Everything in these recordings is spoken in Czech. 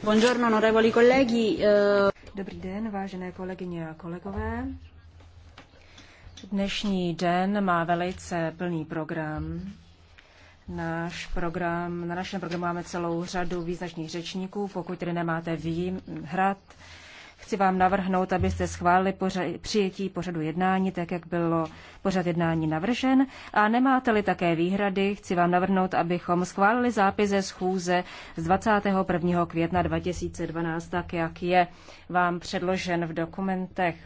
Buongiorno, onorevoli colleghi. Eh, Dobrý den, vážené kolegyně a kolegové. Dnešní den má velice plný program. Náš program, na našem programu máme celou řadu význačných řečníků. Pokud tedy nemáte hrad chci vám navrhnout, abyste schválili pořad, přijetí pořadu jednání, tak jak bylo pořad jednání navržen. A nemáte-li také výhrady, chci vám navrhnout, abychom schválili zápis ze schůze z 21. května 2012, tak jak je vám předložen v dokumentech.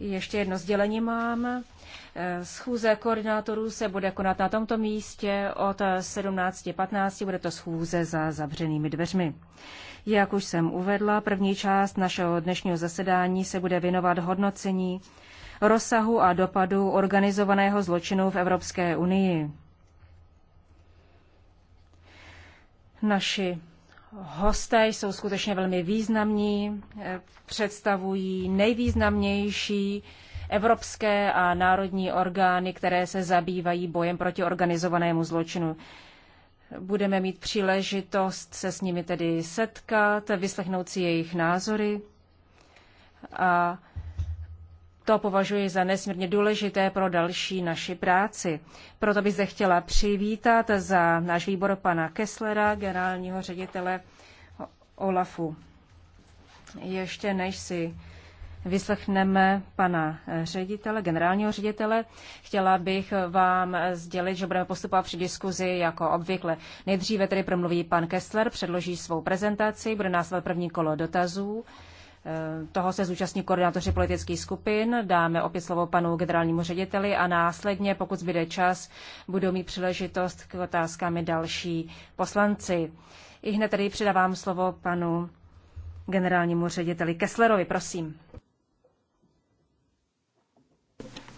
Ještě jedno sdělení mám. Eh, schůze koordinátorů se bude konat na tomto místě od 17.15. Bude to schůze za zavřenými dveřmi. Jak už jsem uvedla, první část našeho dnešního zasedání se bude věnovat hodnocení rozsahu a dopadu organizovaného zločinu v Evropské unii. Naši hosté jsou skutečně velmi významní, eh, představují nejvýznamnější evropské a národní orgány, které se zabývají bojem proti organizovanému zločinu. Budeme mít příležitost se s nimi tedy setkat, vyslechnout si jejich názory a to považuji za nesmírně důležité pro další naši práci. Proto bych se chtěla přivítat za náš výbor pana Kesslera, generálního ředitele OLAFu. Ještě než si vyslechneme pana ředitele, generálního ředitele. Chtěla bych vám sdělit, že budeme postupovat při diskuzi jako obvykle. Nejdříve tedy promluví pan Kessler, předloží svou prezentaci, bude následovat první kolo dotazů Eh, toho se zúčastní koordinátoři politických skupin, dáme opět slovo panu generálnímu řediteli a následně, pokud zbyde čas, budou mít příležitost k otázkám i další poslanci. I hned tedy předávám slovo panu generálnímu řediteli Kesslerovi, prosím.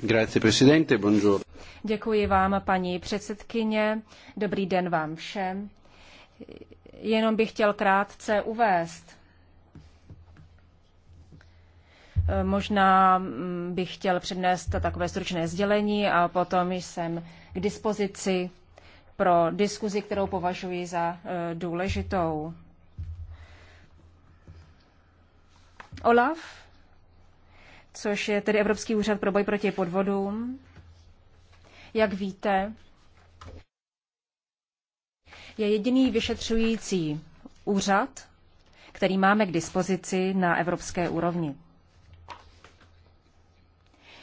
Grazie, presidente, buongiorno. Děkuji vám, paní předsedkyně. Dobrý den vám všem. Jenom bych chtěl krátce uvést, Možná mm, bych chtěl přednést takové stručné sdělení a potom jsem k dispozici pro diskuzi, kterou považuji za e, důležitou. OLAF, což je tedy Evropský úřad pro boj proti podvodům, jak víte, je jediný vyšetřující úřad, který máme k dispozici na evropské úrovni.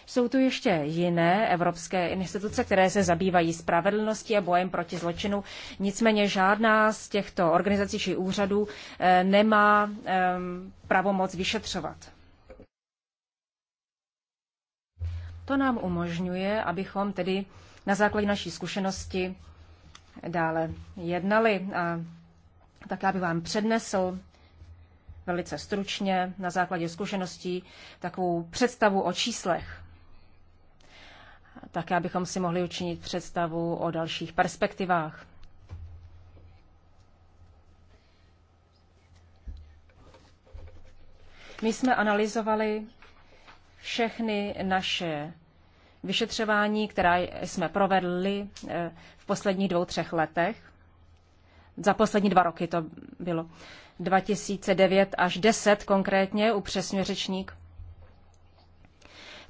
Jsou tu ještě jiné evropské instituce, které se zabývají spravedlností a bojem proti zločinu. Nicméně žádná z těchto organizací či úřadů eh, nemá eh, pravomoc vyšetřovat. To nám umožňuje, abychom tedy na základě naší zkušenosti dále jednali. A tak já bych vám přednesl velice stručně na základě zkušeností takovou představu o číslech také abychom si mohli učinit představu o dalších perspektivách. My jsme analyzovali všechny naše vyšetřování, která jsme provedli eh, v posledních dvou, třech letech. Za poslední dva roky to bylo. 2009 až 10 konkrétně, upřesňuje řečník.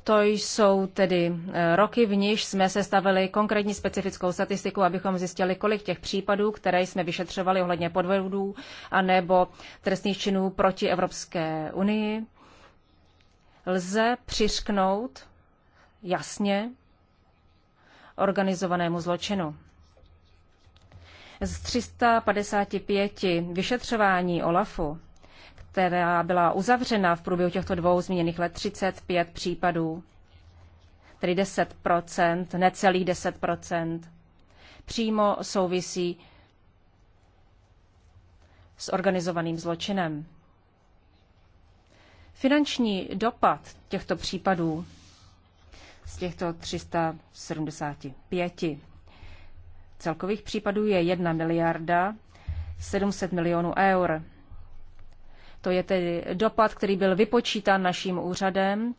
To jsou tedy e, roky, v níž jsme sestavili konkrétní specifickou statistiku, abychom zjistili, kolik těch případů, které jsme vyšetřovali ohledně podvodů a nebo trestných činů proti Evropské unii, lze přišknout jasně organizovanému zločinu. Z 355 vyšetřování OLAFu která byla uzavřena v průběhu těchto dvou změněných let, 35 případů, tedy 10 necelých 10 přímo souvisí s organizovaným zločinem. Finanční dopad těchto případů z těchto 375 celkových případů je 1 miliarda 700 milionů eur. To je tedy dopad, který byl vypočítán naším úřadem.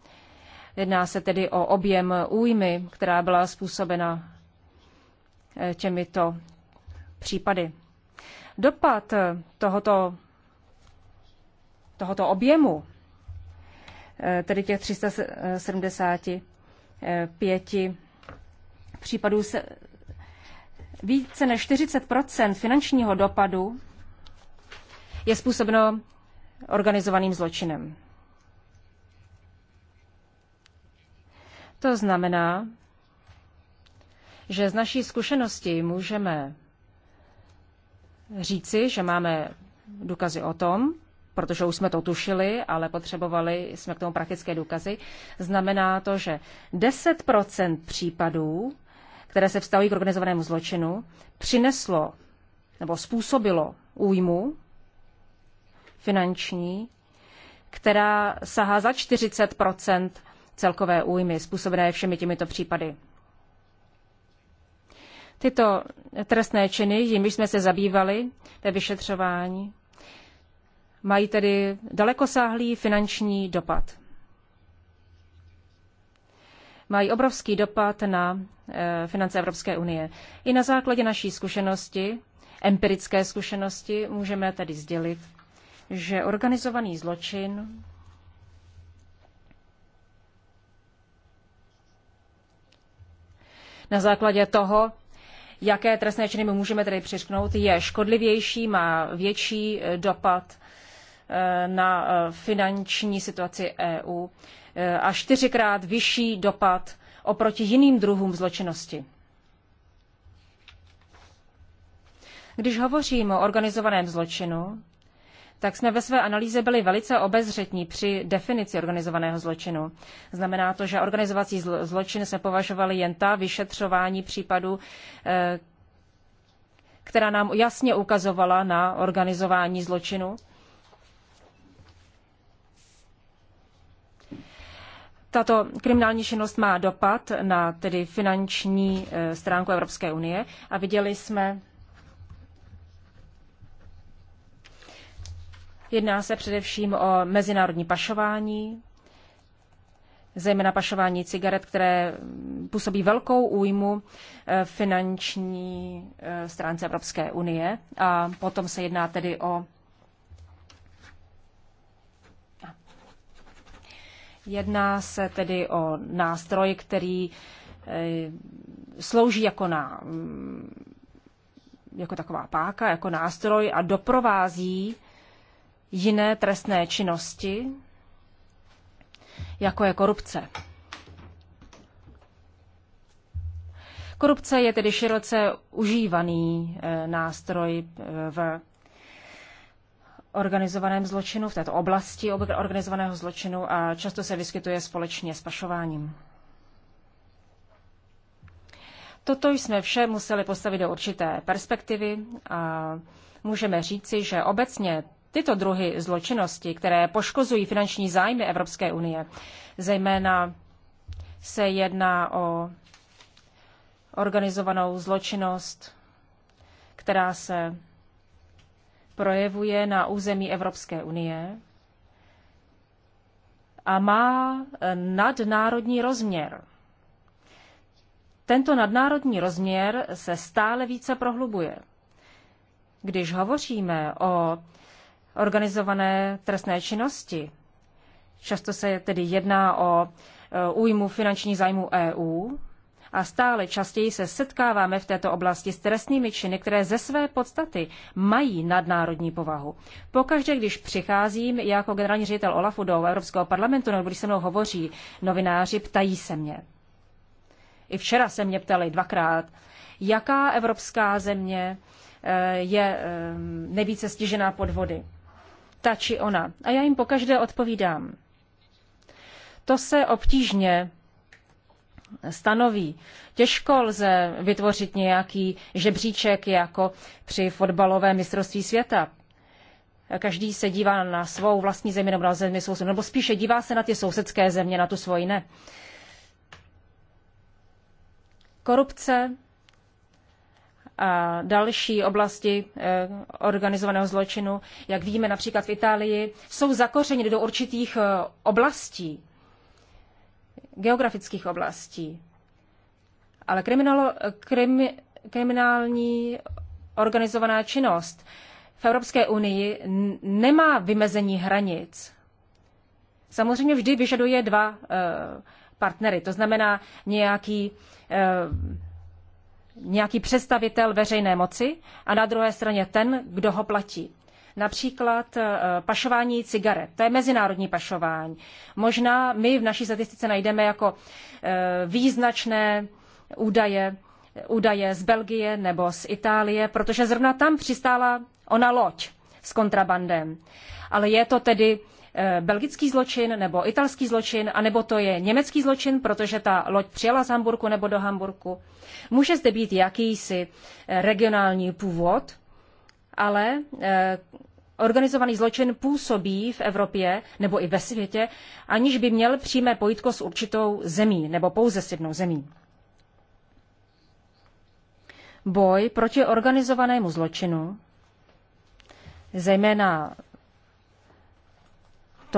Jedná se tedy o objem újmy, která byla způsobena eh, těmito případy. Dopad tohoto, tohoto objemu, eh, tedy těch 375 případů, se, více než 40 finančního dopadu je způsobeno organizovaným zločinem. To znamená, že z naší zkušenosti můžeme říci, že máme důkazy o tom, protože už jsme to tušili, ale potřebovali jsme k tomu praktické důkazy. Znamená to, že 10% případů, které se vztahují k organizovanému zločinu, přineslo nebo způsobilo újmu finanční, která sahá za 40 celkové újmy způsobené všemi těmito případy. Tyto trestné činy, jimiž jsme se zabývali ve vyšetřování, mají tedy dalekosáhlý finanční dopad. Mají obrovský dopad na eh, finance Evropské unie. I na základě naší zkušenosti, empirické zkušenosti, můžeme tedy sdělit, že organizovaný zločin na základě toho, jaké trestné činy my můžeme tedy přišknout, je škodlivější, má větší eh, dopad eh, na eh, finanční situaci EU a čtyřikrát vyšší dopad oproti jiným druhům zločinnosti. Když hovořím o organizovaném zločinu, tak jsme ve své analýze byli velice obezřetní při definici organizovaného zločinu. Znamená to, že organizovací zločin se považovali jen ta vyšetřování případů, eh, která nám jasně ukazovala na organizování zločinu. Tato kriminální činnost má dopad na tedy finanční eh, stránku Evropské unie a viděli jsme Jedná se především o mezinárodní pašování, zejména pašování cigaret, které působí velkou újmu eh, finanční eh, stránce Evropské unie. A potom se jedná tedy o Jedná se tedy o nástroj, který eh, slouží jako, na, mm, jako taková páka, jako nástroj a doprovází jiné trestné činnosti, jako je korupce. Korupce je tedy široce užívaný eh, nástroj eh, v organizovaném zločinu, v této oblasti organizovaného zločinu a často se vyskytuje společně s pašováním. Toto jsme vše museli postavit do určité perspektivy a můžeme říci, že obecně tyto druhy zločinnosti, které poškozují finanční zájmy Evropské unie, zejména se jedná o organizovanou zločinnost, která se projevuje na území Evropské unie a má nadnárodní rozměr. Tento nadnárodní rozměr se stále více prohlubuje. Když hovoříme o organizované trestné činnosti. Často se tedy jedná o eh, újmu finanční zájmu e EU a stále častěji se setkáváme v této oblasti s trestnými činy, které ze své podstaty mají nadnárodní povahu. Pokaždé, když přicházím jako generální ředitel Olafu do Evropského parlamentu, nebo když se mnou hovoří novináři, ptají se mě. I včera se mě ptali dvakrát, jaká evropská země eh, je eh, nejvíce stižená podvody ta či ona. A já jim pokaždé odpovídám. To se obtížně stanoví. Těžko lze vytvořit nějaký žebříček jako při fotbalovém mistrovství světa. Každý se dívá na svou vlastní zemi nebo na zemi sousedů, nebo spíše dívá se na ty sousedské země, na tu svoji ne. Korupce a další oblasti eh, organizovaného zločinu, jak víme například v Itálii, jsou zakořeněny do určitých eh, oblastí, geografických oblastí. Ale kriminalo, krimi, kriminální organizovaná činnost v Evropské unii nemá vymezení hranic. Samozřejmě vždy vyžaduje dva eh, partnery, to znamená nějaký nějaký představitel veřejné moci a na druhé straně ten, kdo ho platí. Například eh, pašování cigaret. To je mezinárodní pašování. Možná my v naší statistice najdeme jako eh, význačné údaje, údaje z Belgie nebo z Itálie, protože zrovna tam přistála ona loď s kontrabandem. Ale je to tedy Eh, belgický zločin nebo italský zločin, anebo to je německý zločin, protože ta loď přijela z Hamburku nebo do Hamburku. Může zde být jakýsi eh, regionální původ, ale eh, organizovaný zločin působí v Evropě nebo i ve světě, aniž by měl přímé pojitko s určitou zemí nebo pouze s jednou zemí. Boj proti organizovanému zločinu, zejména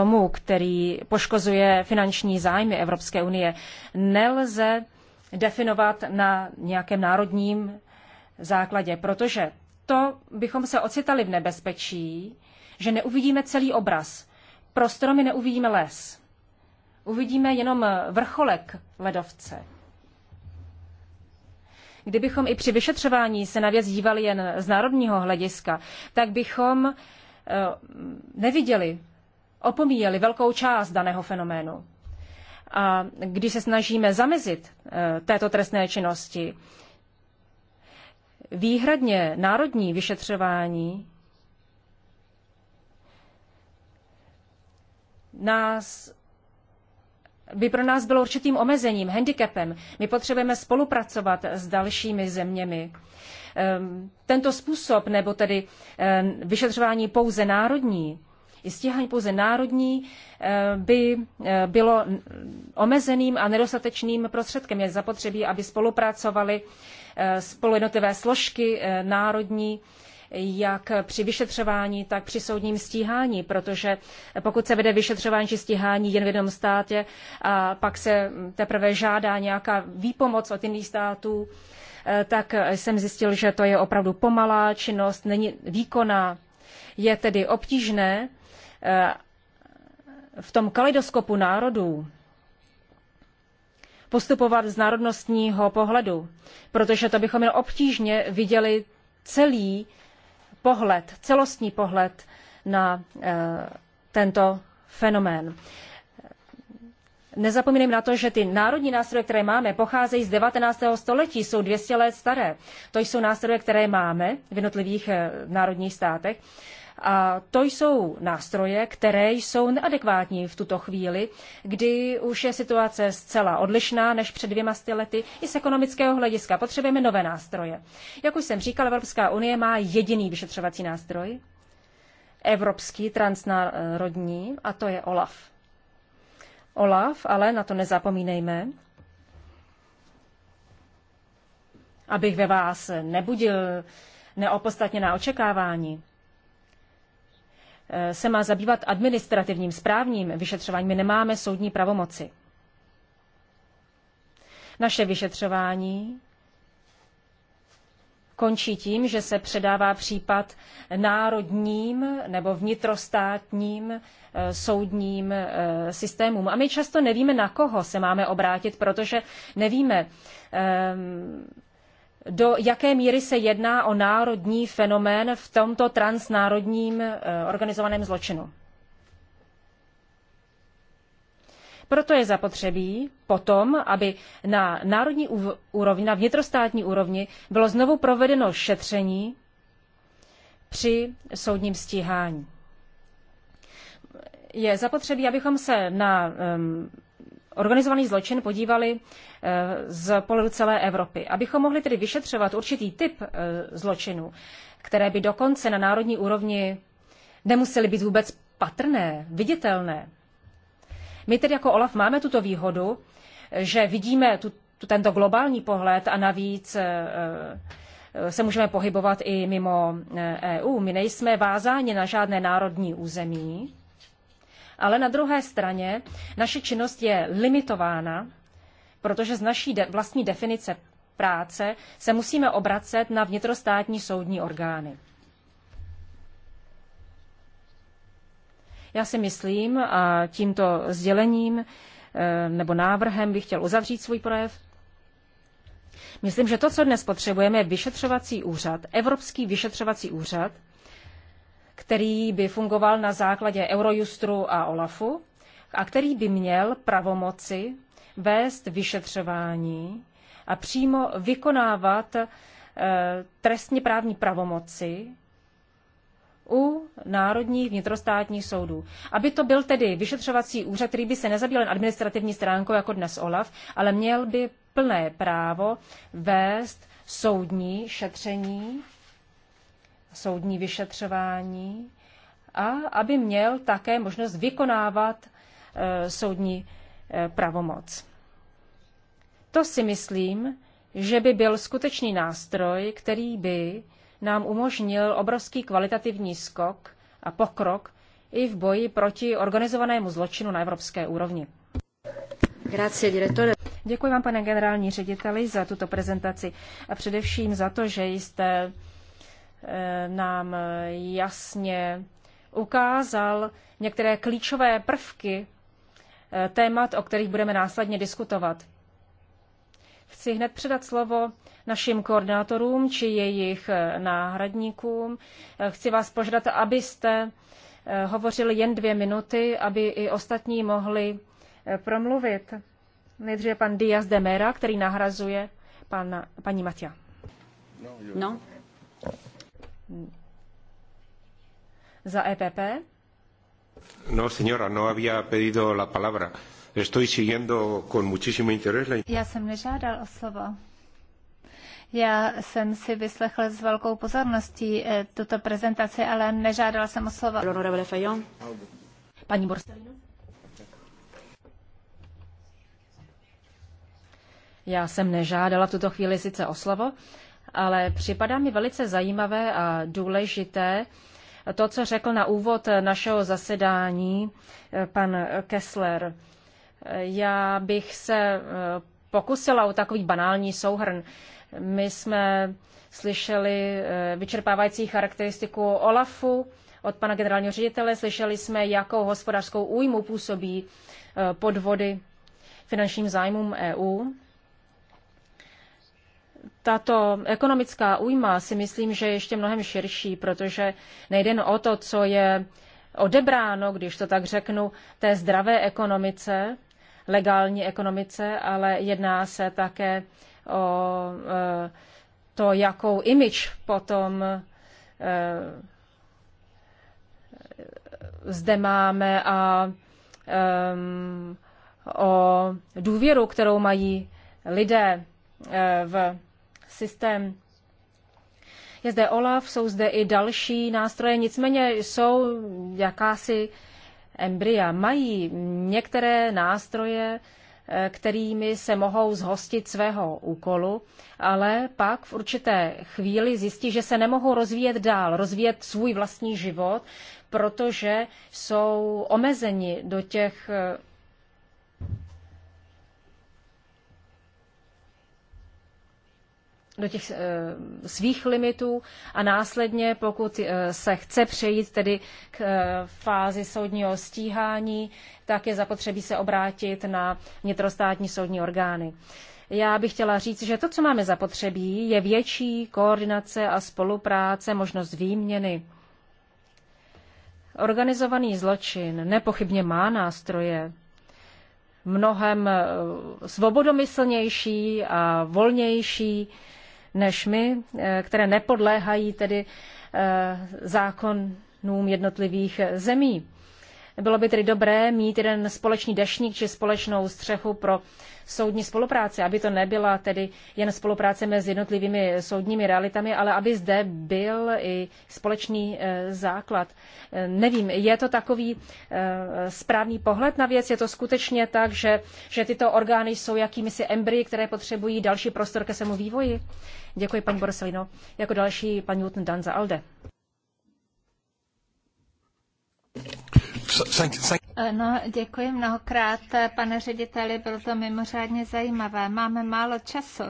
tomu, který poškozuje finanční zájmy Evropské unie, nelze definovat na nějakém národním základě, protože to bychom se ocitali v nebezpečí, že neuvidíme celý obraz. Pro stromy neuvidíme les. Uvidíme jenom vrcholek ledovce. Kdybychom i při vyšetřování se na věc dívali jen z národního hlediska, tak bychom eh, neviděli opomíjeli velkou část daného fenoménu. A když se snažíme zamezit eh, této trestné činnosti, výhradně národní vyšetřování nás by pro nás bylo určitým omezením, handicapem. My potřebujeme spolupracovat s dalšími zeměmi. Ehm, tento způsob, nebo tedy ehm, vyšetřování pouze národní, stíhání pouze národní eh, by eh, bylo omezeným a nedostatečným prostředkem. Je zapotřebí, aby spolupracovali eh, spolujednotlivé složky národní jak při vyšetřování, tak při soudním stíhání, protože pokud se vede vyšetřování či stíhání jen v jednom státě a pak se teprve žádá nějaká výpomoc od jiných států, tak jsem zjistil, že to je opravdu pomalá činnost, není výkonná. Je tedy obtížné Eh, v tom kaleidoskopu národů postupovat z národnostního pohledu, protože to bychom jen obtížně viděli celý pohled, celostní pohled na eh, tento fenomén. Nezapomínám na to, že ty národní nástroje, které máme, pocházejí z 19. století, jsou 200 let staré. To jsou nástroje, které máme v jednotlivých eh, národních státech a to jsou nástroje, které jsou neadekvátní v tuto chvíli, kdy už je situace zcela odlišná než před dvěma sty lety. I z ekonomického hlediska potřebujeme nové nástroje. Jak už jsem říkal, Evropská unie má jediný vyšetřovací nástroj, evropský, transnárodní, a to je OLAF. OLAF, ale na to nezapomínejme, abych ve vás nebudil neopostatněná očekávání. Eh, se má zabývat administrativním správním vyšetřováním. My nemáme soudní pravomoci. Naše vyšetřování končí tím, že se předává případ národním nebo vnitrostátním eh, soudním eh, systémům. A my často nevíme, na koho se máme obrátit, protože nevíme, ehm, do jaké míry se jedná o národní fenomén v tomto transnárodním eh, organizovaném zločinu. Proto je zapotřebí potom, aby na národní úrovni, na vnitrostátní úrovni bylo znovu provedeno šetření při soudním stíhání. Je zapotřebí, abychom se na um, organizovaný zločin podívali eh, z pohledu celé Evropy. Abychom mohli tedy vyšetřovat určitý typ eh, zločinů, které by dokonce na národní úrovni nemusely být vůbec patrné, viditelné. My tedy jako OLAF máme tuto výhodu, že vidíme tu, tu, tento globální pohled a navíc eh, se můžeme pohybovat i mimo EU. E My nejsme vázáni na žádné národní území ale na druhé straně naše činnost je limitována, protože z naší de- vlastní definice práce se musíme obracet na vnitrostátní soudní orgány. Já si myslím, a tímto sdělením e, nebo návrhem bych chtěl uzavřít svůj projev, Myslím, že to, co dnes potřebujeme, je vyšetřovací úřad, Evropský vyšetřovací úřad, který by fungoval na základě Eurojustru a OLAFu a který by měl pravomoci vést vyšetřování a přímo vykonávat eh, trestně právní pravomoci u národních vnitrostátních soudů. Aby to byl tedy vyšetřovací úřad, který by se nezabýval administrativní stránkou jako dnes OLAF, ale měl by plné právo vést soudní šetření soudní vyšetřování a aby měl také možnost vykonávat eh, soudní eh, pravomoc. To si myslím, že by byl skutečný nástroj, který by nám umožnil obrovský kvalitativní skok a pokrok i v boji proti organizovanému zločinu na evropské úrovni. Děkuji vám, pane generální řediteli, za tuto prezentaci a především za to, že jste Eh, nám jasně ukázal některé klíčové prvky eh, témat, o kterých budeme následně diskutovat. Chci hned předat slovo našim koordinátorům či jejich eh, náhradníkům. Chci vás požádat, abyste hovořili jen dvě minuty, aby i ostatní mohli promluvit. Nejdříve pan Díaz de Mera, který nahrazuje pana, paní Matia. No. Za EPP? No, señora, no había pedido la palabra. Estoy siguiendo con muchísimo interés la... Já jsem nežádal o slovo. Já jsem si vyslechl s velkou pozorností eh, tuto prezentaci, ale nežádal jsem o slovo. Paní Borsalino? Já jsem nežádala v tuto chvíli sice o slovo, ale připadá mi velice zajímavé a důležité to, co řekl na úvod našeho zasedání eh, pan Kessler. Eh, já bych se eh, pokusila o takový banální souhrn. My jsme slyšeli vyčerpávající charakteristiku OLAFu od pana generálního ředitele, slyšeli jsme, jakou hospodářskou újmu působí podvody finančním zájmům EU tato ekonomická újma si myslím, že je ještě mnohem širší, protože nejde jen o to, co je odebráno, když to tak řeknu, té zdravé ekonomice, legální ekonomice, ale jedná se také o eh, to, jakou imič potom eh, zde máme a ehm, o důvěru, kterou mají lidé eh, v systém. Je zde OLAF, jsou zde i další nástroje, nicméně jsou jakási embrya. Mají některé nástroje, eh, kterými se mohou zhostit svého úkolu, ale pak v určité chvíli zjistí, že se nemohou rozvíjet dál, rozvíjet svůj vlastní život, protože jsou omezeni do těch eh, do těch eh, svých limitů a následně, pokud eh, se chce přejít tedy k eh, fázi soudního stíhání, tak je zapotřebí se obrátit na vnitrostátní soudní orgány. Já bych chtěla říct, že to, co máme zapotřebí, je větší koordinace a spolupráce, možnost výměny. Organizovaný zločin nepochybně má nástroje, mnohem svobodomyslnější a volnější než my, eh, které nepodléhají tedy eh, zákonům jednotlivých eh, zemí. Bylo by tedy dobré mít jeden společný dešník či společnou střechu pro soudní spolupráci, aby to nebyla tedy jen spolupráce mezi jednotlivými soudními realitami, ale aby zde byl i společný eh, základ. Eh, nevím, je to takový eh, správný pohled na věc? Je to skutečně tak, že, že tyto orgány jsou jakýmisi embryi, které potřebují další prostor ke svému vývoji? Děkuji, paní Borselino. Jako další paní Newton Dan za Alde. thank, thank. No, děkuji mnohokrát, pane řediteli, bylo to mimořádně zajímavé. Máme málo času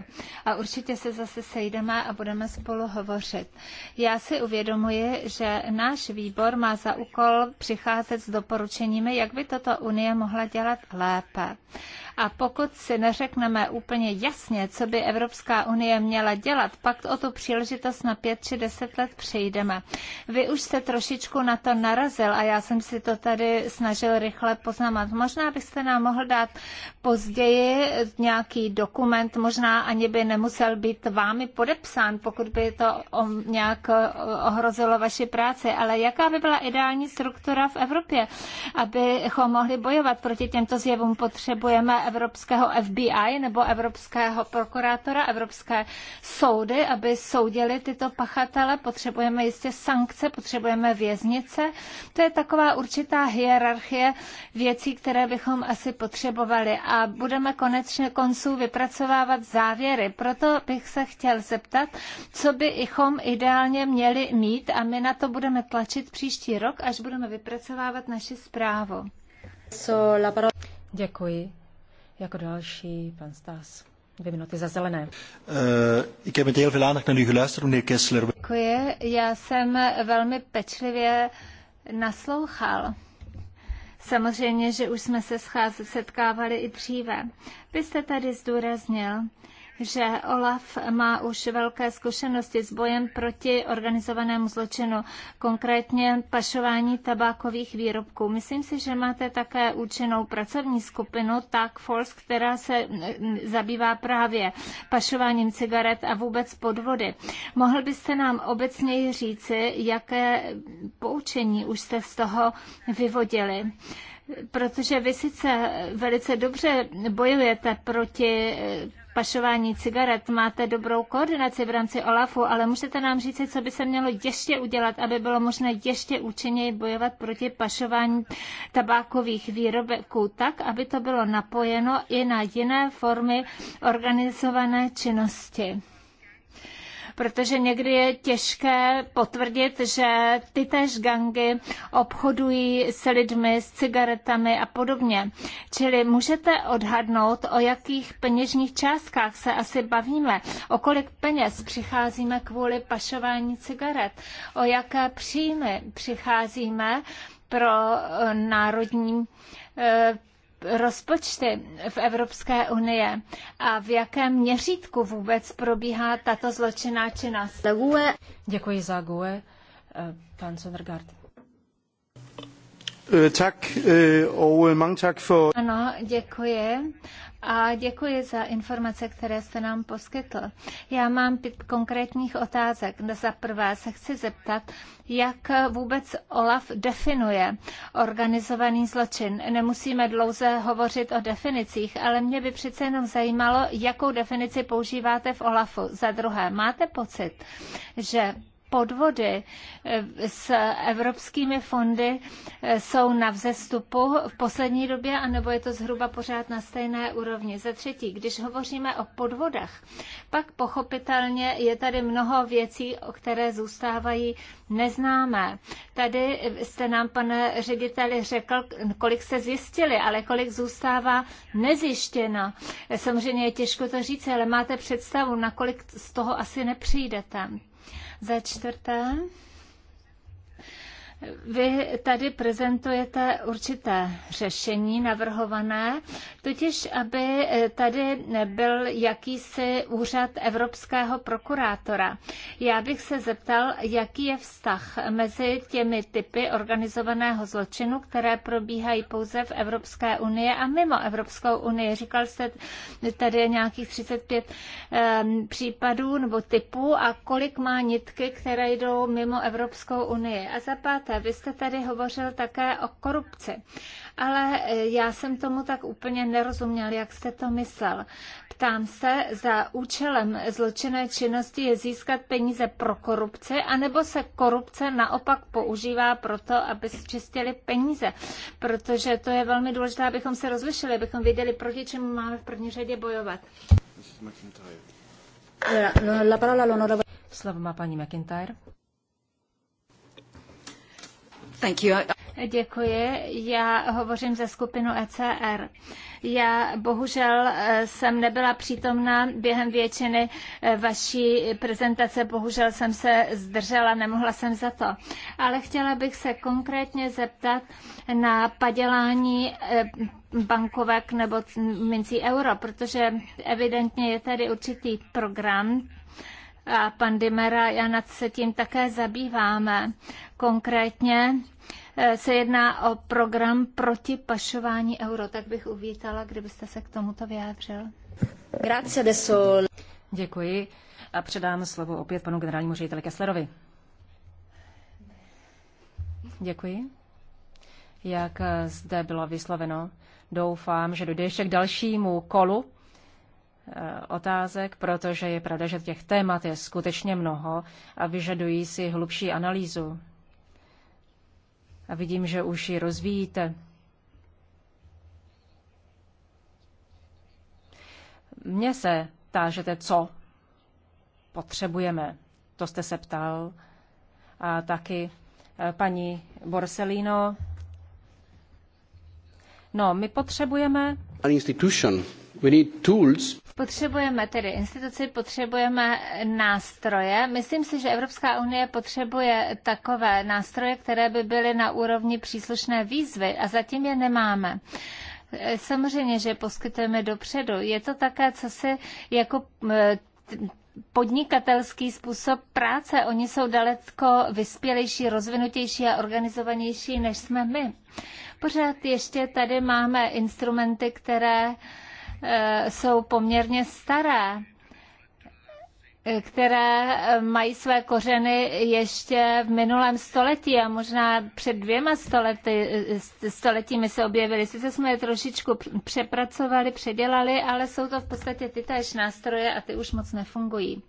a určitě se zase sejdeme a budeme spolu hovořit. Já si uvědomuji, že náš výbor má za úkol přicházet s doporučeními, jak by toto Unie mohla dělat lépe. A pokud si neřekneme úplně jasně, co by Evropská unie měla dělat, pak o tu příležitost na pět či deset let přejdeme. Vy už se trošičku na to narazil a já jsem si to tady snažil rychle poznamat. Možná byste nám mohl dát později nějaký dokument, možná ani by nemusel být vámi podepsán, pokud by to nějak ohrozilo vaši práci, ale jaká by byla ideální struktura v Evropě, abychom mohli bojovat proti těmto zjevům? Potřebujeme evropského FBI nebo evropského prokurátora, evropské soudy, aby soudili tyto pachatele. Potřebujeme jistě sankce, potřebujeme věznice. To je taková určitá hierarchie věcí, které bychom asi potřebovali. A budeme konečně konců vypracovávat závěry. Proto bych se chtěl zeptat, co bychom ideálně měli mít a my na to budeme tlačit příští rok, až budeme vypracovávat naši zprávu. Děkuji. Jako další pan Stas. Dvě minuty za zelené. Eh, Děkuji. Já jsem velmi pečlivě naslouchal. Samozřejmě, že už jsme se scházet, setkávali i dříve. Vy jste tady zdůraznil, že OLAF má už velké zkušenosti s bojem proti organizovanému zločinu, konkrétně pašování tabákových výrobků. Myslím si, že máte také účinnou pracovní skupinu Task Force, která se zabývá právě pašováním cigaret a vůbec podvody. Mohl byste nám obecněji říci, jaké poučení už jste z toho vyvodili? protože vy sice velice dobře bojujete proti pašování cigaret. Máte dobrou koordinaci v rámci OLAFu, ale můžete nám říct, co by se mělo ještě udělat, aby bylo možné ještě účinněji bojovat proti pašování tabákových výrobků tak, aby to bylo napojeno i na jiné formy organizované činnosti protože někdy je těžké potvrdit, že ty též gangy obchodují s lidmi, s cigaretami a podobně. Čili můžete odhadnout, o jakých peněžních částkách se asi bavíme, o kolik peněz přicházíme kvůli pašování cigaret, o jaké příjmy přicházíme pro eh, národní eh, rozpočty v Evropské unie a v jakém měřítku vůbec probíhá tato zločinná činnost. Děkuji za GUE. Eh, pan Sondergaard. Eh, tak, eh, og mange tak for... Ano, děkuji a děkuji za informace, které jste nám poskytl. Já mám pět konkrétních otázek. Za prvé se chci zeptat, jak vůbec OLAF definuje organizovaný zločin. Nemusíme dlouze hovořit o definicích, ale mě by přece jenom zajímalo, jakou definici používáte v OLAFu. Za druhé, máte pocit, že podvody eh, s evropskými fondy eh, jsou na vzestupu v poslední době, anebo je to zhruba pořád na stejné úrovni. Za třetí, když hovoříme o podvodech, pak pochopitelně je tady mnoho věcí, o které zůstávají neznámé. Tady jste nám, pane řediteli, řekl, kolik se zjistili, ale kolik zůstává nezjištěno. Samozřejmě je těžko to říct, ale máte představu, na kolik z toho asi nepřijdete. Za čtvrté, vy tady prezentujete určité řešení navrhované, totiž aby tady nebyl jakýsi úřad evropského prokurátora. Já bych se zeptal, jaký je vztah mezi těmi typy organizovaného zločinu, které probíhají pouze v Evropské unii a mimo Evropskou unii. Říkal jste tady nějakých 35 um, případů nebo typů a kolik má nitky, které jdou mimo Evropskou unii. A za páté, důležité. Vy jste tady hovořil také o korupci, ale e, já jsem tomu tak úplně nerozuměl, jak jste to myslel. Ptám se, za účelem zločinné činnosti je získat peníze pro korupci, anebo se korupce naopak používá proto, aby čistili peníze. Protože to je velmi důležité, abychom se rozlišili, abychom věděli, proti čemu máme v první řadě bojovat. Eh, Slovo má paní McIntyre. Thank you. Děkuji. Já hovořím ze skupinu ECR. Já bohužel eh, jsem nebyla přítomna během většiny eh, vaší prezentace, bohužel jsem se zdržela, nemohla jsem za to. Ale chtěla bych se konkrétně zeptat na padělání eh, bankovek nebo mincí euro, protože evidentně je tady určitý program Pandemera, pan Dimera Janac se tím také zabýváme. Konkrétně eh, se jedná o program proti pašování euro. Tak bych uvítala, kdybyste se k tomuto vyjádřil. Grazie de sol. Děkuji a předám slovo opět panu generálnímu řediteli Kesslerovi. Děkuji. Jak eh, zde bylo vysloveno, doufám, že dojde ještě k dalšímu kolu Eh, otázek, protože je pravda, že těch témat je skutečně mnoho a vyžadují si hlubší analýzu. A vidím, že už ji rozvíjíte. Mně se tážete, co potřebujeme. To jste se ptal. A taky eh, paní Borsellino. No, my potřebujeme... An institution Potřebujeme tedy instituci, potřebujeme nástroje. Myslím si, že Evropská unie potřebuje takové nástroje, které by byly na úrovni příslušné výzvy a zatím je nemáme. Samozřejmě, že poskytujeme dopředu. Je to také, co si jako eh, podnikatelský způsob práce. Oni jsou daleko vyspělejší, rozvinutější a organizovanější, než jsme my. Pořád ještě tady máme instrumenty, které uh, Eh, jsou poměrně staré které mají své kořeny ještě v minulém století a možná před dvěma stolety, eh, stoletími se objevily. Sice jsme je trošičku přepracovali, předělali, ale jsou to v podstatě ty též nástroje a ty už moc nefungují.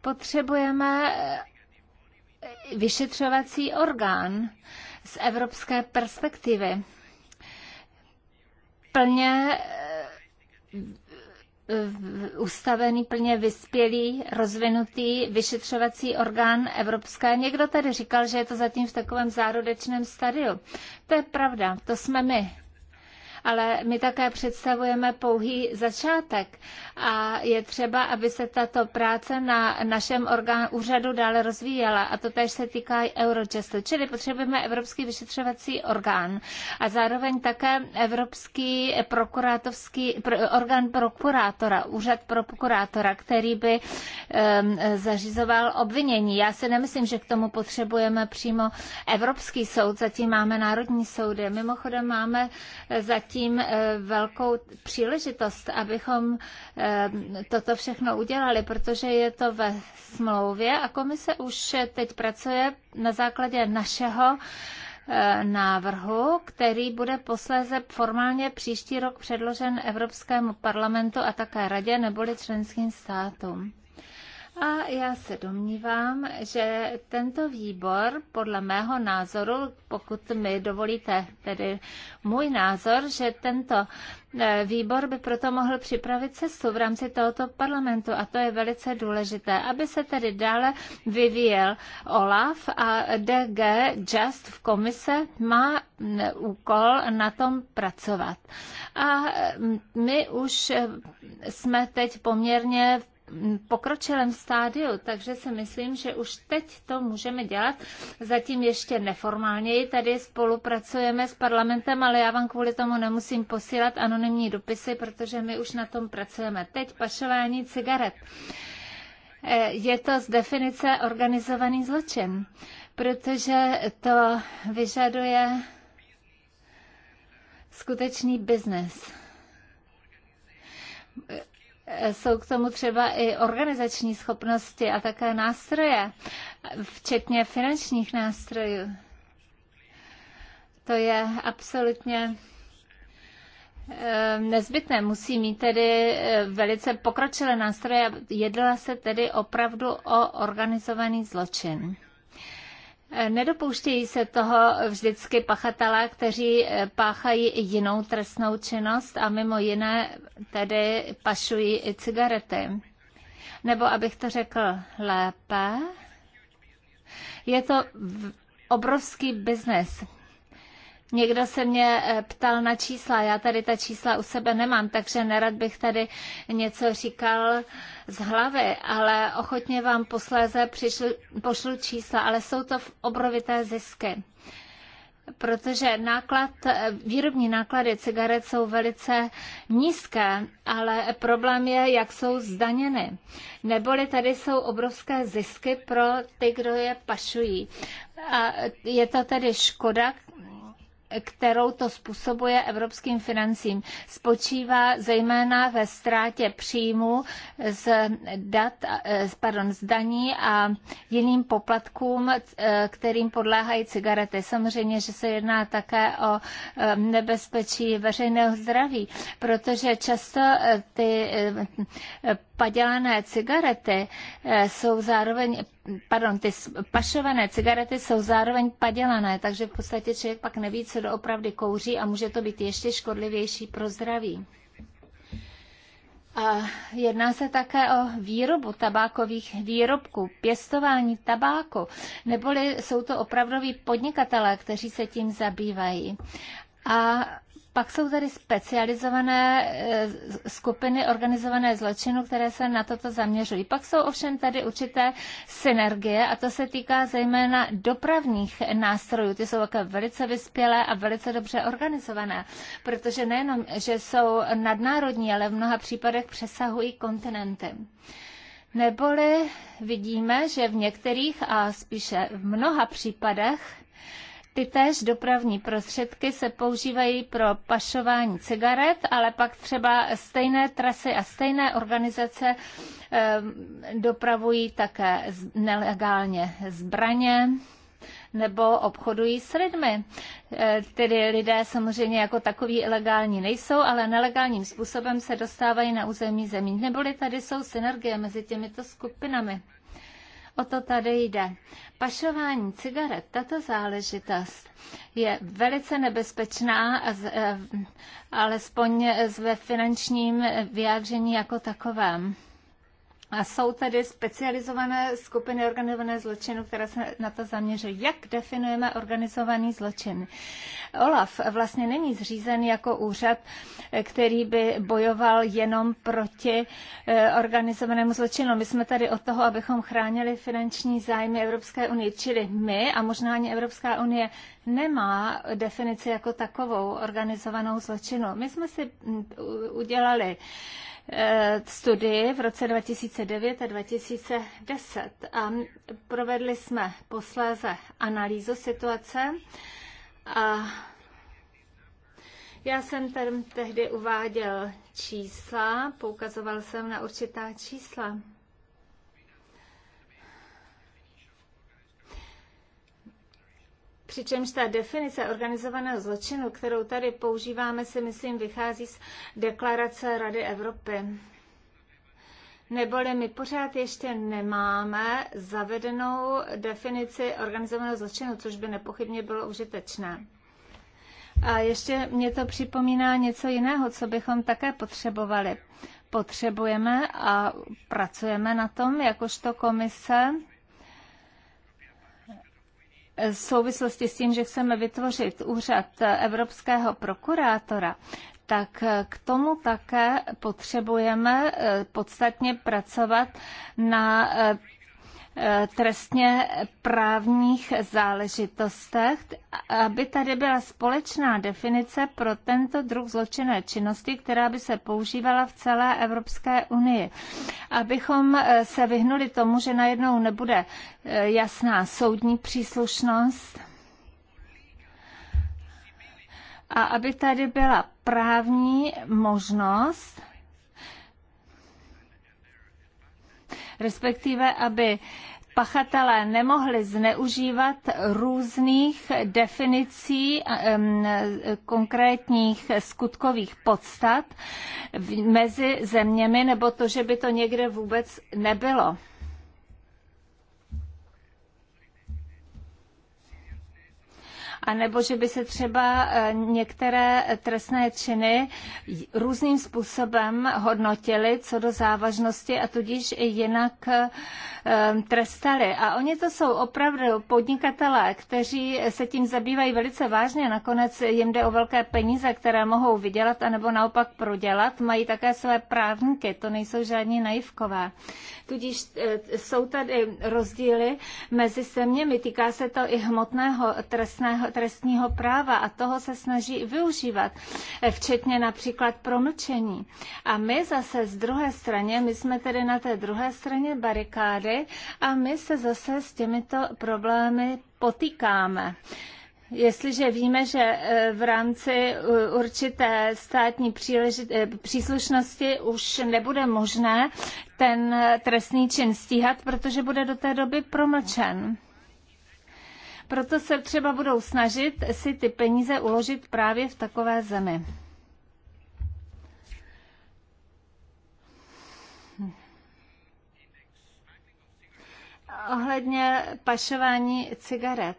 Potřebujeme eh, vyšetřovací orgán z evropské perspektivy. Plně ustavený, plně vyspělý, rozvinutý vyšetřovací orgán Evropské. Někdo tady říkal, že je to zatím v takovém zárodečném stadiu. To je pravda, to jsme my ale my také představujeme pouhý začátek a je třeba, aby se tato práce na našem orgánu úřadu dále rozvíjela a to tež se týká Eurojustu, čili potřebujeme Evropský vyšetřovací orgán a zároveň také Evropský prokurátorský orgán prokurátora, úřad prokurátora, který by um, zařizoval obvinění. Já si nemyslím, že k tomu potřebujeme přímo Evropský soud, zatím máme národní soudy. Mimochodem máme zatím tím eh, velkou příležitost, abychom eh, toto všechno udělali, protože je to ve smlouvě a komise už teď pracuje na základě našeho eh, návrhu, který bude posléze formálně příští rok předložen Evropskému parlamentu a také radě neboli členským státům. A já se domnívám, že tento výbor, podle mého názoru, pokud mi dovolíte tedy můj názor, že tento eh, výbor by proto mohl připravit cestu v rámci tohoto parlamentu a to je velice důležité, aby se tedy dále vyvíjel OLAF a DG Just v komise má mm, úkol na tom pracovat. A mm, my už eh, jsme teď poměrně v pokročilém stádiu, takže si myslím, že už teď to můžeme dělat. Zatím ještě neformálněji tady spolupracujeme s parlamentem, ale já vám kvůli tomu nemusím posílat anonymní dopisy, protože my už na tom pracujeme. Teď pašování cigaret. Eh, je to z definice organizovaný zločin, protože to vyžaduje skutečný biznes jsou k tomu třeba i organizační schopnosti a také nástroje, včetně finančních nástrojů. To je absolutně eh, nezbytné. Musí mít tedy eh, velice pokročilé nástroje. Jedla se tedy opravdu o organizovaný zločin. Nedopouštějí se toho vždycky pachatelé, kteří eh, páchají jinou trestnou činnost a mimo jiné tedy pašují i cigarety. Nebo abych to řekl lépe, je to obrovský biznes. Někdo se mě e, ptal na čísla, já tady ta čísla u sebe nemám, takže nerad bych tady něco říkal z hlavy, ale ochotně vám posléze přišlu, pošlu čísla, ale jsou to obrovité zisky. Protože náklad, e, výrobní náklady cigaret jsou velice nízké, ale problém je, jak jsou zdaněny. Neboli tady jsou obrovské zisky pro ty, kdo je pašují. A je to tedy škoda, kterou to způsobuje evropským financím. Spočívá zejména ve ztrátě příjmu z, dat, eh, pardon, z daní a jiným poplatkům, eh, kterým podléhají cigarety. Samozřejmě, že se jedná také o eh, nebezpečí veřejného zdraví, protože často ty padělané cigarety jsou zároveň, pardon, ty pašované cigarety jsou zároveň padělané, takže v podstatě člověk pak neví, co se doopravdy kouří a může to být ještě škodlivější pro zdraví. A jedná se také o výrobu tabákových výrobků, pěstování tabáku, neboli jsou to opravdoví podnikatelé, kteří se tím zabývají. A pak jsou tady specializované eh, skupiny organizované zločinu, které se na toto zaměřují. Pak jsou ovšem tady určité synergie a to se týká zejména dopravních nástrojů. Ty jsou také velice vyspělé a velice dobře organizované, protože nejenom, že jsou nadnárodní, ale v mnoha případech přesahují kontinenty. Neboli vidíme, že v některých a spíše v mnoha případech ty též dopravní prostředky se používají pro pašování cigaret, ale pak třeba stejné trasy a stejné organizace ehm, dopravují také nelegálně zbraně nebo obchodují s lidmi. E, tedy lidé samozřejmě jako takový ilegální nejsou, ale nelegálním způsobem se dostávají na území zemí. Neboli tady jsou synergie mezi těmito skupinami. O to tady jde. Pašování cigaret, tato záležitost je velice nebezpečná, z, eh, alespoň ve finančním vyjádření jako takovém. A jsou tedy specializované skupiny organizované zločinu, které se na to zaměřují. Jak definujeme organizovaný zločin? OLAF vlastně není zřízen jako úřad, který by bojoval jenom proti eh, organizovanému zločinu. My jsme tady od toho, abychom chránili finanční zájmy Evropské unie. Čili my a možná ani Evropská unie nemá definici jako takovou organizovanou zločinu. My jsme si mm, udělali Eh, studii v roce 2009 a 2010 a provedli jsme posléze analýzu situace a já jsem tam tehdy uváděl čísla, poukazoval jsem na určitá čísla. Přičemž ta definice organizovaného zločinu, kterou tady používáme, si myslím vychází z deklarace Rady Evropy. Neboli my pořád ještě nemáme zavedenou definici organizovaného zločinu, což by nepochybně bylo užitečné. A ještě mě to připomíná něco jiného, co bychom také potřebovali. Potřebujeme a pracujeme na tom, jakožto komise, v souvislosti s tím, že chceme vytvořit úřad evropského prokurátora, tak k tomu také potřebujeme eh, podstatně pracovat na eh, trestně právních záležitostech, aby tady byla společná definice pro tento druh zločinné činnosti, která by se používala v celé Evropské unii. Abychom eh, se vyhnuli tomu, že najednou nebude eh, jasná soudní příslušnost a aby tady byla právní možnost respektive aby pachatelé nemohli zneužívat různých definicí konkrétních skutkových podstat mezi zeměmi, nebo to, že by to někde vůbec nebylo. anebo že by se třeba eh, některé trestné činy různým způsobem hodnotily co do závažnosti a tudíž i jinak eh, trestali. A oni to jsou opravdu podnikatelé, kteří se tím zabývají velice vážně. Nakonec jim jde o velké peníze, které mohou vydělat anebo naopak prodělat. Mají také své právníky, to nejsou žádní naivkové. Tudíž eh, jsou tady rozdíly mezi zeměmi. Týká se to i hmotného trestného, trestního práva a toho se snaží využívat, eh, včetně například promlčení. A my zase z druhé straně, my jsme tedy na té druhé straně barikády a my se zase s těmito problémy potýkáme. Jestliže víme, že eh, v rámci určité státní eh, příslušnosti už nebude možné ten trestný čin stíhat, protože bude do té doby promlčen. Proto se třeba budou snažit si ty peníze uložit právě v takové zemi. Ohledně pašování cigaret.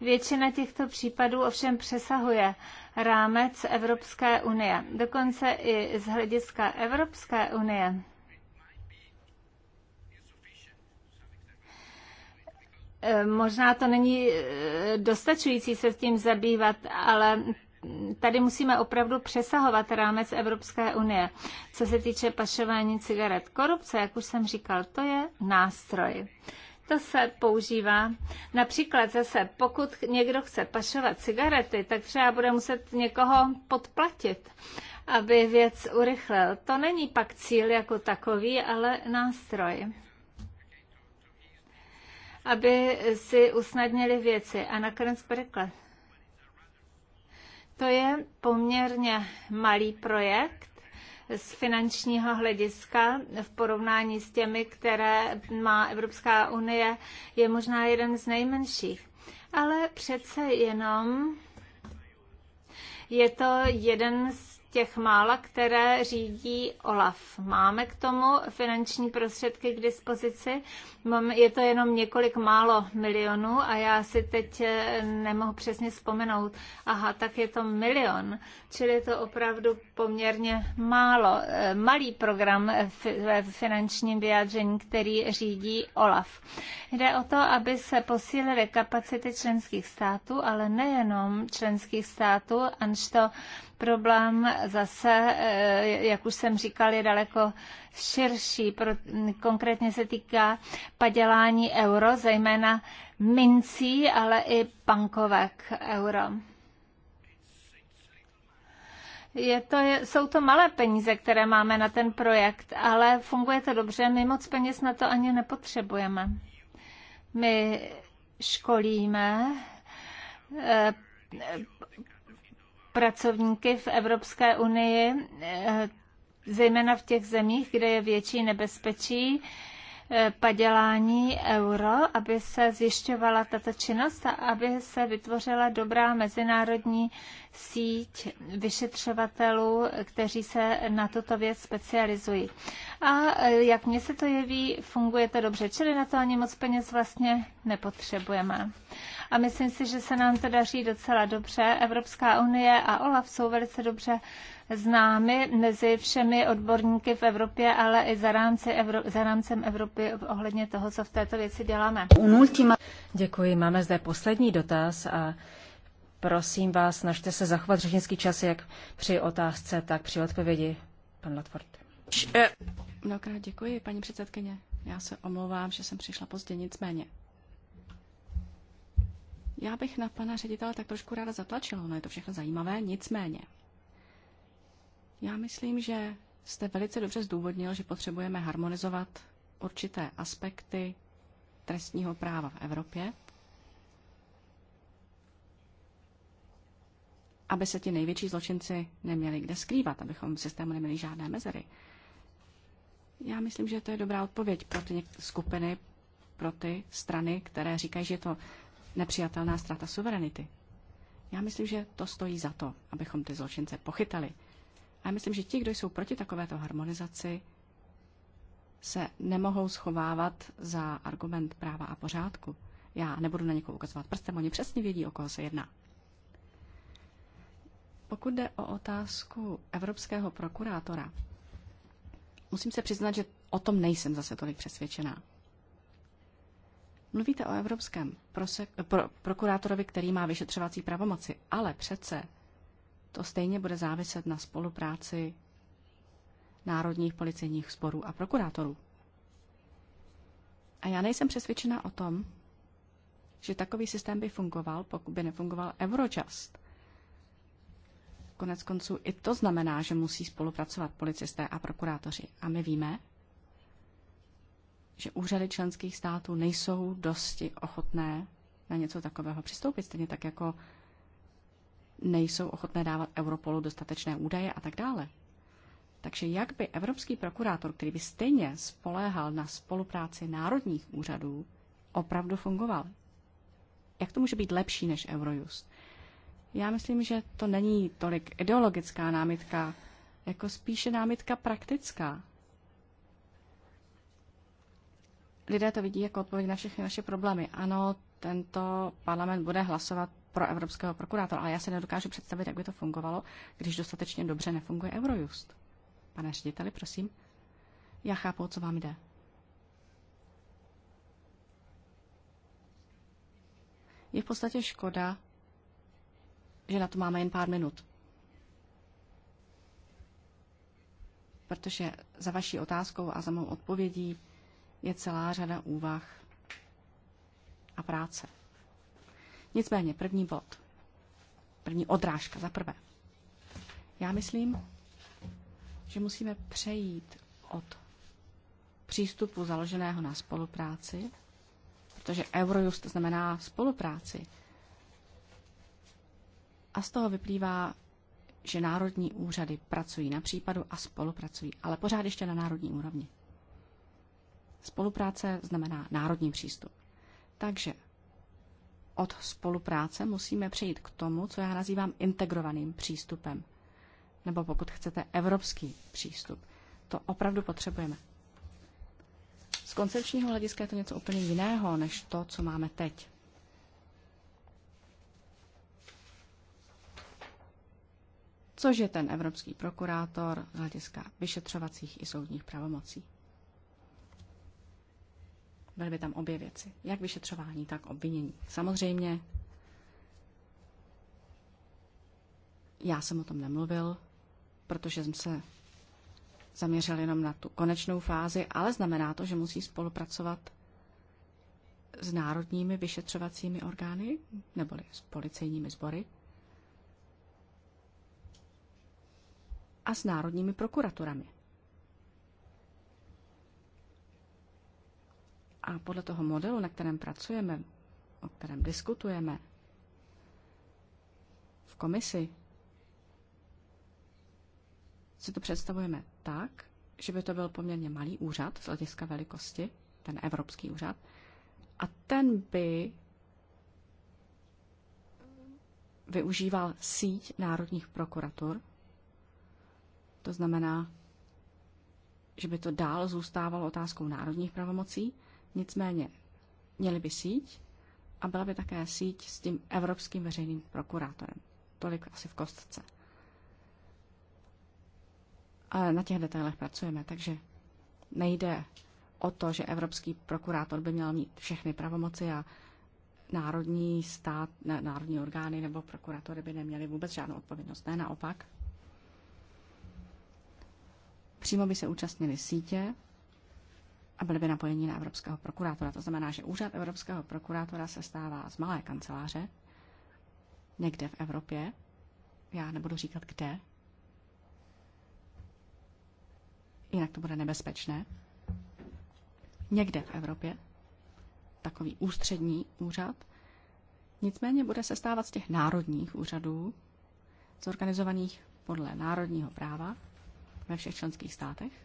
Většina těchto případů ovšem přesahuje rámec Evropské unie, dokonce i z hlediska Evropské unie Eh, možná to není eh, dostačující se s tím zabývat, ale tady musíme opravdu přesahovat rámec Evropské unie. Co se týče pašování cigaret, korupce, jak už jsem říkal, to je nástroj. To se používá. Například zase, pokud někdo chce pašovat cigarety, tak třeba bude muset někoho podplatit, aby věc urychlil. To není pak cíl jako takový, ale nástroj aby si usnadnili věci. A nakonec překlad. To je poměrně malý projekt z finančního hlediska v porovnání s těmi, které má Evropská unie, je možná jeden z nejmenších. Ale přece jenom je to jeden z těch mála, které řídí OLAF. Máme k tomu finanční prostředky k dispozici. Je to jenom několik málo milionů a já si teď eh, nemohu přesně vzpomenout. Aha, tak je to milion, čili je to opravdu poměrně málo. Eh, malý program eh, ve finančním vyjádření, který řídí OLAF. Jde o to, aby se posílily kapacity členských států, ale nejenom členských států, anž to problém zase, eh, jak už jsem říkal, je daleko širší. Pro, konkrétně se týká padělání euro, zejména mincí, ale i pankovek euro. Je to, jsou to malé peníze, které máme na ten projekt, ale funguje to dobře. My moc peněz na to ani nepotřebujeme. My školíme eh, pracovníky v Evropské unii, eh, zejména v těch zemích, kde je větší nebezpečí, Eh, padělání euro, aby se zjišťovala tato činnost a aby se vytvořila dobrá mezinárodní síť vyšetřovatelů, kteří se na tuto věc specializují. A eh, jak mně se to jeví, funguje to dobře, čili na to ani moc peněz vlastně nepotřebujeme. A myslím si, že se nám to daří docela dobře. Evropská unie a OLAF jsou velice dobře známy mezi všemi odborníky v Evropě, ale i za, rámci Evro- za rámcem Evropy ohledně toho, co v této věci děláme. Děkuji, máme zde poslední dotaz a prosím vás, snažte se zachovat řečnický čas jak při otázce, tak při odpovědi. Pan Latford. Mnohokrát děkuji, paní předsedkyně. Já se omlouvám, že jsem přišla pozdě, nicméně. Já bych na pana ředitele tak trošku ráda zatlačila, ono je to všechno zajímavé, nicméně. Já myslím, že jste velice dobře zdůvodnil, že potřebujeme harmonizovat určité aspekty trestního práva v Evropě, aby se ti největší zločinci neměli kde skrývat, abychom v systému neměli žádné mezery. Já myslím, že to je dobrá odpověď pro ty skupiny, pro ty strany, které říkají, že je to nepřijatelná strata suverenity. Já myslím, že to stojí za to, abychom ty zločince pochytali. A myslím, že ti, kdo jsou proti takovéto harmonizaci, se nemohou schovávat za argument práva a pořádku. Já nebudu na někoho ukazovat prstem, oni přesně vědí, o koho se jedná. Pokud jde o otázku evropského prokurátora, musím se přiznat, že o tom nejsem zase tolik přesvědčená. Mluvíte o evropském prosek, pro, prokurátorovi, který má vyšetřovací pravomoci, ale přece to stejně bude záviset na spolupráci národních policejních sporů a prokurátorů. A já nejsem přesvědčena o tom, že takový systém by fungoval, pokud by nefungoval Eurojust. Konec konců i to znamená, že musí spolupracovat policisté a prokurátoři. A my víme, že úřady členských států nejsou dosti ochotné na něco takového přistoupit, stejně tak jako nejsou ochotné dávat Europolu dostatečné údaje a tak dále. Takže jak by evropský prokurátor, který by stejně spoléhal na spolupráci národních úřadů, opravdu fungoval? Jak to může být lepší než Eurojust? Já myslím, že to není tolik ideologická námitka, jako spíše námitka praktická. Lidé to vidí jako odpověď na všechny naše problémy. Ano, tento parlament bude hlasovat pro evropského prokurátora, ale já si nedokážu představit, jak by to fungovalo, když dostatečně dobře nefunguje Eurojust. Pane řediteli, prosím. Já chápu, co vám jde. Je v podstatě škoda, že na to máme jen pár minut. Protože za vaší otázkou a za mou odpovědí je celá řada úvah a práce. Nicméně první bod, první odrážka za prvé. Já myslím, že musíme přejít od přístupu založeného na spolupráci, protože Eurojust znamená spolupráci. A z toho vyplývá, že národní úřady pracují na případu a spolupracují, ale pořád ještě na národní úrovni. Spolupráce znamená národní přístup. Takže od spolupráce musíme přejít k tomu, co já nazývám integrovaným přístupem. Nebo pokud chcete, evropský přístup. To opravdu potřebujeme. Z koncepčního hlediska je to něco úplně jiného, než to, co máme teď. Což je ten evropský prokurátor z hlediska vyšetřovacích i soudních pravomocí. Byly by tam obě věci, jak vyšetřování, tak obvinění. Samozřejmě, já jsem o tom nemluvil, protože jsem se zaměřil jenom na tu konečnou fázi, ale znamená to, že musí spolupracovat s národními vyšetřovacími orgány, neboli s policejními sbory, a s národními prokuraturami. A podle toho modelu, na kterém pracujeme, o kterém diskutujeme v komisi, si to představujeme tak, že by to byl poměrně malý úřad z hlediska velikosti, ten Evropský úřad, a ten by využíval síť národních prokuratur. To znamená, že by to dál zůstávalo otázkou národních pravomocí Nicméně měli by síť a byla by také síť s tím evropským veřejným prokurátorem. Tolik asi v kostce. A na těch detailech pracujeme, takže nejde o to, že evropský prokurátor by měl mít všechny pravomoci a národní stát, národní orgány nebo prokuratory by neměly vůbec žádnou odpovědnost. Ne, naopak. Přímo by se účastnili sítě a byli by napojeni na evropského prokurátora. To znamená, že úřad evropského prokurátora se stává z malé kanceláře někde v Evropě, já nebudu říkat kde, jinak to bude nebezpečné, někde v Evropě, takový ústřední úřad, nicméně bude se stávat z těch národních úřadů, zorganizovaných podle národního práva ve všech členských státech,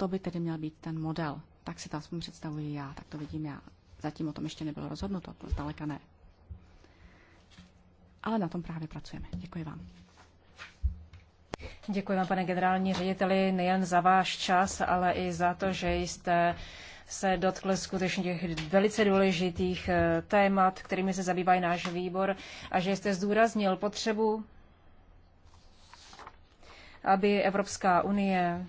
to by tedy měl být ten model. Tak si to aspoň představuji já, tak to vidím já. Zatím o tom ještě nebylo rozhodnuto, to zdaleka ne. Ale na tom právě pracujeme. Děkuji vám. Děkuji vám, pane generální řediteli, nejen za váš čas, ale i za to, že jste se dotkl skutečně těch velice důležitých eh, témat, kterými se zabývá náš výbor, a že jste zdůraznil potřebu, aby Evropská unie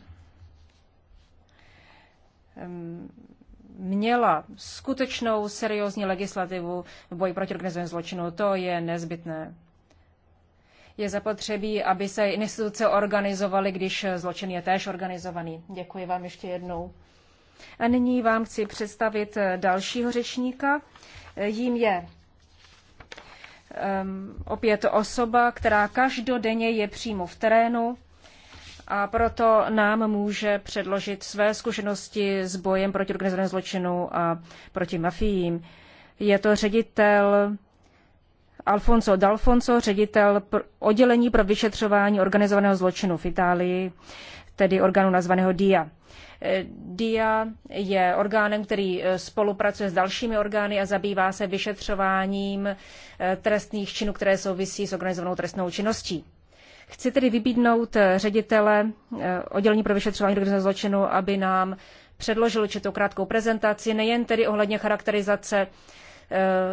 měla skutečnou seriózní legislativu v boji proti organizovanému zločinu. To je nezbytné. Je zapotřebí, aby se instituce organizovaly, když zločin je též organizovaný. Děkuji vám ještě jednou. A nyní vám chci představit dalšího řečníka. Jím je um, opět osoba, která každodenně je přímo v terénu a proto nám může předložit své zkušenosti s bojem proti organizovanému zločinu a proti mafiím. Je to ředitel Alfonso D'Alfonso, ředitel oddělení pro vyšetřování organizovaného zločinu v Itálii, tedy orgánu nazvaného DIA. E, DIA je orgánem, který e, spolupracuje s dalšími orgány a zabývá se vyšetřováním e, trestných činů, které souvisí s organizovanou trestnou činností. Chci tedy vybídnout eh, ředitele eh, oddělení pro vyšetřování organizovaného zločinu, aby nám předložil určitou krátkou prezentaci, nejen tedy ohledně charakterizace eh,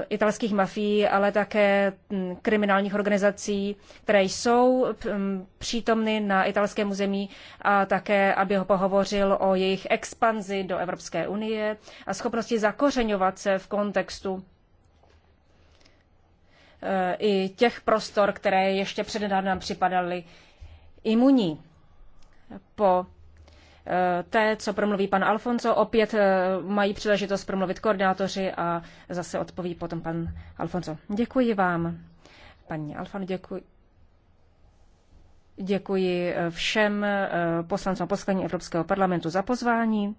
italských mafií, ale také hm, kriminálních organizací, které jsou hm, přítomny na italském území a také, aby ho pohovořil o jejich expanzi do Evropské unie a schopnosti zakořeňovat se v kontextu Eh, i těch prostor, které ještě přednedávnem připadaly imunní. Po eh, té, co promluví pan Alfonso, opět eh, mají příležitost promluvit koordinátoři a zase odpoví potom pan Alfonso. Děkuji vám, paní Alfano, děkuji. Děkuji všem poslancům a Evropského parlamentu za pozvání.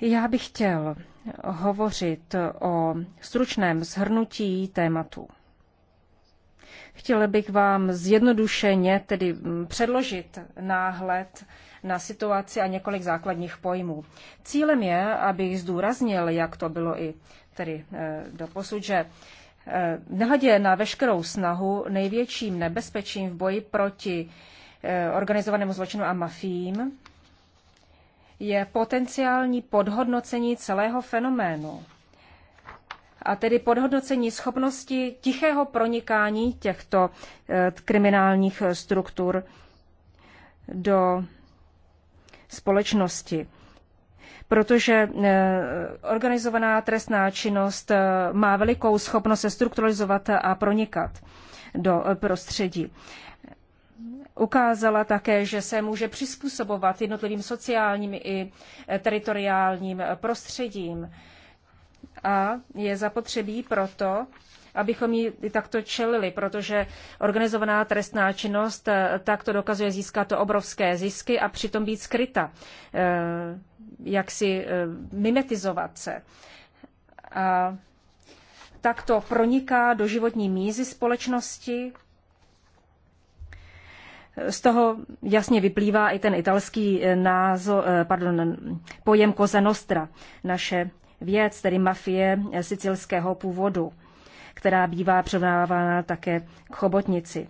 Já bych chtěl hovořit o stručném shrnutí tématu. Chtěl bych vám zjednodušeně tedy mm, předložit náhled na situaci a několik základních pojmů. Cílem je, abych zdůraznil, jak to bylo i tedy eh, posud, že eh, nehledě na veškerou snahu největším nebezpečím v boji proti eh, organizovanému zločinu a mafím je potenciální podhodnocení celého fenoménu. A tedy podhodnocení schopnosti tichého pronikání těchto eh, kriminálních eh, struktur do společnosti protože eh, organizovaná trestná činnost má velikou schopnost se strukturalizovat a pronikat do prostředí. Ukázala také, že se může přizpůsobovat jednotlivým sociálním i eh, teritoriálním eh, prostředím. A je zapotřebí proto, abychom ji takto čelili, protože organizovaná trestná činnost eh, takto dokazuje získat obrovské zisky a přitom být skryta, jak si mimetizovat se. A takto proniká do životní mízy společnosti z toho jasně vyplývá i ten italský eh, názor, eh, pardon, pojem Cosa Nostra, naše věc, tedy mafie eh, sicilského původu, která bývá přirovnávána také k chobotnici.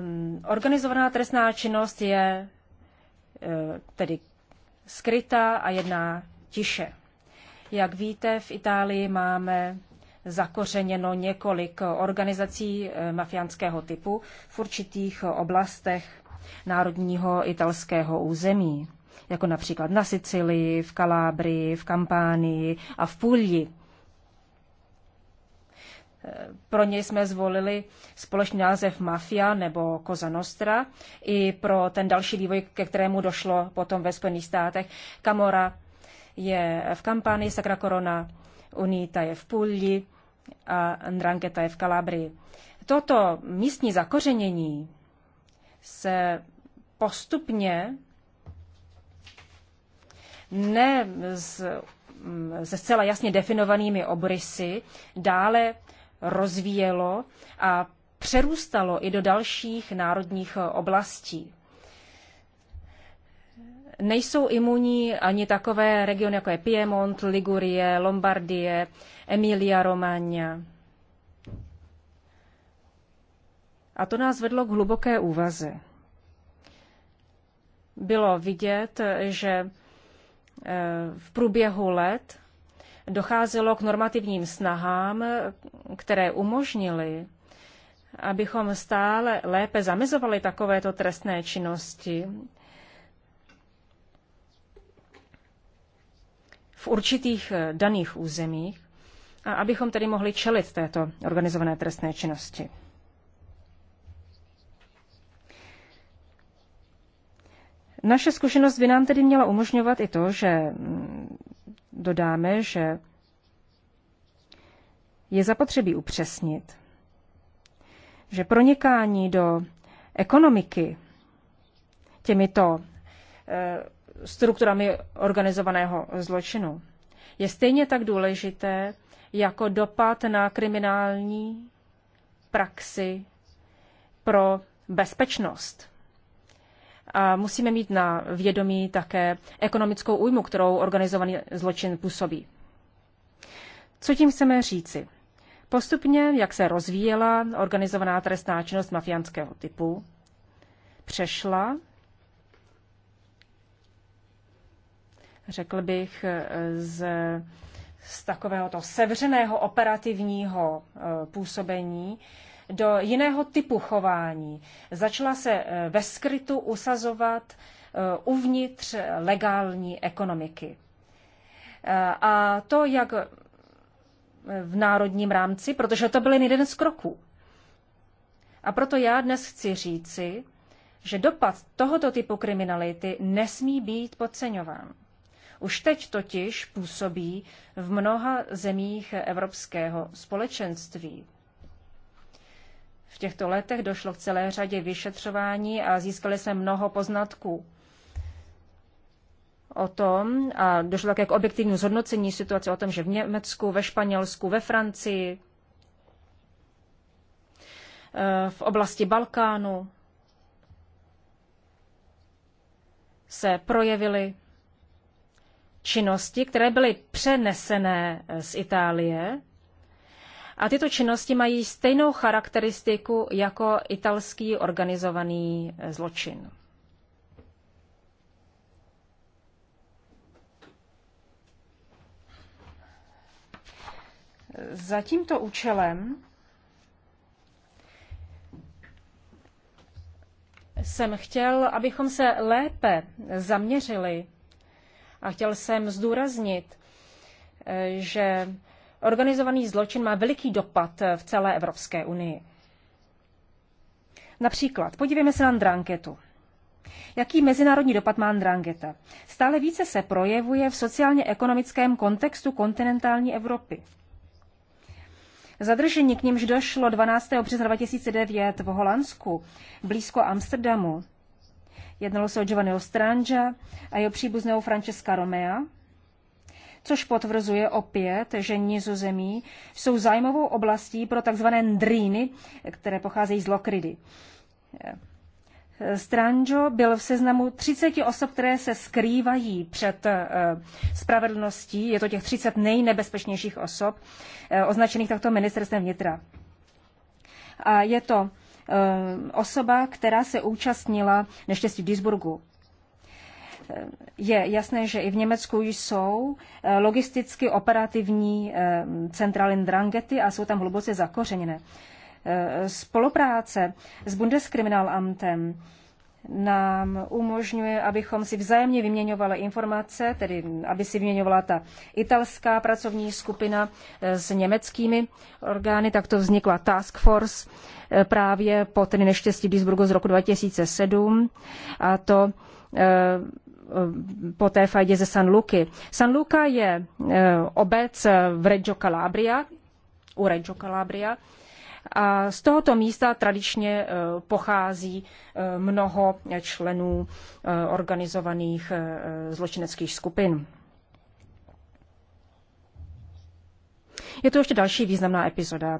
Mm, organizovaná trestná činnost je tedy skrytá a jedná tiše. Jak víte, v Itálii máme zakořeněno několik organizací eh, mafiánského typu v určitých oblastech národního italského území, jako například na Sicilii, v Kalábrii, v Kampánii a v Půlji. Eh, pro něj jsme zvolili společný název Mafia nebo Cosa Nostra i pro ten další vývoj, ke kterému došlo potom ve Spojených státech. Kamora je v Kampánii, Sacra Corona, Unita je v Půlji a Ndrangheta je v Kalábrii. Toto místní zakořenění se postupně ne s, se zcela jasně definovanými obrysy dále rozvíjelo a přerůstalo i do dalších národních oblastí. Nejsou imunní ani takové regiony, jako je Piemont, Ligurie, Lombardie, Emilia Romagna. A to nás vedlo k hluboké úvaze. Bylo vidět, že eh, v průběhu let docházelo k normativním snahám, které umožnily, abychom stále lépe zamezovali takovéto trestné činnosti, v určitých eh, daných územích, a abychom tedy mohli čelit této organizované trestné činnosti. Naše zkušenost by nám tedy měla umožňovat i to, že mm, dodáme, že je zapotřebí upřesnit, že pronikání do ekonomiky těmito eh, strukturami organizovaného zločinu. Je stejně tak důležité jako dopad na kriminální praxi pro bezpečnost. A musíme mít na vědomí také ekonomickou újmu, kterou organizovaný zločin působí. Co tím chceme říci? Postupně, jak se rozvíjela organizovaná trestná činnost mafiánského typu, přešla řekl bych, e, z, z takového to sevřeného operativního e, působení do jiného typu chování. Začala se e, ve skrytu usazovat uvnitř legální ekonomiky. A to jak v národním rámci, protože to byl jen jeden z kroků. A proto já dnes chci říci, že dopad tohoto typu kriminality nesmí být podceňován. Už teď totiž působí v mnoha zemích Evropského společenství. V těchto letech došlo k celé řadě vyšetřování a získali jsme mnoho poznatků o tom, a došlo také k objektivnímu zhodnocení situace o tom, že v Německu, ve Španělsku, ve Francii, eh, v oblasti Balkánu se projevily činnosti, které byly přenesené eh, z Itálie. A tyto činnosti mají stejnou charakteristiku jako italský organizovaný eh, zločin. Za tímto účelem jsem chtěl, abychom se lépe zaměřili a chtěl jsem zdůraznit, eh, že organizovaný zločin má veliký dopad v celé Evropské unii. Například, podívejme se na Dranketu. Jaký mezinárodní dopad má Andrangeta? Stále více se projevuje v sociálně-ekonomickém kontextu kontinentální Evropy. Zadržení k nímž došlo 12. března 2009 v Holandsku, blízko Amsterdamu, Jednalo se o Giovanni Strangia a jeho příbuzného Francesca Romea, což potvrzuje opět, že nizozemí jsou zájmovou oblastí pro tzv. dríny, které pocházejí z Lokridy. Stranjo byl v seznamu 30 osob, které se skrývají před eh, spravedlností. Je to těch 30 nejnebezpečnějších osob eh, označených takto ministerstvem vnitra. A je to Eh, osoba, která se účastnila neštěstí v Duisburgu. Eh, je jasné, že i v Německu jsou eh, logisticky operativní centra Lindrangety a jsou tam hluboce zakořeněné. Spolupráce s Bundeskriminalamtem nám umožňuje, abychom si vzájemně vyměňovali informace, tedy aby si vyměňovala ta italská pracovní skupina eh, s německými orgány, tak to vznikla Task Force eh, právě po tedy neštěstí Duisburgu z roku 2007 a to eh, po té fajdě ze San Luky. San Luca je obec v Reggio Calabria, u Reggio Calabria, a z tohoto místa tradičně eh, pochází eh, mnoho členů eh, organizovaných zločineckých skupin. Je to ještě další významná epizoda.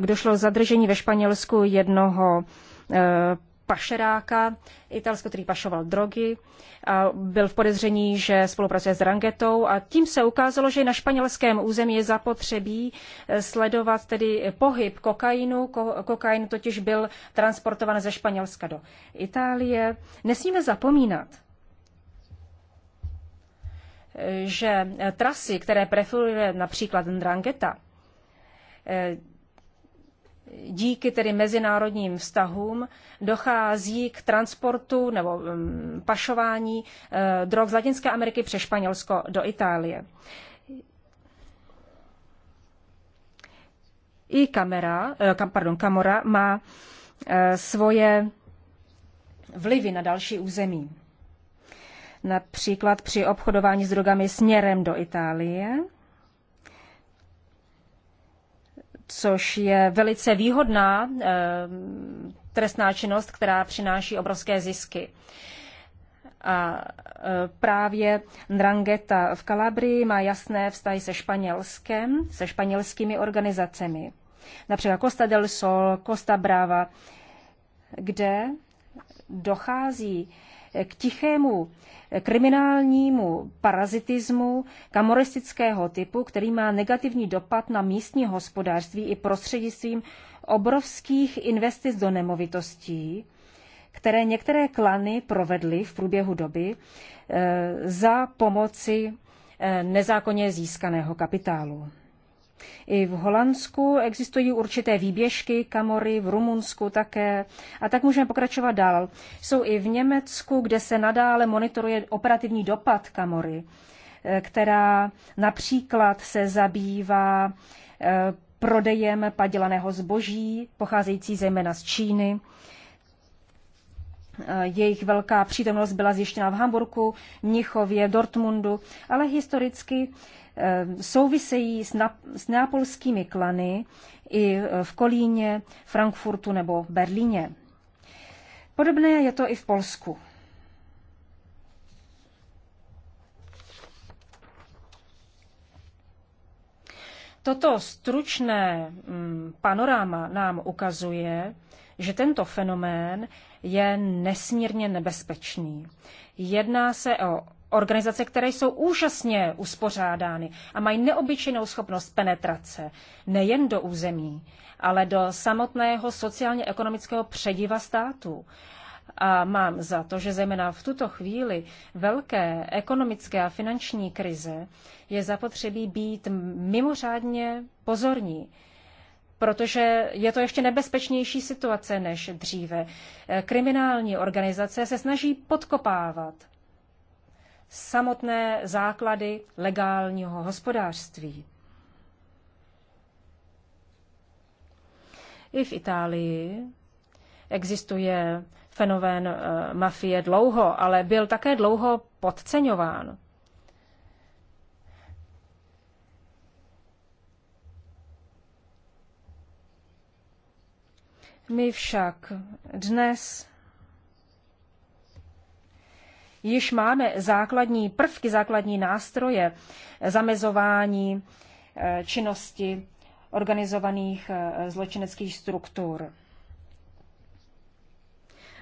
Došlo zadržení ve Španělsku jednoho pašeráka, Italsko, který pašoval drogy, a byl v podezření, že spolupracuje s Rangetou a tím se ukázalo, že na španělském území je zapotřebí eh, sledovat tedy pohyb kokainu. Ko- kokain totiž byl transportován ze Španělska do Itálie. Nesmíme zapomínat, eh, že trasy, které preferuje například Drangeta, eh, díky tedy mezinárodním vztahům dochází k transportu nebo mm, pašování eh, drog z Latinské Ameriky přes Španělsko do Itálie. I kamera, eh, pardon, Kamora má eh, svoje vlivy na další území. Například při obchodování s drogami směrem do Itálie což je velice výhodná eh, trestná činnost, která přináší obrovské zisky. A eh, právě Ndrangheta v Kalabrii má jasné vztahy se Španělskem, se španělskými organizacemi. Například Costa del Sol, Costa Brava, kde dochází k tichému kriminálnímu parazitismu kamoristického typu, který má negativní dopad na místní hospodářství i prostřednictvím obrovských investic do nemovitostí, které některé klany provedly v průběhu doby eh, za pomoci eh, nezákonně získaného kapitálu. I v Holandsku existují určité výběžky, kamory, v Rumunsku také. A tak můžeme pokračovat dál. Jsou i v Německu, kde se nadále monitoruje operativní dopad kamory, eh, která například se zabývá eh, prodejem padělaného zboží, pocházející zejména z Číny. Eh, jejich velká přítomnost byla zjištěna v Hamburku, Mnichově, Dortmundu, ale historicky Ehm, souvisejí s, na, s neapolskými klany i eh, v Kolíně, Frankfurtu nebo Berlíně. Podobné je to i v Polsku. Toto stručné hm, panoráma nám ukazuje, že tento fenomén je nesmírně nebezpečný. Jedná se o organizace, které jsou úžasně uspořádány a mají neobyčejnou schopnost penetrace nejen do území, ale do samotného sociálně-ekonomického přediva státu. A mám za to, že zejména v tuto chvíli velké ekonomické a finanční krize je zapotřebí být mimořádně pozorní, protože je to ještě nebezpečnější situace než dříve. Kriminální organizace se snaží podkopávat samotné základy legálního hospodářství. I v Itálii existuje fenomén eh, mafie dlouho, ale byl také dlouho podceňován. My však dnes již máme základní prvky, základní nástroje zamezování eh, činnosti organizovaných eh, zločineckých struktur.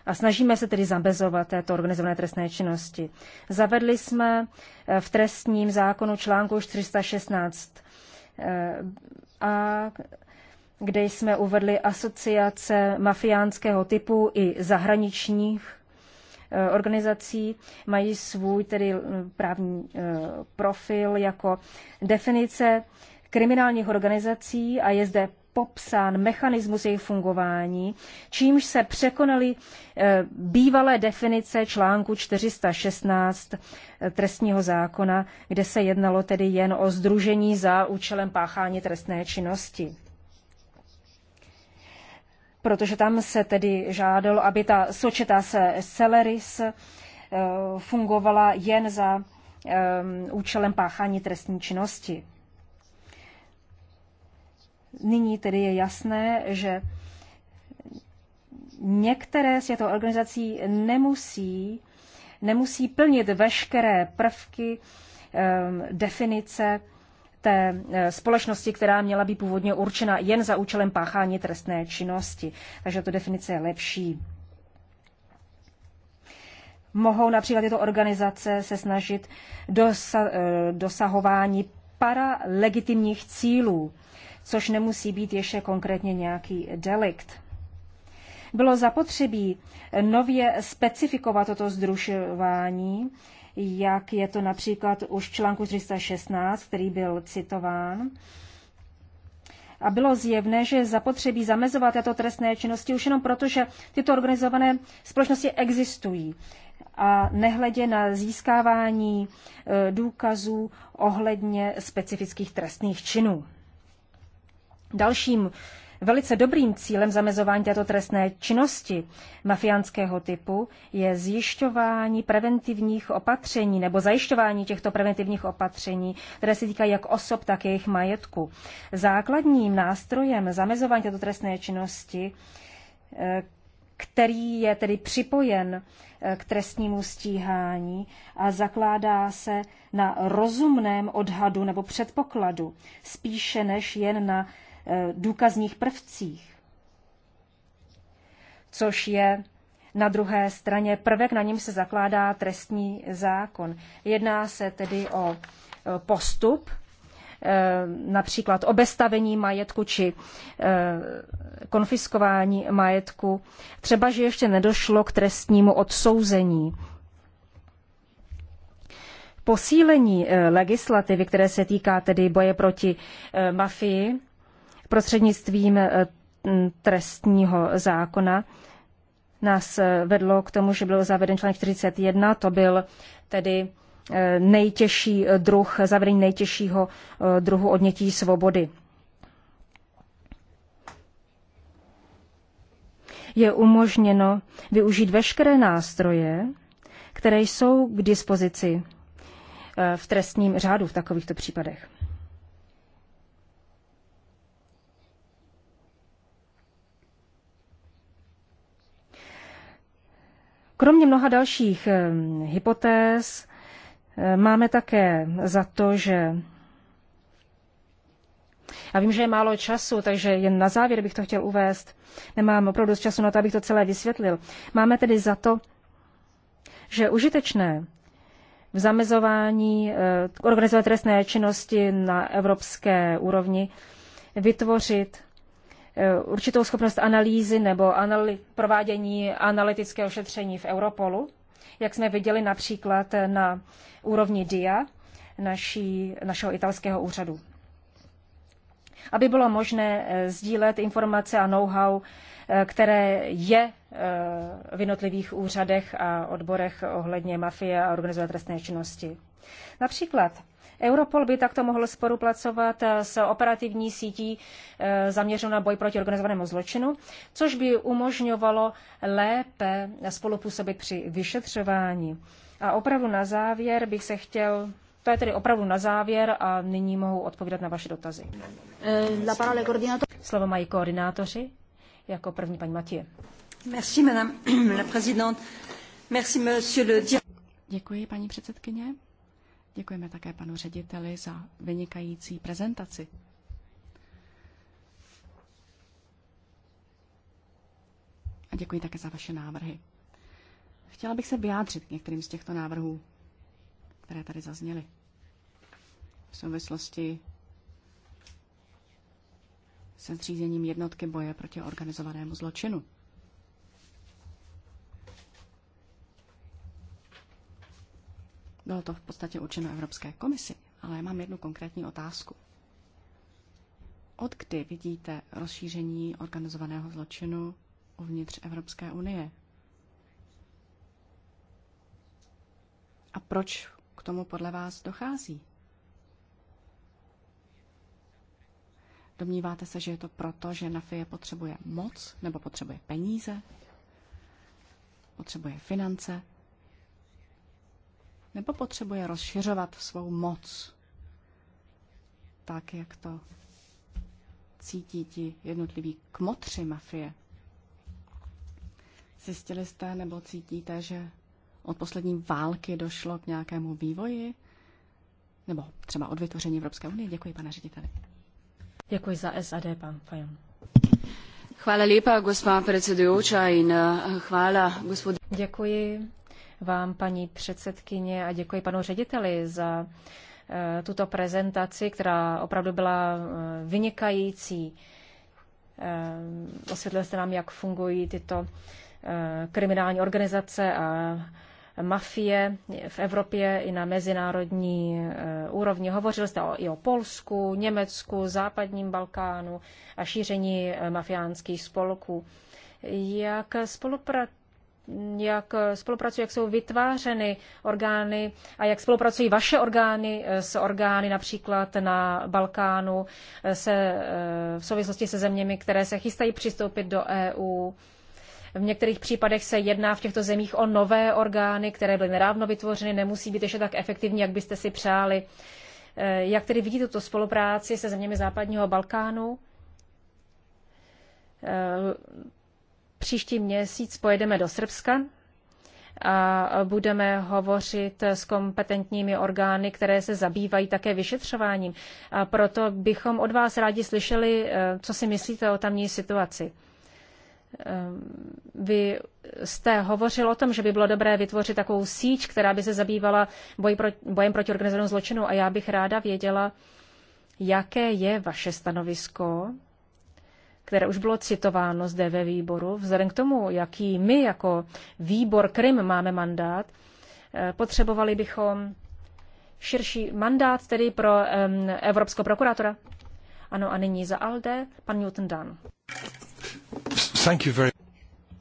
A snažíme se tedy zabezovat této organizované trestné činnosti. Zavedli jsme eh, v trestním zákonu článku 416 a kde jsme uvedli asociace mafiánského typu i zahraničních Eh, organizací mají svůj tedy eh, právní eh, profil jako definice kriminálních organizací a je zde popsán mechanismus jejich fungování, čímž se překonaly bývalé definice článku 416 trestního zákona, kde se jednalo tedy jen o združení za účelem páchání trestné činnosti protože tam se tedy žádalo, aby ta sočeta se Celeris eh, fungovala jen za eh, účelem páchání trestní činnosti. Nyní tedy je jasné, že některé z těchto organizací nemusí, nemusí plnit veškeré prvky eh, definice té e, společnosti, která měla být původně určena jen za účelem páchání trestné činnosti. Takže to definice je lepší. Mohou například tyto organizace se snažit dosa- e, dosahování paralegitimních cílů, což nemusí být ještě konkrétně nějaký delikt. Bylo zapotřebí nově specifikovat toto združování jak je to například už v článku 316, který byl citován. A bylo zjevné, že zapotřebí zamezovat této trestné činnosti už jenom proto, že tyto organizované společnosti existují. A nehledě na získávání e, důkazů ohledně specifických trestných činů. Dalším Velice dobrým cílem zamezování této trestné činnosti mafiánského typu je zjišťování preventivních opatření nebo zajišťování těchto preventivních opatření, které se týkají jak osob, tak jejich majetku. Základním nástrojem zamezování této trestné činnosti eh, který je tedy připojen eh, k trestnímu stíhání a zakládá se na rozumném odhadu nebo předpokladu, spíše než jen na Eh, důkazních prvcích, což je na druhé straně prvek, na něm se zakládá trestní zákon. Jedná se tedy o eh, postup, eh, například obestavení majetku či konfiskování majetku, třeba že ještě nedošlo k trestnímu odsouzení. Posílení legislativy, které se týká tedy boje proti mafii, prostřednictvím eh, trestního zákona nás eh, vedlo k tomu, že byl zaveden článek 41, to byl tedy eh, nejtěžší druh, zavedení nejtěžšího druhu odnětí svobody. Je umožněno využít veškeré nástroje, které jsou k dispozici v trestním řádu v takovýchto případech. Kromě mnoha dalších eh, hypotéz eh, máme také za to, že a vím, že je málo času, takže jen na závěr bych to chtěl uvést. Nemám opravdu dost času na to, abych to celé vysvětlil. Máme tedy za to, že užitečné v zamezování eh, organizovat trestné činnosti na evropské úrovni vytvořit Eh, určitou schopnost analýzy nebo anali- provádění analytického šetření v Europolu, jak jsme viděli například na úrovni DIA, naší, našeho italského úřadu. Aby bylo možné eh, sdílet informace a know-how, eh, které je v jednotlivých úřadech a odborech ohledně mafie a organizované trestné činnosti. Například Europol by takto mohl spolupracovat s operativní sítí eh, zaměřenou na boj proti organizovanému zločinu, což by umožňovalo lépe spolupůsobit při vyšetřování. A opravdu na závěr bych se chtěl to je tedy opravdu na závěr a nyní mohu odpovídat na vaše dotazy. Eh, Slovo mají koordinátoři, jako první paní Matěje. Merci, Merci, monsieur le Děkuji, paní předsedkyně. Děkujeme také panu řediteli za vynikající prezentaci. A děkuji také za vaše návrhy. Chtěla bych se vyjádřit k některým z těchto návrhů, které tady zazněly v souvislosti se zřízením jednotky boje proti organizovanému zločinu. Bylo to v podstatě určeno Evropské komisi, ale já mám jednu konkrétní otázku. Od kdy vidíte rozšíření organizovaného zločinu uvnitř Evropské unie? A proč k tomu podle vás dochází? Domníváte se, že je to proto, že Nafie potřebuje moc nebo potřebuje peníze, potřebuje finance, nebo potřebuje rozšiřovat svou moc tak, jak to cítí ti jednotliví kmotři mafie. Zjistili jste nebo cítíte, že od poslední války došlo k nějakému vývoji? Nebo třeba od vytvoření Evropské unie? Děkuji, pane řediteli. Děkuji za SAD, pan Fajon. Hvala lepa, gospa predsedujoča in eh, hvala gospod... Děkuji, vám, paní předsedkyně, a děkuji panu řediteli za eh, tuto prezentaci, která opravdu byla eh, vynikající. Eh, osvětlil jste nám, jak fungují tyto kriminální organizace a mafie v Evropě i na mezinárodní úrovni. Hovořil jste o, i o Polsku, Německu, západním Balkánu a šíření mafiánských spolků. Jak spolupra- jak spolupracují, jak jsou vytvářeny orgány a jak spolupracují vaše orgány eh, s orgány například na Balkánu eh, se, eh, v souvislosti se zeměmi, které se chystají přistoupit do EU. V některých případech se jedná v těchto zemích o nové orgány, které byly nedávno vytvořeny, nemusí být ještě tak efektivní, jak byste si přáli. Jak tedy vidíte tuto spolupráci se zeměmi západního Balkánu? Příští měsíc pojedeme do Srbska a budeme hovořit s kompetentními orgány, které se zabývají také vyšetřováním. A proto bychom od vás rádi slyšeli, eh, co si myslíte o tamní situaci. Eh, vy jste hovořil o tom, že by bylo dobré vytvořit takovou síť, která by se zabývala boj pro, bojem proti organizovanému zločinu a já bych ráda věděla, jaké je vaše stanovisko které už bylo citováno zde ve výboru, vzhledem k tomu, jaký my jako výbor Krym máme mandát, eh, potřebovali bychom širší mandát tedy pro um, evropského prokurátora. Ano, a nyní za ALDE, pan Newton Dunn. Thank you very...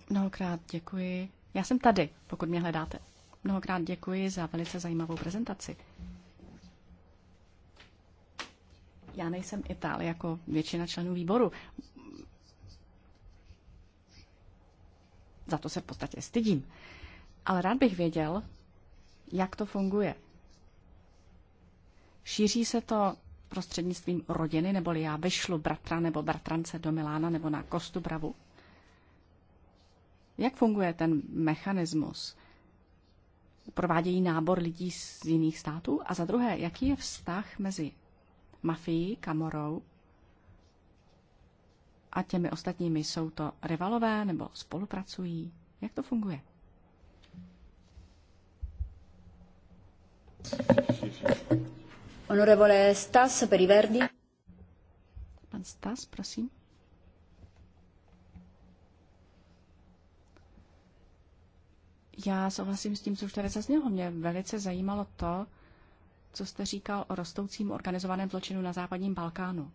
Mnohokrát děkuji. Já jsem tady, pokud mě hledáte. Mnohokrát děkuji za velice zajímavou prezentaci. Já nejsem Itál jako většina členů výboru. za to se v podstatě stydím. Ale rád bych věděl, jak to funguje. Šíří se to prostřednictvím rodiny, neboli já vyšlu bratra nebo bratrance do Milána nebo na Kostu Bravu? Jak funguje ten mechanismus? Provádějí nábor lidí z jiných států? A za druhé, jaký je vztah mezi mafií, kamorou a těmi ostatními jsou to rivalové nebo spolupracují? Jak to funguje? Honorevole Stas Periverdi. Pan Stas, prosím. Já souhlasím s tím, co už tady zaznělo. Mě velice zajímalo to, co jste říkal o rostoucím organizovaném zločinu na západním Balkánu.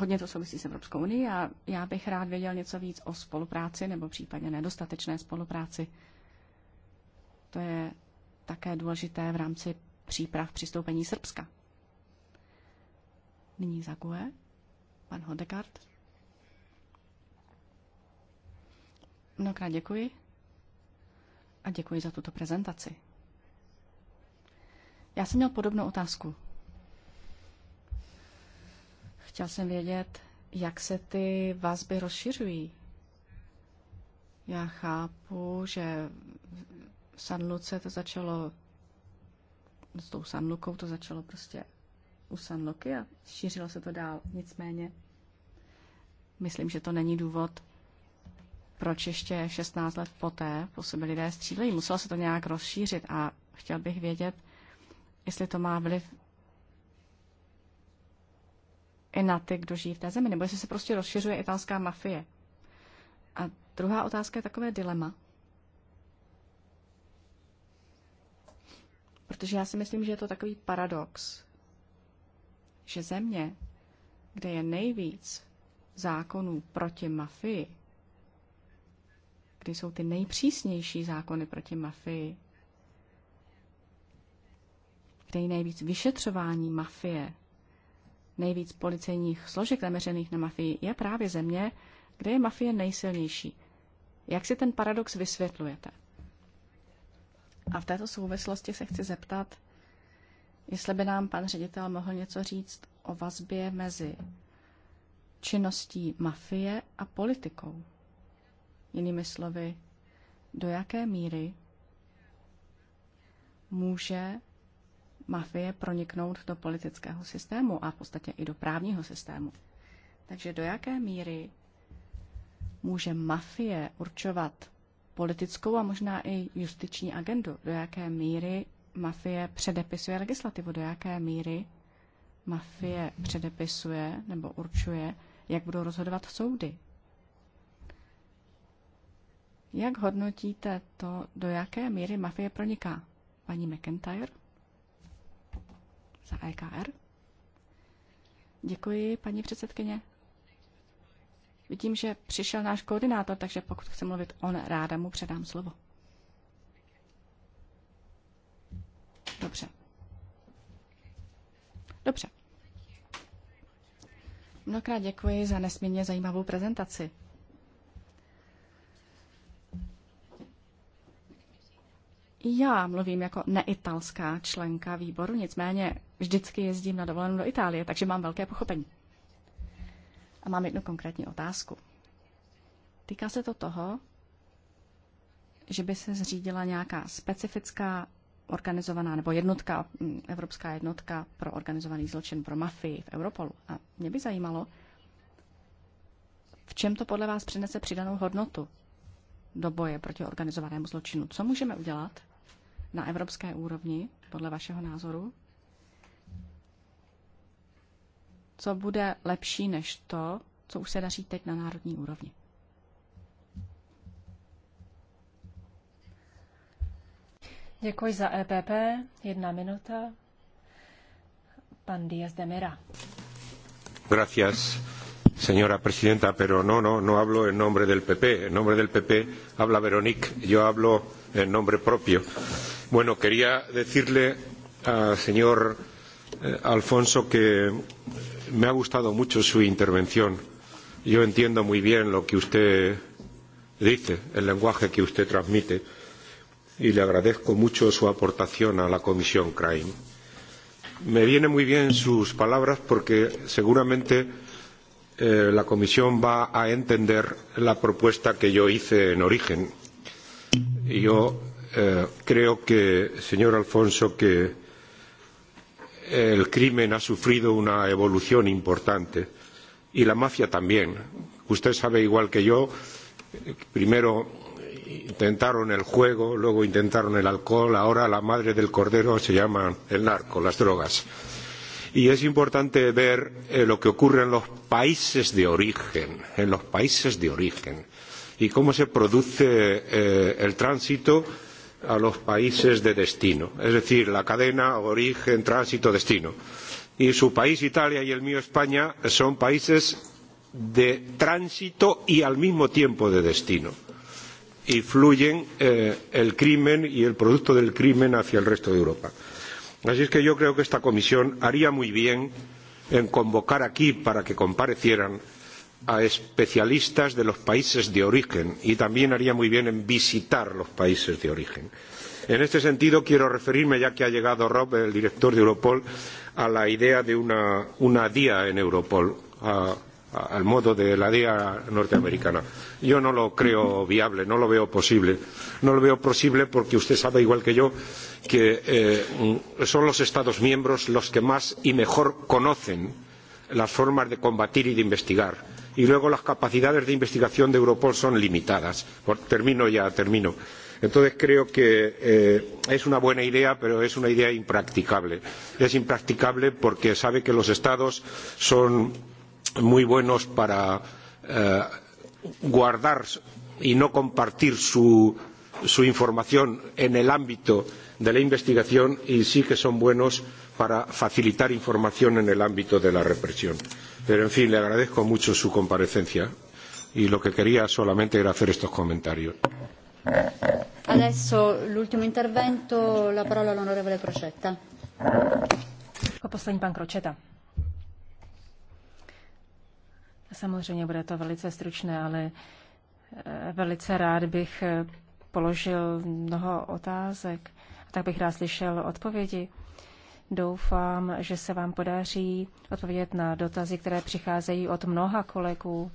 hodně to souvisí s Evropskou unii a já bych rád věděl něco víc o spolupráci nebo případně nedostatečné spolupráci. To je také důležité v rámci příprav přistoupení Srbska. Nyní zaguje pan Hodegard. Mnohokrát děkuji a děkuji za tuto prezentaci. Já jsem měl podobnou otázku. Chtěl jsem vědět, jak se ty vazby rozšiřují. Já chápu, že v Sanluce to začalo, s tou Sanlukou to začalo prostě u Sanluky a šířilo se to dál. Nicméně, myslím, že to není důvod, proč ještě 16 let poté po sebe lidé střílejí. Muselo se to nějak rozšířit a chtěl bych vědět, jestli to má vliv i na ty, kdo žijí v té zemi, nebo jestli se prostě rozšiřuje italská mafie. A druhá otázka je takové dilema. Protože já si myslím, že je to takový paradox, že země, kde je nejvíc zákonů proti mafii, kde jsou ty nejpřísnější zákony proti mafii, kde je nejvíc vyšetřování mafie nejvíc policejních složek zaměřených na mafii, je právě země, kde je mafie nejsilnější. Jak si ten paradox vysvětlujete? A v této souvislosti se chci zeptat, jestli by nám pan ředitel mohl něco říct o vazbě mezi činností mafie a politikou. Jinými slovy, do jaké míry může mafie proniknout do politického systému a v podstatě i do právního systému. Takže do jaké míry může mafie určovat politickou a možná i justiční agendu? Do jaké míry mafie předepisuje legislativu? Do jaké míry mafie předepisuje nebo určuje, jak budou rozhodovat soudy? Jak hodnotíte to, do jaké míry mafie proniká? Paní McIntyre? za EKR. Děkuji, paní předsedkyně. Vidím, že přišel náš koordinátor, takže pokud chce mluvit on, ráda mu předám slovo. Dobře. Dobře. Mnohokrát děkuji za nesmírně zajímavou prezentaci. Já mluvím jako neitalská členka výboru, nicméně vždycky jezdím na dovolenou do Itálie, takže mám velké pochopení. A mám jednu konkrétní otázku. Týká se to toho, že by se zřídila nějaká specifická organizovaná nebo jednotka, mm, evropská jednotka pro organizovaný zločin, pro mafii v Europolu. A mě by zajímalo, v čem to podle vás přinese přidanou hodnotu do boje proti organizovanému zločinu? Co můžeme udělat na evropské úrovni, podle vašeho názoru, co bude lepší než to, co už se daří teď na národní úrovni. Děkuji za EPP. Jedna minuta. Pan Díaz de Mera. Gracias, señora presidenta, pero no, no, no hablo en nombre del PP. En nombre del PP habla Veronique, yo hablo en nombre propio. Bueno, quería decirle al señor Eh, Alfonso que me ha gustado mucho su intervención. Yo entiendo muy bien lo que usted dice, el lenguaje que usted transmite, y le agradezco mucho su aportación a la Comisión Crime. Me vienen muy bien sus palabras porque seguramente eh, la Comisión va a entender la propuesta que yo hice en origen. Y yo eh, creo que, señor Alfonso, que el crimen ha sufrido una evolución importante y la mafia también. Usted sabe igual que yo, primero intentaron el juego, luego intentaron el alcohol, ahora la madre del cordero se llama el narco, las drogas. Y es importante ver eh, lo que ocurre en los países de origen, en los países de origen, y cómo se produce eh, el tránsito eh, a los países de destino, es decir, la cadena origen, tránsito, destino. Y su país, Italia, y el mío, España, son países de tránsito y al mismo tiempo de destino. Y fluyen eh, el crimen y el producto del crimen hacia el resto de Europa. Así es que yo creo que esta comisión haría muy bien en convocar aquí para que comparecieran a especialistas de los países de origen y también haría muy bien en visitar los países de origen. En este sentido, quiero referirme, ya que ha llegado Rob, el director de Europol, a la idea de una, una DIA en Europol, a, a, al modo de la DIA norteamericana. Yo no lo creo viable, no lo veo posible. No lo veo posible porque usted sabe, igual que yo, que eh, son los Estados miembros los que más y mejor conocen las formas de combatir y de investigar y luego las capacidades de investigación de Europol son limitadas. Por, termino ya, termino. Entonces creo que eh, es una buena idea, pero es una idea impracticable. Es impracticable porque sabe que los Estados son muy buenos para eh, guardar y no compartir su, su información en el ámbito de la investigación y sí que son buenos para facilitar información en el ámbito de la represión. Pero, en fin, le agradezco mucho su comparecencia y lo que quería solamente era hacer estos comentarios. Adesso l'ultimo intervento, la parola all'onorevole Crocetta. poslední pan Kročeta. Samozřejmě bude to velice stručné, ale eh, velice rád bych eh, položil mnoho otázek. Tak bych rád slyšel odpovědi. Doufám, že se vám podaří odpovědět na dotazy, které přicházejí od mnoha kolegů.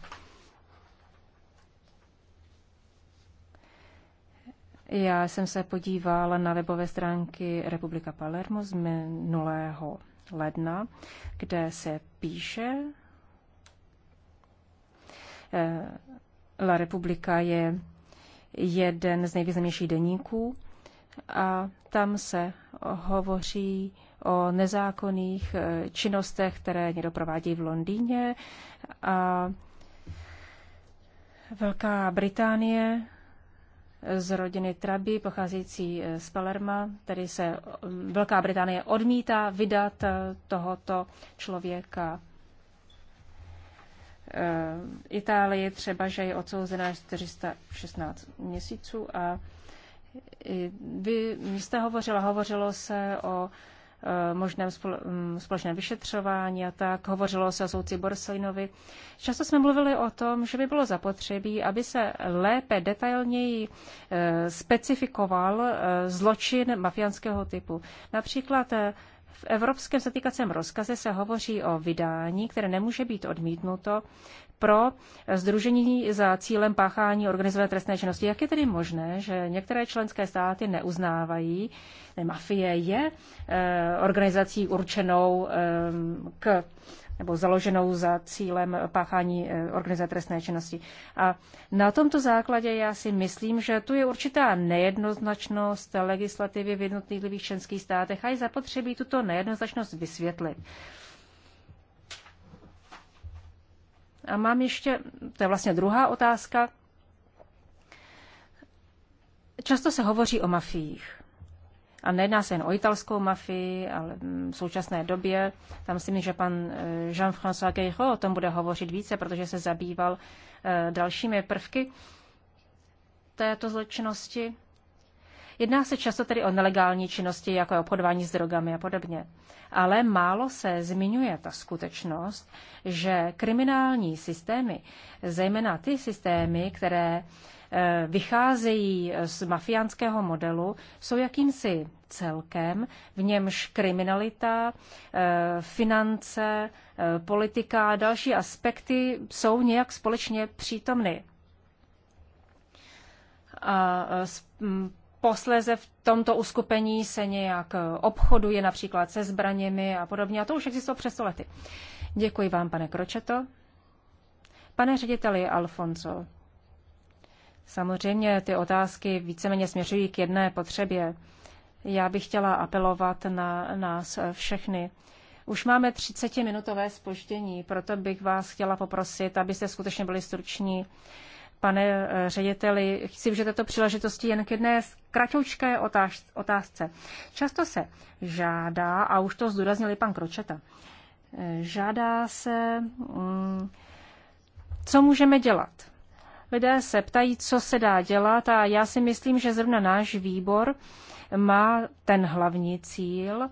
Já jsem se podíval na webové stránky Republika Palermo z minulého ledna, kde se píše, eh, La Republika je jeden z nejvýznamnějších deníků a tam se hovoří o nezákonných e, činnostech, které někdo provádí v Londýně. A Velká Británie z rodiny Traby, pocházející e, z Palerma, tedy se e, Velká Británie odmítá vydat tohoto člověka. Itálie třeba, že je odsouzená 416 měsíců a vy jste hovořila, hovořilo se o Eh, možném mm, společném vyšetřování a tak. Hovořilo se o souci Borsojnovi. Často jsme mluvili o tom, že by bylo zapotřebí, aby se lépe, detailněji eh, specifikoval eh, zločin mafiánského typu. Například v evropském zatýkacím rozkaze se hovoří o vydání, které nemůže být odmítnuto, pro združení za cílem páchání organizované trestné činnosti. Jak je tedy možné, že některé členské státy neuznávají, ne, mafie je eh, organizací určenou eh, k nebo založenou za cílem páchání eh, organizace trestné činnosti. A na tomto základě já si myslím, že tu je určitá nejednoznačnost legislativy v jednotlivých členských státech a je zapotřebí tuto nejednoznačnost vysvětlit. A mám ještě, to je vlastně druhá otázka. Často se hovoří o mafiích. A nejedná se jen o italskou mafii, ale v současné době, tam si myslím, že pan eh, Jean-François Guerrero o tom bude hovořit více, protože se zabýval eh, dalšími prvky této zločinnosti. Jedná se často tedy o nelegální činnosti, jako je obchodování s drogami a podobně. Ale málo se zmiňuje ta skutečnost, že kriminální systémy, zejména ty systémy, které eh, vycházejí z mafiánského modelu, jsou jakýmsi celkem, v němž kriminalita, eh, finance, eh, politika a další aspekty jsou nějak společně přítomny. A posléze v tomto uskupení se nějak eh, obchoduje například se zbraněmi a podobně. A to už existovalo přes lety. Děkuji vám, pane Kročeto. Pane řediteli Alfonso, samozřejmě ty otázky víceméně směřují k jedné potřebě. Já bych chtěla apelovat na nás všechny. Už máme 30-minutové spoždění, proto bych vás chtěla poprosit, abyste skutečně byli struční. Pane eh, řediteli, chci využít této příležitosti jen k jedné kratoučké otázce. Často se žádá, a už to zdůraznil i pan Kročeta, eh, žádá se, mm, co můžeme dělat. Lidé se ptají, co se dá dělat a já si myslím, že zrovna náš výbor má ten hlavní cíl,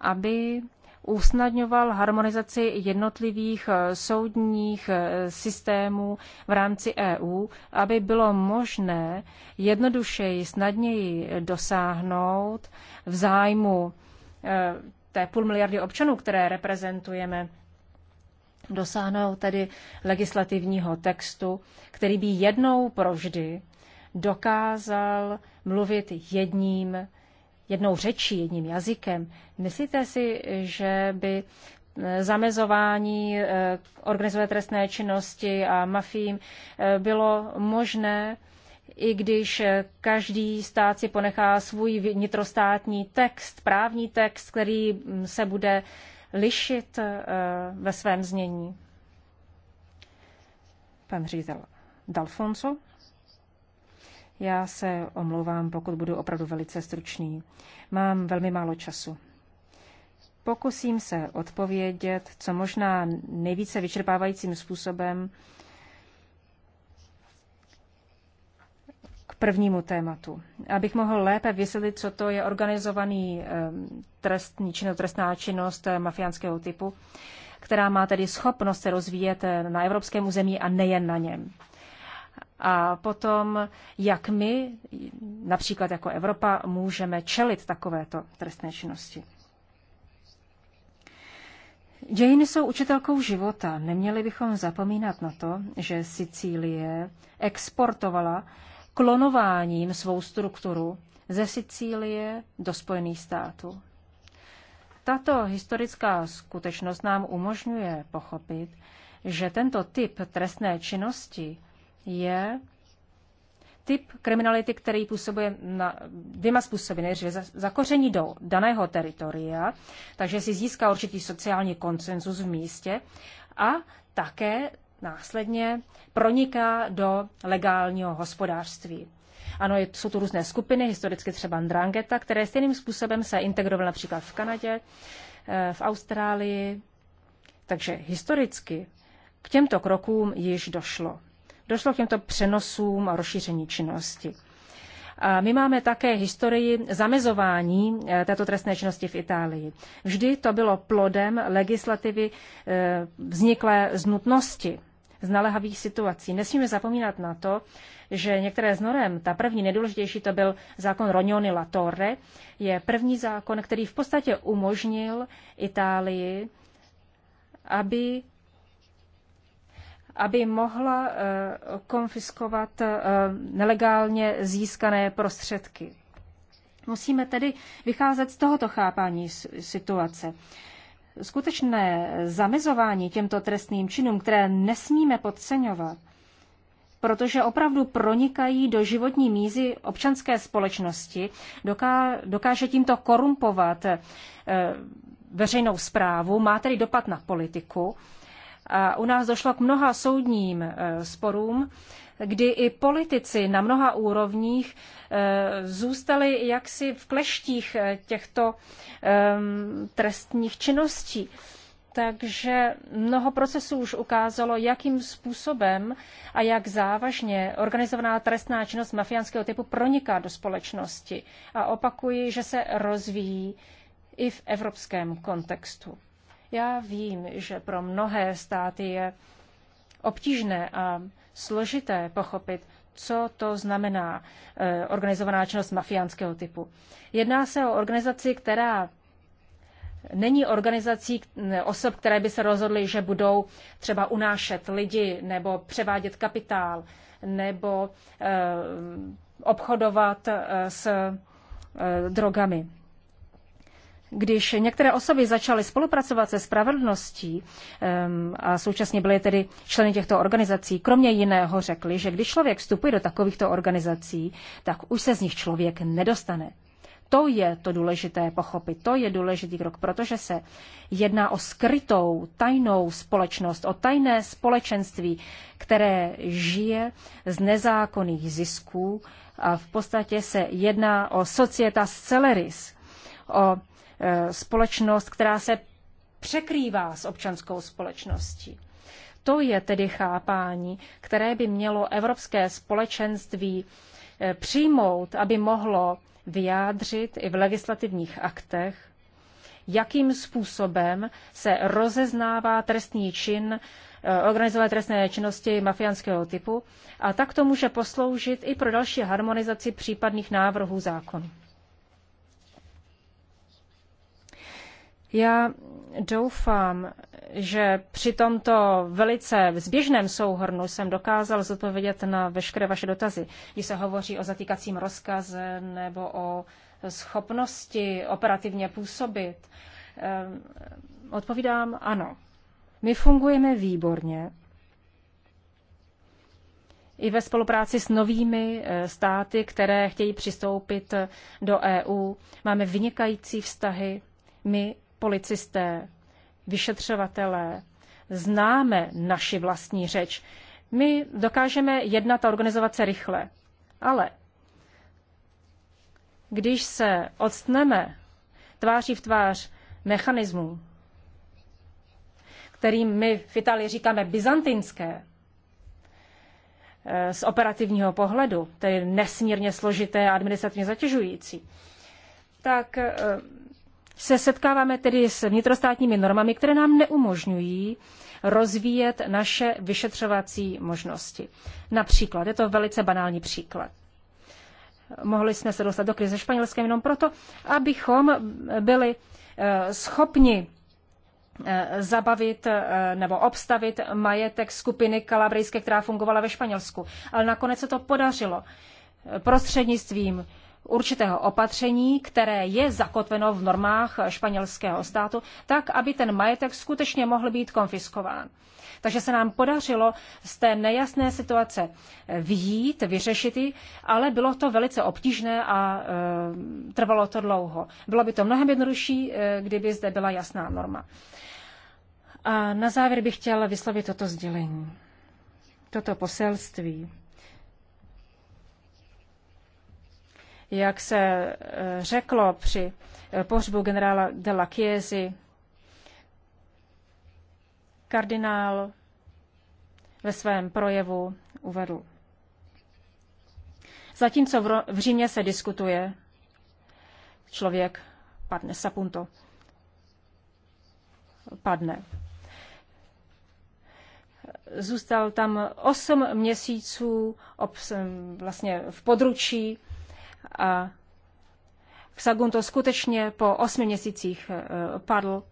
aby usnadňoval harmonizaci jednotlivých eh, soudních eh, systémů v rámci EU, aby bylo možné jednodušeji, snadněji dosáhnout v zájmu eh, té půl miliardy občanů, které reprezentujeme, dosáhnout tedy legislativního textu, který by jednou provždy dokázal mluvit jedním jednou řečí, jedním jazykem. Myslíte si, že by eh, zamezování eh, organizované trestné činnosti a mafím eh, bylo možné, i když každý stát si ponechá svůj vnitrostátní text, právní text, který mm, se bude lišit ve svém znění. Pan ředitel D'Alfonso. Já se omlouvám, pokud budu opravdu velice stručný. Mám velmi málo času. Pokusím se odpovědět co možná nejvíce vyčerpávajícím způsobem k prvnímu tématu, abych mohl lépe vysvětlit, co to je organizovaný trestní čin, trestná činnost eh, mafiánského typu, která má tedy schopnost se rozvíjet eh, na evropském území a nejen na něm a potom, jak my, například jako Evropa, můžeme čelit takovéto trestné činnosti. Dějiny jsou učitelkou života. Neměli bychom zapomínat na to, že Sicílie exportovala klonováním svou strukturu ze Sicílie do Spojených států. Tato historická skutečnost nám umožňuje pochopit, že tento typ trestné činnosti je typ kriminality, který působuje na dvěma způsoby. Nejdříve zakoření do daného teritoria, takže si získá určitý sociální konsenzus v místě a také následně proniká do legálního hospodářství. Ano, jsou tu různé skupiny, historicky třeba Ndrangheta, které stejným způsobem se integrovaly například v Kanadě, eh, v Austrálii. Takže historicky k těmto krokům již došlo došlo k těmto přenosům a rozšíření činnosti. A my máme také historii zamezování eh, této trestné činnosti v Itálii. Vždy to bylo plodem legislativy eh, vzniklé z nutnosti z naléhavých situací. Nesmíme zapomínat na to, že některé z norem, ta první nejdůležitější, to byl zákon Rognoni La Torre, je první zákon, který v podstatě umožnil Itálii, aby aby mohla eh, konfiskovat eh, nelegálně získané prostředky. Musíme tedy vycházet z tohoto chápání situace. Skutečné zamezování těmto trestným činům, které nesmíme podceňovat, protože opravdu pronikají do životní mízy občanské společnosti, dokáže tímto korumpovat eh, veřejnou zprávu, má tedy dopad na politiku a u nás došlo k mnoha soudním e, sporům, kdy i politici na mnoha úrovních e, zůstali jaksi v kleštích e, těchto trestních činností. Takže mnoho procesů už ukázalo, jakým způsobem a jak závažně organizovaná trestná činnost mafiánského typu proniká do společnosti. A opakuji, že se rozvíjí i v evropském kontextu. Já vím, že pro mnohé státy je obtížné a složité pochopit, co to znamená eh, organizovaná činnost mafiánského typu. Jedná se o organizaci, která není organizací eh, osob, které by se rozhodly, že budou třeba unášet lidi nebo převádět kapitál nebo eh, obchodovat eh, s eh, drogami když některé osoby začaly spolupracovat se spravedlností ehm, a současně byly tedy členy těchto organizací, kromě jiného řekli, že když člověk vstupuje do takovýchto organizací, tak už se z nich člověk nedostane. To je to důležité pochopit, to je důležitý krok, protože se jedná o skrytou, tajnou společnost, o tajné společenství, které žije z nezákonných zisků a v podstatě se jedná o societas celeris, o Eh, společnost, která se překrývá s občanskou společností. To je tedy chápání, které by mělo evropské společenství eh, přijmout, aby mohlo vyjádřit i v legislativních aktech, jakým způsobem se rozeznává trestný čin eh, organizované trestné činnosti mafiánského typu a tak to může posloužit i pro další harmonizaci případných návrhů zákonů. Já doufám, že při tomto velice zběžném souhrnu jsem dokázal zodpovědět na veškeré vaše dotazy, když se hovoří o zatýkacím rozkaze nebo o schopnosti operativně působit. Ehm, odpovídám ano. My fungujeme výborně. I ve spolupráci s novými eh, státy, které chtějí přistoupit do EU, máme vynikající vztahy. My policisté, vyšetřovatelé, známe naši vlastní řeč. My dokážeme jednat a organizovat se rychle, ale když se odstneme tváří v tvář mechanismů, kterým my v Itálii říkáme byzantinské, eh, z operativního pohledu, tedy nesmírně složité a administrativně zatěžující, tak eh, se setkáváme tedy s vnitrostátními normami, které nám neumožňují rozvíjet naše vyšetřovací možnosti. Například, je to velice banální příklad. Mohli jsme se dostat do krize španělské jenom proto, abychom byli eh, schopni eh, zabavit eh, nebo obstavit majetek skupiny kalabrijské, která fungovala ve Španělsku. Ale nakonec se to podařilo prostřednictvím určitého opatření, které je zakotveno v normách španělského státu, tak, aby ten majetek skutečně mohl být konfiskován. Takže se nám podařilo z té nejasné situace vyjít, vyřešit ji, ale bylo to velice obtížné a e, trvalo to dlouho. Bylo by to mnohem jednodušší, e, kdyby zde byla jasná norma. A na závěr bych chtěla vyslovit toto sdělení, toto poselství. Jak se eh, řeklo při eh, pohřbu generála de la Chiesi, kardinál ve svém projevu uvedl. Zatímco v Římě se diskutuje, člověk padne sapunto. Padne. Zůstal tam osm měsíců vlastně v područí a Sagun to skutečně po osmi měsících eh, padl.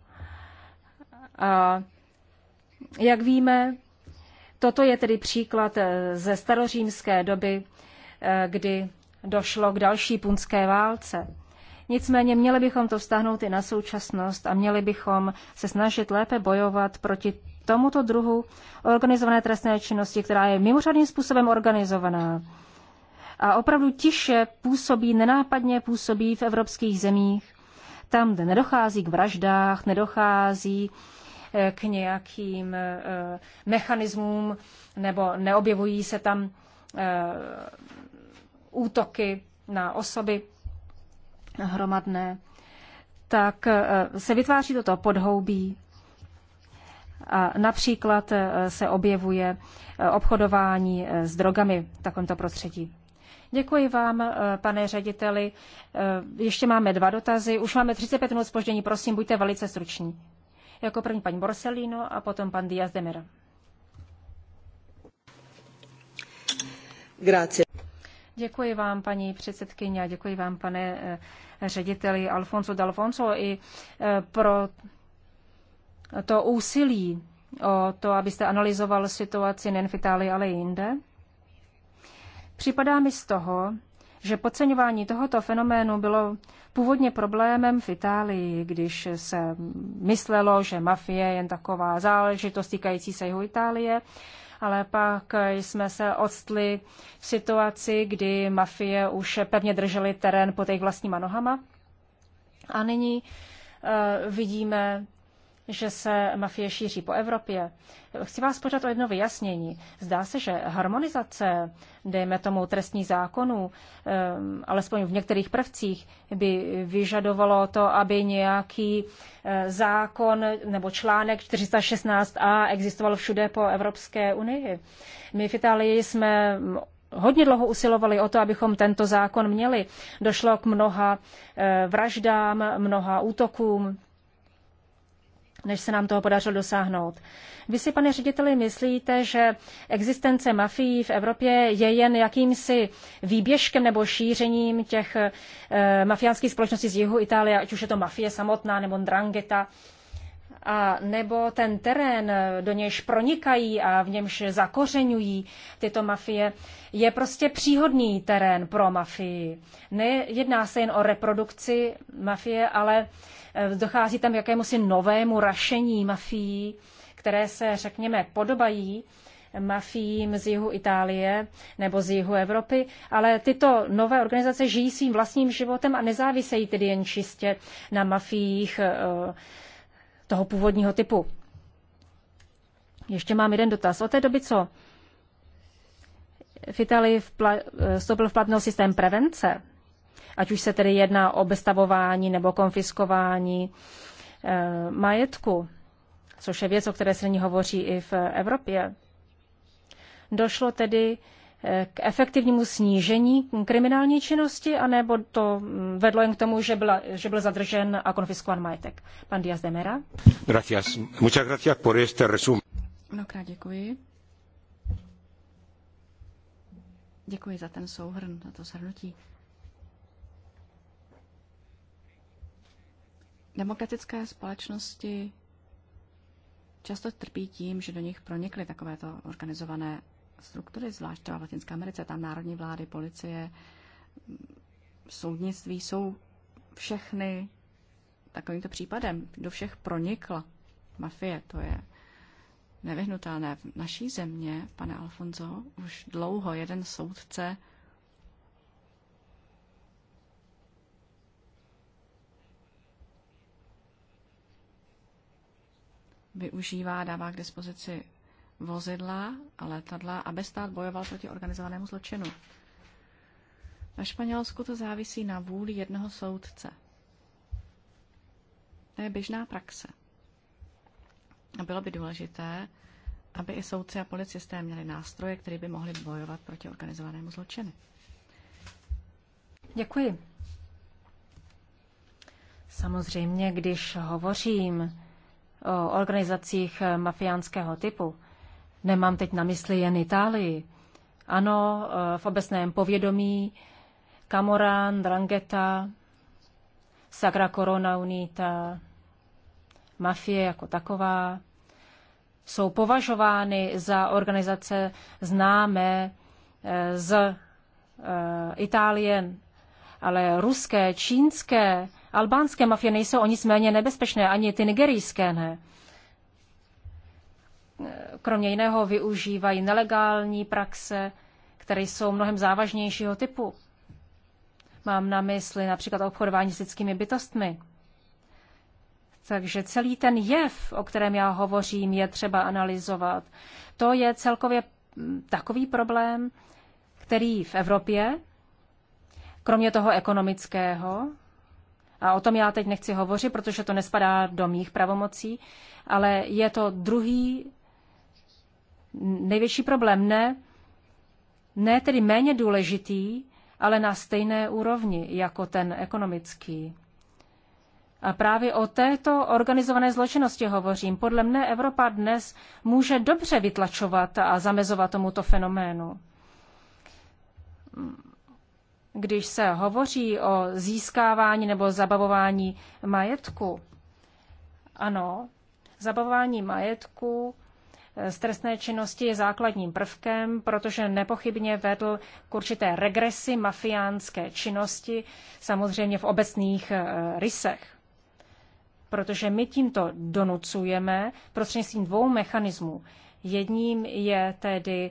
A jak víme, toto je tedy příklad eh, ze starořímské doby, eh, kdy došlo k další punské válce. Nicméně měli bychom to vztahnout i na současnost a měli bychom se snažit lépe bojovat proti tomuto druhu organizované trestné činnosti, která je mimořádným způsobem organizovaná a opravdu tiše působí, nenápadně působí v evropských zemích, tam, kde nedochází k vraždách, nedochází eh, k nějakým eh, mechanismům nebo neobjevují se tam eh, útoky na osoby hromadné, tak se vytváří toto podhoubí. A například se objevuje obchodování s drogami v takovémto prostředí. Děkuji vám, eh, pane řediteli. Eh, ještě máme dva dotazy. Už máme 35 minut spoždění. Prosím, buďte velice struční. Jako první paní Borsellino a potom pan Díaz Demera. Grazie. Děkuji vám, paní předsedkyně, a děkuji vám, pane eh, řediteli Alfonso D'Alfonso, i pro to úsilí o to, abyste analyzoval situaci nejen v Itálii, ale i jinde. Připadá mi z toho, že podceňování tohoto fenoménu bylo původně problémem v Itálii, když se myslelo, že mafie je jen taková záležitost týkající se jeho Itálie, ale pak jsme se odstli v situaci, kdy mafie už pevně držely terén pod jejich vlastníma nohama. A nyní uh, vidíme že se mafie šíří po Evropě. Chci vás požádat o jedno vyjasnění. Zdá se, že harmonizace, dejme tomu trestní zákonů, ehm, alespoň v některých prvcích, by vyžadovalo to, aby nějaký eh, zákon nebo článek 416a existoval všude po Evropské unii. My v Itálii jsme hodně dlouho usilovali o to, abychom tento zákon měli. Došlo k mnoha eh, vraždám, mnoha útokům než se nám toho podařilo dosáhnout. Vy si, pane řediteli, myslíte, že existence mafií v Evropě je jen jakýmsi výběžkem nebo šířením těch e, mafiánských společností z jihu Itálie, ať už je to mafie samotná nebo drangeta, a nebo ten terén, eh, do nějž pronikají a v němž zakořenují tyto mafie, je prostě příhodný terén pro mafii. Nejedná se jen o reprodukci mafie, ale Eh, dochází tam k jakémusi novému rašení mafií, které se, řekněme, podobají mafiím z jihu Itálie nebo z jihu Evropy, ale tyto nové organizace žijí svým vlastním životem a nezávisejí tedy jen čistě na mafiích eh, toho původního typu. Ještě mám jeden dotaz. Od té doby, co v Itálii vpla- eh, vstoupil v platnost systém prevence, ať už se tedy jedná o bestavování nebo konfiskování eh, majetku, což je věc, o které se nyní hovoří i v Evropě. Došlo tedy eh, k efektivnímu snížení kriminální činnosti, anebo to hm, vedlo jen k tomu, že, byla, že byl zadržen a konfiskován majetek. Pan Díaz de Mera. Gracias. Muchas gracias por este resumen. Mnohokrát děkuji. Děkuji za ten souhrn, za to shrnutí. Demokratické společnosti často trpí tím, že do nich pronikly takovéto organizované struktury, zvlášť třeba v Latinské Americe, tam národní vlády, policie, soudnictví jsou všechny takovýmto případem. Do všech pronikla mafie, to je nevyhnutelné. V naší země, pane Alfonso, už dlouho jeden soudce využívá, dává k dispozici vozidla a letadla, aby stát bojoval proti organizovanému zločinu. Na Španělsku to závisí na vůli jednoho soudce. To je běžná praxe. A bylo by důležité, aby i soudci a policisté měli nástroje, které by mohli bojovat proti organizovanému zločinu. Děkuji. Samozřejmě, když hovořím o organizacích eh, mafiánského typu. Nemám teď na mysli jen Itálii. Ano, eh, v obecném povědomí Camoran, Drangheta, Sacra Corona Unita, mafie jako taková, jsou považovány za organizace známé eh, z Itálie, ale ruské, čínské Albánské mafie nejsou o nic méně nebezpečné, ani ty nigerijské ne. Kromě jiného využívají nelegální praxe, které jsou mnohem závažnějšího typu. Mám na mysli například obchodování s lidskými bytostmi. Takže celý ten jev, o kterém já hovořím, je třeba analyzovat. To je celkově mm, takový problém, který v Evropě, kromě toho ekonomického, a o tom já teď nechci hovořit, protože to nespadá do mých pravomocí, ale je to druhý největší problém. Ne, ne tedy méně důležitý, ale na stejné úrovni jako ten ekonomický. A právě o této organizované zločinnosti hovořím. Podle mne Evropa dnes může dobře vytlačovat a zamezovat tomuto fenoménu když se hovoří o získávání nebo zabavování majetku, ano, zabavování majetku eh, z trestné činnosti je základním prvkem, protože nepochybně vedl k určité regresi mafiánské činnosti, samozřejmě v obecných eh, rysech. Protože my tímto donucujeme prostřednictvím dvou mechanismů. Jedním je tedy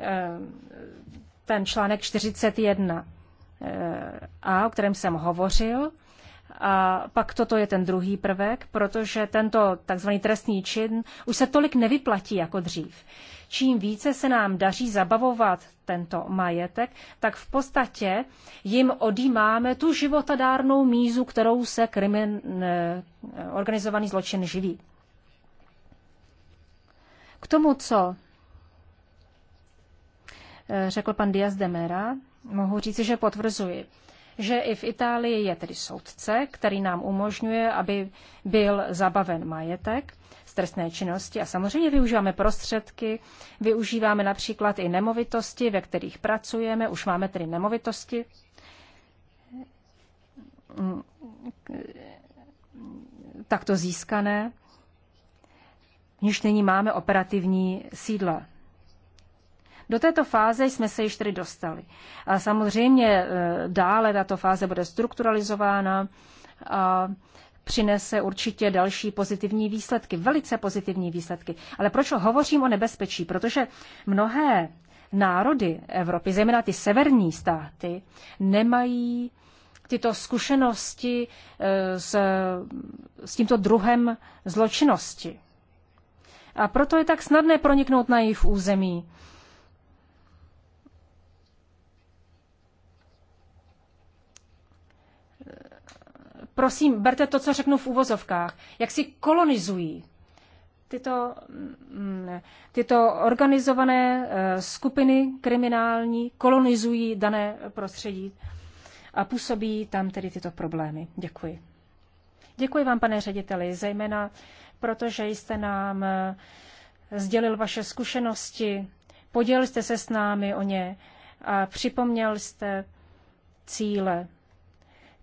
eh, ten článek 41 a, o kterém jsem hovořil. A pak toto je ten druhý prvek, protože tento takzvaný trestný čin už se tolik nevyplatí jako dřív. Čím více se nám daří zabavovat tento majetek, tak v podstatě jim odjímáme tu životadárnou mízu, kterou se krimin, eh, organizovaný zločin živí. K tomu, co eh, řekl pan Diaz de Mera, mohu říci, že potvrzuji, že i v Itálii je tedy soudce, který nám umožňuje, aby byl zabaven majetek z trestné činnosti. A samozřejmě využíváme prostředky, využíváme například i nemovitosti, ve kterých pracujeme, už máme tedy nemovitosti takto získané, v níž nyní máme operativní sídla. Do této fáze jsme se již tedy dostali. A samozřejmě e, dále tato fáze bude strukturalizována a přinese určitě další pozitivní výsledky, velice pozitivní výsledky. Ale proč hovořím o nebezpečí? Protože mnohé národy Evropy, zejména ty severní státy, nemají tyto zkušenosti e, s, s tímto druhem zločinnosti. A proto je tak snadné proniknout na jejich území prosím, berte to, co řeknu v úvozovkách, jak si kolonizují tyto, mm, tyto organizované eh, skupiny kriminální, kolonizují dané prostředí a působí tam tedy tyto problémy. Děkuji. Děkuji vám, pane řediteli, zejména protože jste nám eh, sdělil vaše zkušenosti, podělil jste se s námi o ně a připomněl jste cíle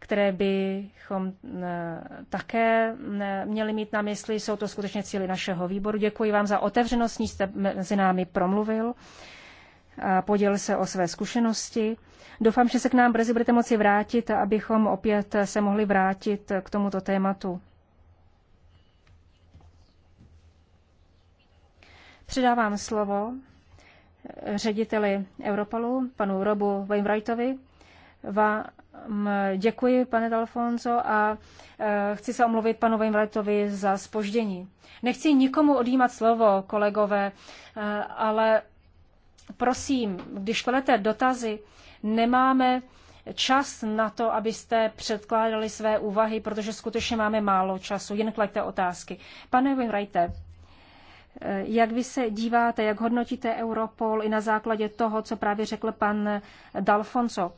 které bychom eh, také eh, měli mít na mysli. Jsou to skutečně cíly našeho výboru. Děkuji vám za otevřenost, ní jste mezi námi promluvil a podělil se o své zkušenosti. Doufám, že se k nám brzy budete moci vrátit, abychom opět se mohli vrátit k tomuto tématu. Předávám slovo řediteli Europolu, panu Robu Weinwrightovi vám eh, děkuji, pane Dalfonso, a eh, chci se omluvit panu Vejmletovi za spoždění. Nechci nikomu odjímat slovo, kolegové, eh, ale prosím, když kladete dotazy, nemáme čas na to, abyste předkládali své úvahy, protože skutečně máme málo času. Jen kladte otázky. Pane Vejmlete, jak vy se díváte, jak hodnotíte Europol i na základě toho, co právě řekl pan Dalfonso?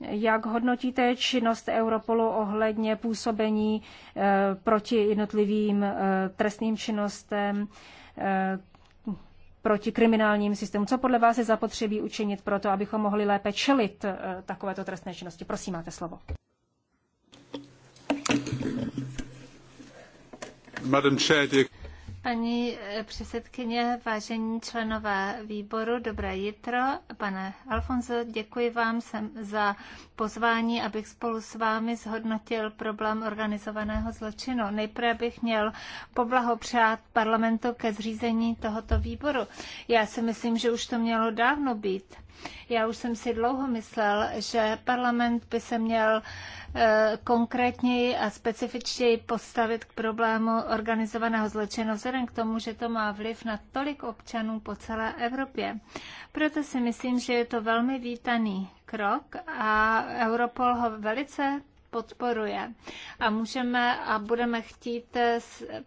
Jak hodnotíte činnost Europolu ohledně působení eh, proti jednotlivým eh, trestným činnostem, eh, proti kriminálním systému? Co podle vás je zapotřebí učinit pro to, abychom mohli lépe čelit takovéto trestné činnosti? Prosím, máte slovo. Madam Chair, dear Paní eh, předsedkyně, vážení členové výboru, dobré jitro. Pane Alfonso, děkuji vám za pozvání, abych spolu s vámi zhodnotil problém organizovaného zločinu. Nejprve bych měl poblahopřát parlamentu ke zřízení tohoto výboru. Já si myslím, že už to mělo dávno být. Já už jsem si dlouho myslel, že parlament by se měl eh, konkrétněji a specifičtěji postavit k problému organizovaného zločinu, vzhledem k tomu, že to má vliv na tolik občanů po celé Evropě. Proto si myslím, že je to velmi vítaný krok a Europol ho velice podporuje. A můžeme a budeme chtít eh,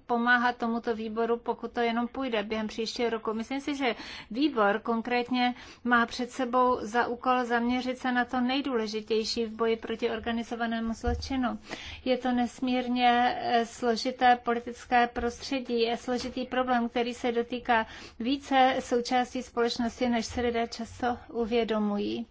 pomáhat tomuto výboru, pokud to jenom půjde během příštího roku. Myslím si, že výbor konkrétně má před sebou za úkol zaměřit se na to nejdůležitější v boji proti organizovanému zločinu. Je to nesmírně eh, složité politické prostředí, je složitý problém, který se dotýká více součástí společnosti, než se lidé často uvědomují.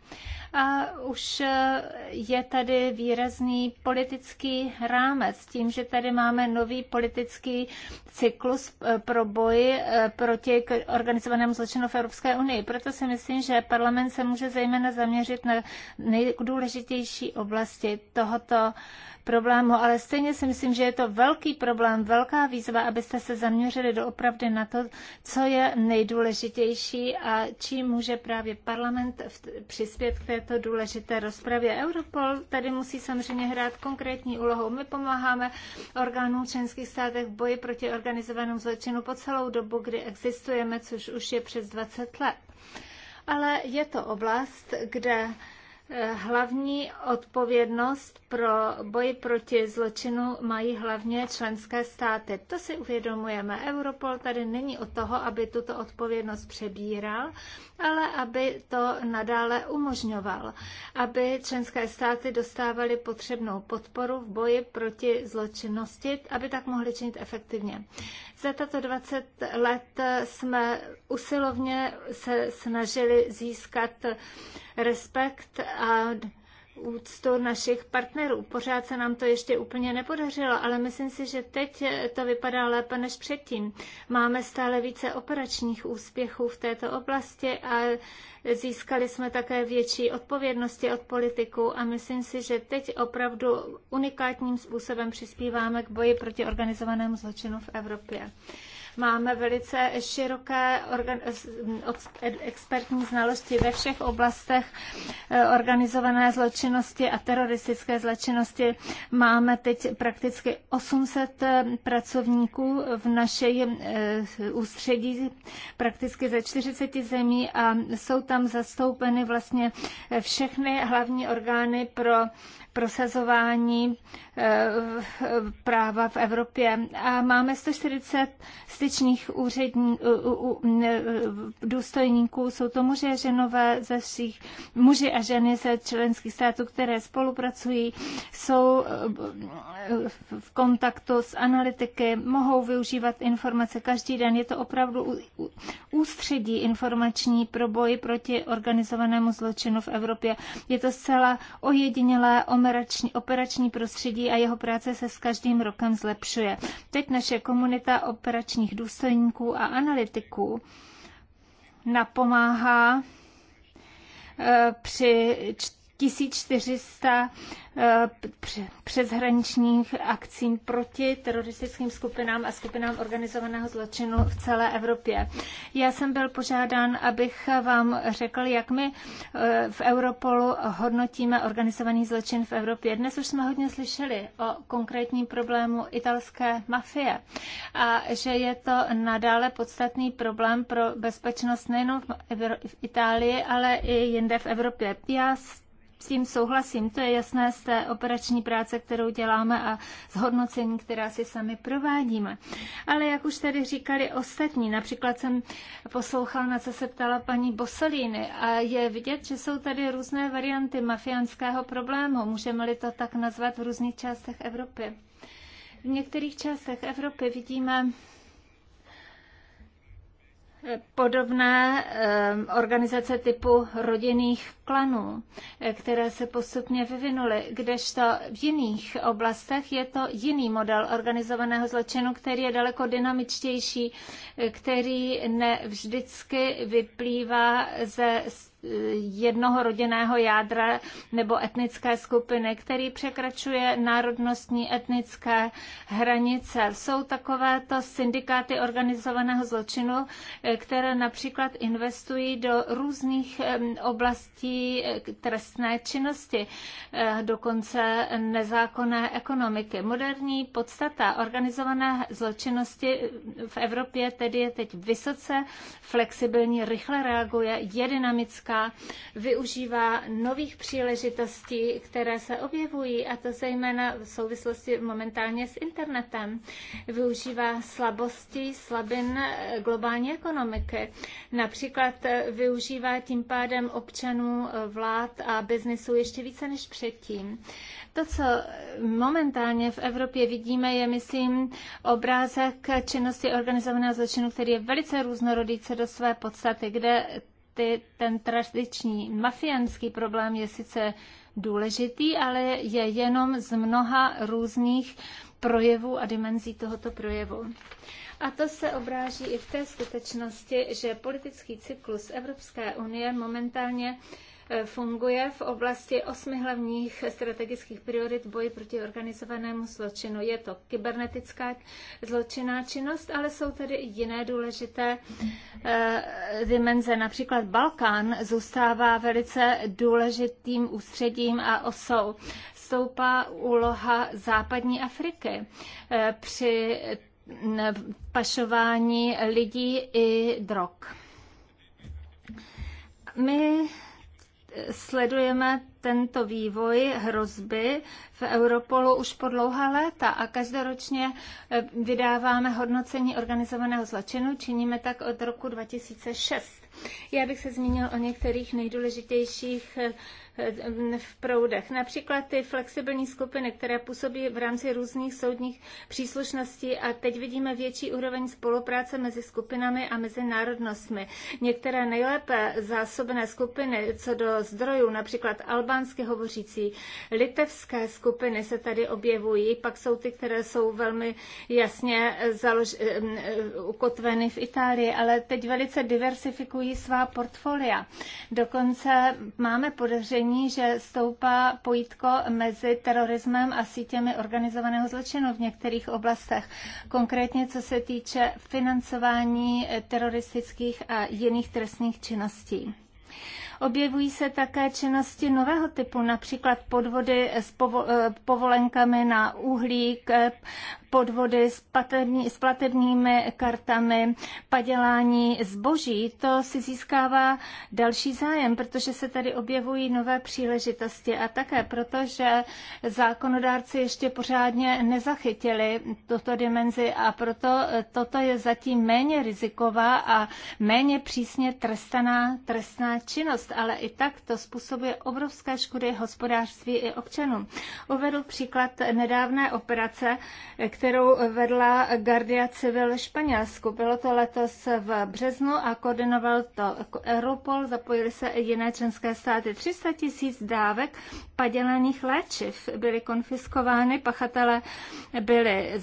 A už eh, je tady výrazný politický rámec tím, že tady máme nový politický cyklus eh, pro boj eh, proti organizovanému zločinu v Evropské unii. Proto si myslím, že parlament se může zejména zaměřit na nejdůležitější oblasti tohoto problému, ale stejně si myslím, že je to velký problém, velká výzva, abyste se zaměřili doopravdy na to, co je nejdůležitější a čím může právě parlament přispět k té této důležité rozpravě. Europol tady musí samozřejmě hrát konkrétní úlohu. My pomáháme orgánům členských státech v boji proti organizovanému zločinu po celou dobu, kdy existujeme, což už je přes 20 let. Ale je to oblast, kde Hlavní odpovědnost pro boj proti zločinu mají hlavně členské státy. To si uvědomujeme. Europol tady není o toho, aby tuto odpovědnost přebíral, ale aby to nadále umožňoval, aby členské státy dostávaly potřebnou podporu v boji proti zločinnosti, aby tak mohly činit efektivně. Za tato 20 let jsme usilovně se snažili získat respekt a úctu našich partnerů. Pořád se nám to ještě úplně nepodařilo, ale myslím si, že teď to vypadá lépe než předtím. Máme stále více operačních úspěchů v této oblasti a získali jsme také větší odpovědnosti od politiků a myslím si, že teď opravdu unikátním způsobem přispíváme k boji proti organizovanému zločinu v Evropě. Máme velice široké expertní znalosti ve všech oblastech eh, organizované zločinnosti a teroristické zločinnosti. Máme teď prakticky 800 eh, pracovníků v našej eh, ústředí, prakticky ze 40 zemí a jsou tam zastoupeny vlastně všechny hlavní orgány pro prosazování eh, práva v Evropě. A máme 140 styčných úřední, důstojníků. Jsou to muži a ženové ze všech, muži a ženy ze členských států, které spolupracují, jsou eh, v kontaktu s analytiky, mohou využívat informace každý den. Je to opravdu ústředí informační pro boj proti organizovanému zločinu v Evropě. Je to zcela ojedinělé, omezení operační, operační prostředí a jeho práce se s každým rokem zlepšuje. Teď naše komunita operačních důstojníků a analytiků napomáhá eh, při 1400 eh, přeshraničních akcí proti teroristickým skupinám a skupinám organizovaného zločinu v celé Evropě. Já jsem byl požádán, abych vám řekl, jak my eh, v Europolu hodnotíme organizovaný zločin v Evropě. Dnes už jsme hodně slyšeli o konkrétním problému italské mafie a že je to nadále podstatný problém pro bezpečnost nejenom v Itálii, ale i jinde v Evropě. Já s tím souhlasím, to je jasné z té operační práce, kterou děláme a zhodnocení, která si sami provádíme. Ale jak už tady říkali ostatní, například jsem poslouchal, na co se ptala paní Bosolíny a je vidět, že jsou tady různé varianty mafiánského problému, můžeme-li to tak nazvat v různých částech Evropy. V některých částech Evropy vidíme podobné organizace typu rodinných klanů, které se postupně vyvinuly, kdežto v jiných oblastech je to jiný model organizovaného zločinu, který je daleko dynamičtější, který nevždycky vyplývá ze jednoho rodinného jádra nebo etnické skupiny, který překračuje národnostní etnické hranice. Jsou takovéto syndikáty organizovaného zločinu, které například investují do různých oblastí eh, trestné činnosti, eh, dokonce nezákonné ekonomiky. Moderní podstata organizované zločinnosti eh, v Evropě tedy je teď vysoce flexibilní, rychle reaguje, je dynamická Evropská využívá nových příležitostí, které se objevují, a to zejména v souvislosti momentálně s internetem. Využívá slabosti, slabin eh, globální ekonomiky. Například eh, využívá tím pádem občanů, eh, vlád a biznisu ještě více než předtím. To, co momentálně v Evropě vidíme, je, myslím, obrázek činnosti organizovaného zločinu, který je velice různorodý co do své podstaty, kde ty, ten tradiční mafiánský problém je sice důležitý, ale je jenom z mnoha různých projevů a dimenzí tohoto projevu. A to se obráží i v té skutečnosti, že politický cyklus Evropské unie momentálně funguje v oblasti osmi hlavních strategických priorit boji proti organizovanému zločinu. Je to kybernetická zločinná činnost, ale jsou tady i jiné důležité eh, dimenze. Například Balkán zůstává velice důležitým ústředím a osou. Stoupá úloha západní Afriky eh, při pašování lidí i drog. My sledujeme tento vývoj hrozby v Europolu už po dlouhá léta a každoročně eh, vydáváme hodnocení organizovaného zločinu. Činíme tak od roku 2006. Já bych se zmínil o některých nejdůležitějších eh, v proudech. Například ty flexibilní skupiny, které působí v rámci různých soudních příslušností a teď vidíme větší úroveň spolupráce mezi skupinami a mezi národnostmi. Některé nejlépe zásobené skupiny co do zdrojů, například albánsky hovořící, litevské skupiny se tady objevují, pak jsou ty, které jsou velmi jasně založ, ukotveny v Itálii, ale teď velice diversifikují svá portfolia. Dokonce máme podezření, nyní, že stoupá pojítko mezi terorismem a sítěmi organizovaného zločinu v některých oblastech. Konkrétně co se týče financování eh, teroristických a jiných trestných činností. Objevují se také činnosti nového typu, například podvody s eh, povolenkami na uhlík, podvody s, paterní, s platebními kartami, padělání zboží, to si získává další zájem, protože se tady objevují nové příležitosti a také proto, že zákonodárci ještě pořádně nezachytili tuto dimenzi a proto toto je zatím méně riziková a méně přísně trestaná trestná činnost, ale i tak to způsobuje obrovské škody hospodářství i občanům. Uvedu příklad nedávné operace, kterou vedla Guardia Civil Španělsku. Bylo to letos v březnu a koordinoval to Europol, zapojili se i jiné členské státy. 300 tisíc dávek padělaných léčiv byly konfiskovány, pachatele byly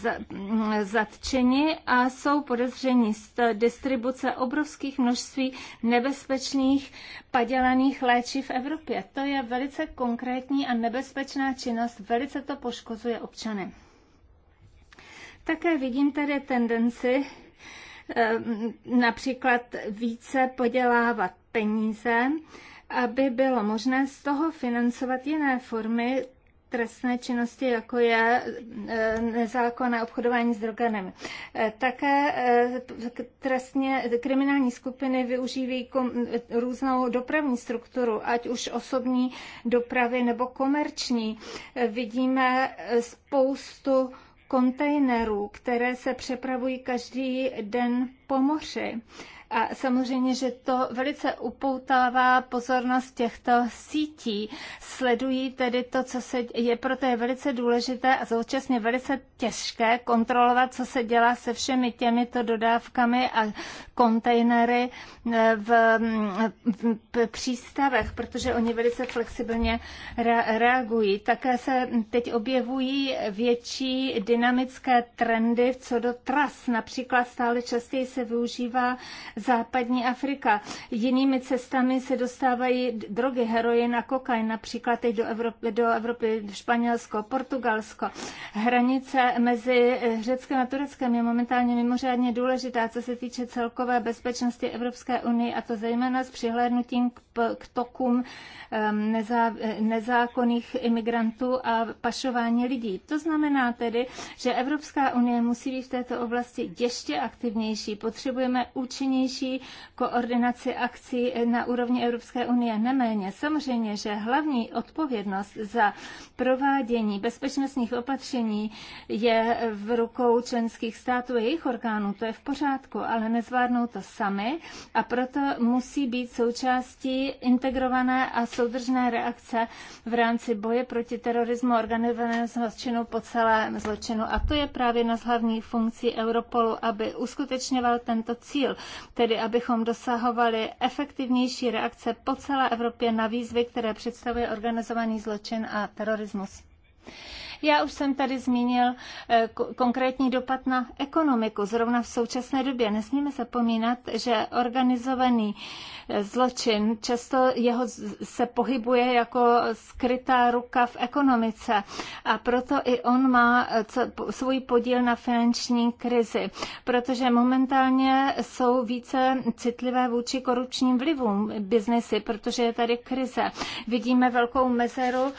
zatčeni a jsou podezření z distribuce obrovských množství nebezpečných padělaných léčiv v Evropě. To je velice konkrétní a nebezpečná činnost, velice to poškozuje občany. Také vidím tady tendenci eh, například více podělávat peníze, aby bylo možné z toho financovat jiné formy trestné činnosti, jako je eh, nezákonné obchodování s drogami. Eh, také trestně kriminální skupiny využívají různou dopravní strukturu, ať už osobní dopravy nebo komerční. Vidíme spoustu kontejnerů, které se přepravují každý den po moři. A samozřejmě, že to velice upoutává pozornost těchto sítí. Sledují tedy to, co se je, proto je velice důležité a současně velice těžké kontrolovat, co se dělá se všemi těmito dodávkami a kontejnery eh, v, v přístavech, protože oni velice flexibilně reagují. Také se teď objevují větší dynamické trendy co do tras. Například stále častěji se využívá západní Afrika. Jinými cestami se dostávají drogy, heroin a kokain, například teď do Evropy, do Evropy Španělsko, Portugalsko. Hranice mezi eh, Řeckem a Tureckem je momentálně mimořádně důležitá, co se týče celkové bezpečnosti Evropské unie, a to zejména s přihlédnutím k, k tokům um, nezá, eh, nezákonných imigrantů a pašování lidí. To znamená tedy, že Evropská unie musí být v této oblasti ještě aktivnější. Potřebujeme účinnější silnější koordinaci akcí na úrovni Evropské unie. Neméně samozřejmě, že hlavní odpovědnost za provádění bezpečnostních opatření je v rukou členských států a jejich orgánů. To je v pořádku, ale nezvládnou to sami a proto musí být součástí integrované a soudržné reakce v rámci boje proti terorismu organizovaného zločinu po celém zločinu. A to je právě na hlavní funkcí Europolu, aby uskutečňoval tento cíl tedy abychom dosahovali efektivnější reakce po celé Evropě na výzvy, které představuje organizovaný zločin a terorismus. Já už jsem tady zmínil eh, konkrétní dopad na ekonomiku. Zrovna v současné době nesmíme zapomínat, že organizovaný eh, zločin často jeho se pohybuje jako skrytá ruka v ekonomice a proto i on má eh, svůj podíl na finanční krizi, protože momentálně jsou více citlivé vůči korupčním vlivům biznesy, protože je tady krize. Vidíme velkou mezeru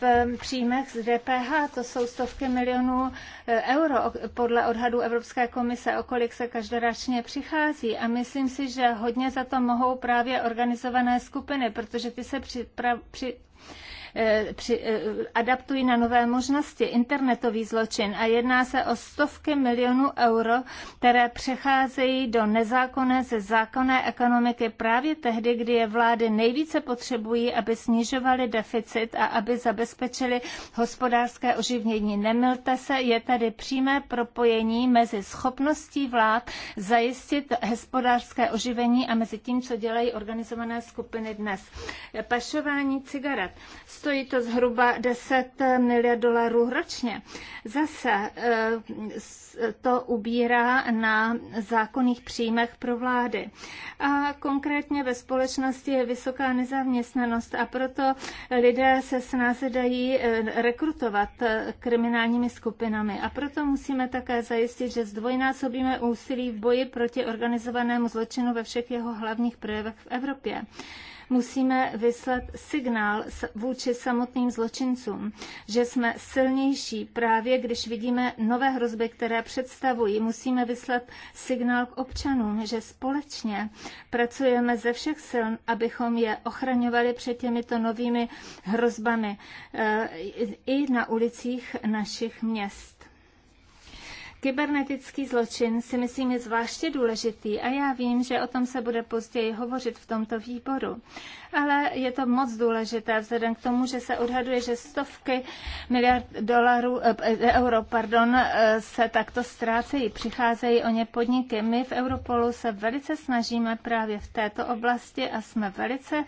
v příjmech z DPH DPH, to jsou stovky milionů eh, euro podle odhadu Evropské komise, o kolik se každoročně přichází. A myslím si, že hodně za to mohou právě organizované skupiny, protože ty se připra- při- Eh, při, eh, adaptují na nové možnosti. Internetový zločin a jedná se o stovky milionů euro, které přecházejí do nezákonné ze zákonné ekonomiky právě tehdy, kdy je vlády nejvíce potřebují, aby snižovaly deficit a aby zabezpečili hospodářské oživnění. Nemilte se, je tady přímé propojení mezi schopností vlád zajistit hospodářské oživení a mezi tím, co dělají organizované skupiny dnes. Pašování cigaret. Stojí to zhruba 10 miliard dolarů ročně. Zase eh, to ubírá na zákonných příjmech pro vlády. A konkrétně ve společnosti je vysoká nezaměstnanost a proto lidé se snáze dají eh, rekrutovat eh, kriminálními skupinami. A proto musíme také zajistit, že zdvojnásobíme úsilí v boji proti organizovanému zločinu ve všech jeho hlavních projevech v Evropě musíme vyslat signál vůči samotným zločincům, že jsme silnější právě, když vidíme nové hrozby, které představují. Musíme vyslat signál k občanům, že společně pracujeme ze všech sil, abychom je ochraňovali před těmito novými hrozbami eh, i na ulicích našich měst. Kybernetický zločin si myslím je zvláště důležitý a já vím, že o tom se bude později hovořit v tomto výboru. Ale je to moc důležité vzhledem k tomu, že se odhaduje, že stovky miliard dolarů, eh, euro pardon, eh, se takto ztrácejí, přicházejí o ně podniky. My v Europolu se velice snažíme právě v této oblasti a jsme velice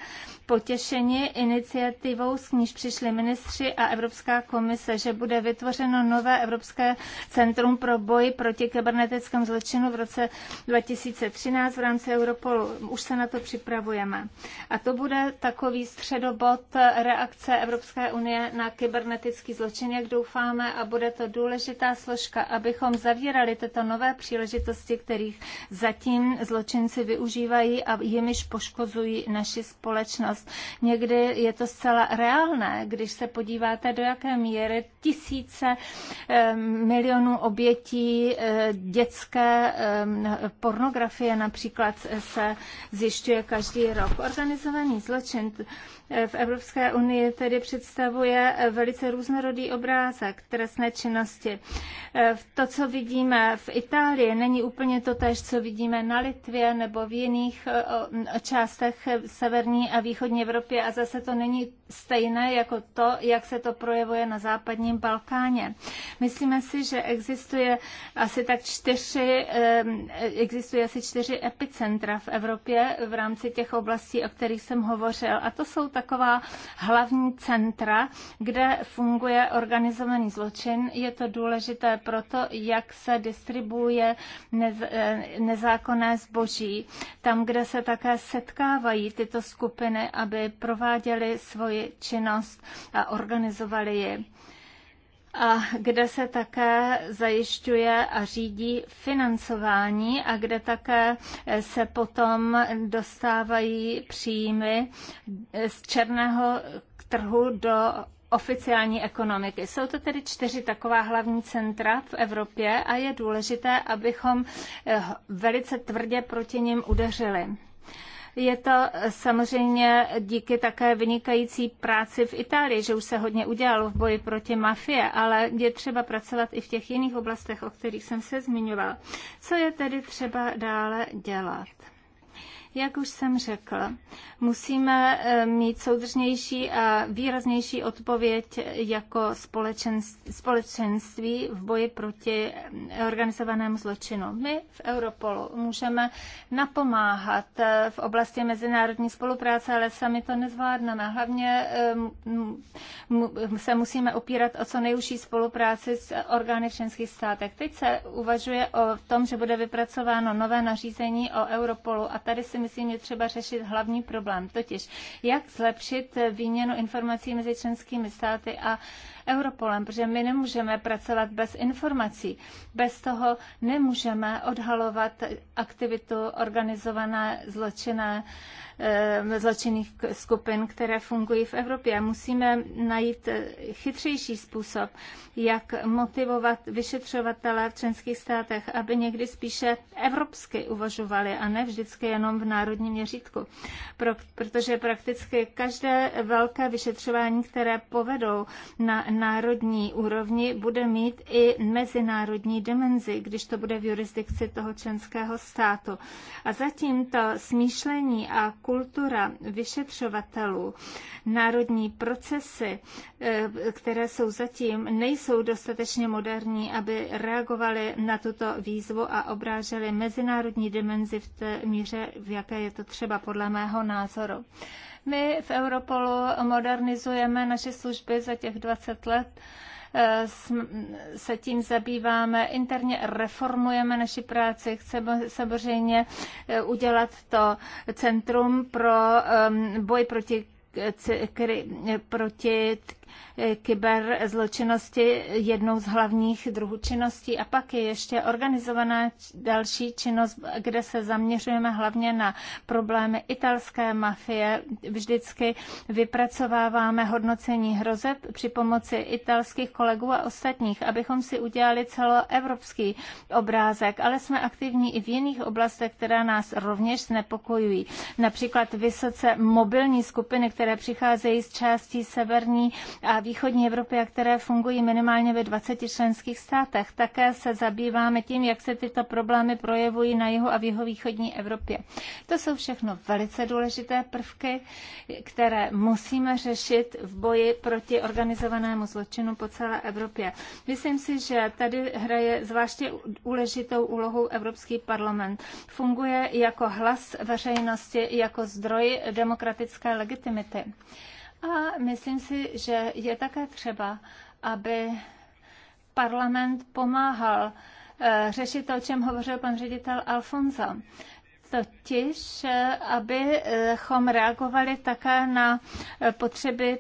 potěšeni iniciativou, s níž přišli ministři a Evropská komise, že bude vytvořeno nové Evropské centrum pro boj proti kybernetickému zločinu v roce 2013 v rámci Europolu. Už se na to připravujeme. A to bude takový středobod reakce Evropské unie na kybernetický zločin, jak doufáme, a bude to důležitá složka, abychom zavírali tyto nové příležitosti, kterých zatím zločinci využívají a jimiž poškozují naši společnost budoucnost. Někdy je to zcela reálné, když se podíváte, do jaké míry tisíce milionů obětí eh, dětské pornografie například se zjišťuje každý rok. Organizovaný zločin v Evropské unii tedy představuje velice různorodý obrázek trestné činnosti. To, co vidíme v Itálii, není úplně to tež, co vidíme na Litvě nebo v jiných eh, částech severní a východní Evropy a zase to není stejné jako to, jak se to projevuje na západním Balkáně. Myslíme si, že existuje asi tak čtyři, existuje asi čtyři epicentra v Evropě v rámci těch oblastí, o kterých jsem hovořil. A to jsou taková hlavní centra, kde funguje organizovaný zločin. Je to důležité proto, jak se distribuje nez, eh, nezákonné zboží. Tam, kde se také setkávají tyto skupiny, aby prováděly svoji činnost a organizovali ji a kde se také zajišťuje a řídí financování a kde také se potom dostávají příjmy z černého trhu do oficiální ekonomiky. Jsou to tedy čtyři taková hlavní centra v Evropě a je důležité, abychom eh, velice tvrdě proti nim udeřili. Je to samozřejmě díky také vynikající práci v Itálii, že už se hodně udělalo v boji proti mafie, ale je třeba pracovat i v těch jiných oblastech, o kterých jsem se zmiňovala. Co je tedy třeba dále dělat? Jak už jsem řekl, musíme eh, mít soudržnější a výraznější odpověď jako společenství, v boji proti eh, organizovanému zločinu. My v Europolu můžeme napomáhat eh, v oblasti mezinárodní spolupráce, ale sami to nezvládneme. Hlavně se musíme opírat o co nejužší spolupráci s orgány v členských státech. Teď se uvažuje o tom, že bude vypracováno nové nařízení o Europolu a tady si myslím, myslím, je třeba řešit hlavní problém, totiž jak zlepšit výměnu informací mezi členskými státy a Europolem, protože my nemůžeme pracovat bez informací. Bez toho nemůžeme odhalovat aktivitu organizované zločinné eh, zločinných skupin, které fungují v Evropě. Musíme najít chytřejší způsob, jak motivovat vyšetřovatele v členských státech, aby někdy spíše evropsky uvažovali a ne vždycky jenom v národním měřítku. Pro, protože prakticky každé velké vyšetřování, které povedou na národní úrovni bude mít i mezinárodní dimenzi, když to bude v jurisdikci toho členského státu. A zatím to smýšlení a kultura vyšetřovatelů, národní procesy, eh, které jsou zatím, nejsou dostatečně moderní, aby reagovaly na tuto výzvu a obrážely mezinárodní dimenzi v té míře, v jaké je to třeba podle mého názoru. My v Europolu modernizujeme naše služby za těch 20 let eh, se tím zabýváme, interně reformujeme naši práci, chceme samozřejmě eh, udělat to centrum pro ehm, boj proti eh, proti kyberzločinnosti jednou z hlavních druhů činností. A pak je ještě organizovaná další činnost, kde se zaměřujeme hlavně na problémy italské mafie. Vždycky vypracováváme hodnocení hrozeb při pomoci italských kolegů a ostatních, abychom si udělali celoevropský obrázek, ale jsme aktivní i v jiných oblastech, které nás rovněž znepokojují. Například vysoce mobilní skupiny, které přicházejí z částí severní a východní Evropě a které fungují minimálně ve 20 členských státech. Také se zabýváme tím, jak se tyto problémy projevují na jihu a v jihovýchodní Evropě. To jsou všechno velice důležité prvky, které musíme řešit v boji proti organizovanému zločinu po celé Evropě. Myslím si, že tady hraje zvláště důležitou úlohu Evropský parlament. Funguje jako hlas veřejnosti, jako zdroj demokratické legitimity. A myslím si, že je také třeba, aby parlament pomáhal eh, řešit to, o čem hovořil pan ředitel Alfonso. Totiž, eh, abychom reagovali také na eh, potřeby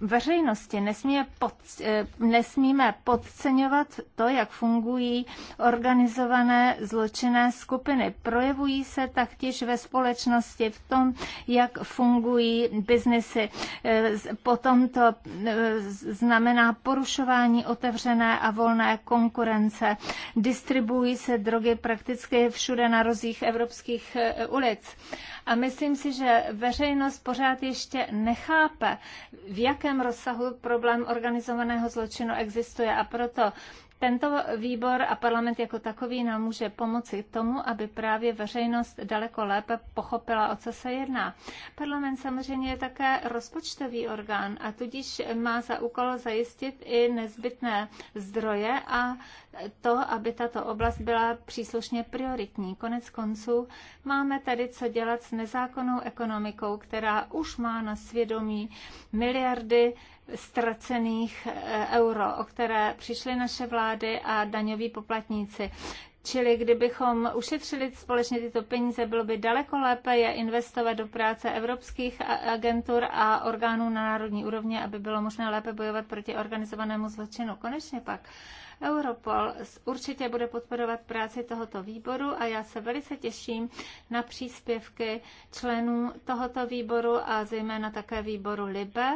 veřejnosti nesmíme, pod, eh, nesmíme podceňovat to, jak fungují organizované zločinné skupiny. Projevují se taktiž ve společnosti v tom, jak fungují biznesy. Eh, potom to eh, znamená porušování otevřené a volné konkurence. Distribuují se drogy prakticky všude na rozích evropských ulic. A myslím si, že veřejnost pořád ještě nechápe, v jakém rozsahu problém organizovaného zločinu existuje. A proto tento výbor a parlament jako takový nám může pomoci tomu, aby právě veřejnost daleko lépe pochopila, o co se jedná. Parlament samozřejmě je také rozpočtový orgán a tudíž má za úkol zajistit i nezbytné zdroje a to, aby tato oblast byla příslušně prioritní. Konec konců máme tady co dělat s nezákonnou ekonomikou, která už má na svědomí miliardy ztracených eh, euro, o které přišly naše vlády a daňoví poplatníci. Čili kdybychom ušetřili společně tyto peníze, bylo by daleko lépe je investovat do práce evropských agentur a orgánů na národní úrovni, aby bylo možné lépe bojovat proti organizovanému zločinu. Konečně pak Europol určitě bude podporovat práci tohoto výboru a já se velice těším na příspěvky členů tohoto výboru a zejména také výboru LIBE,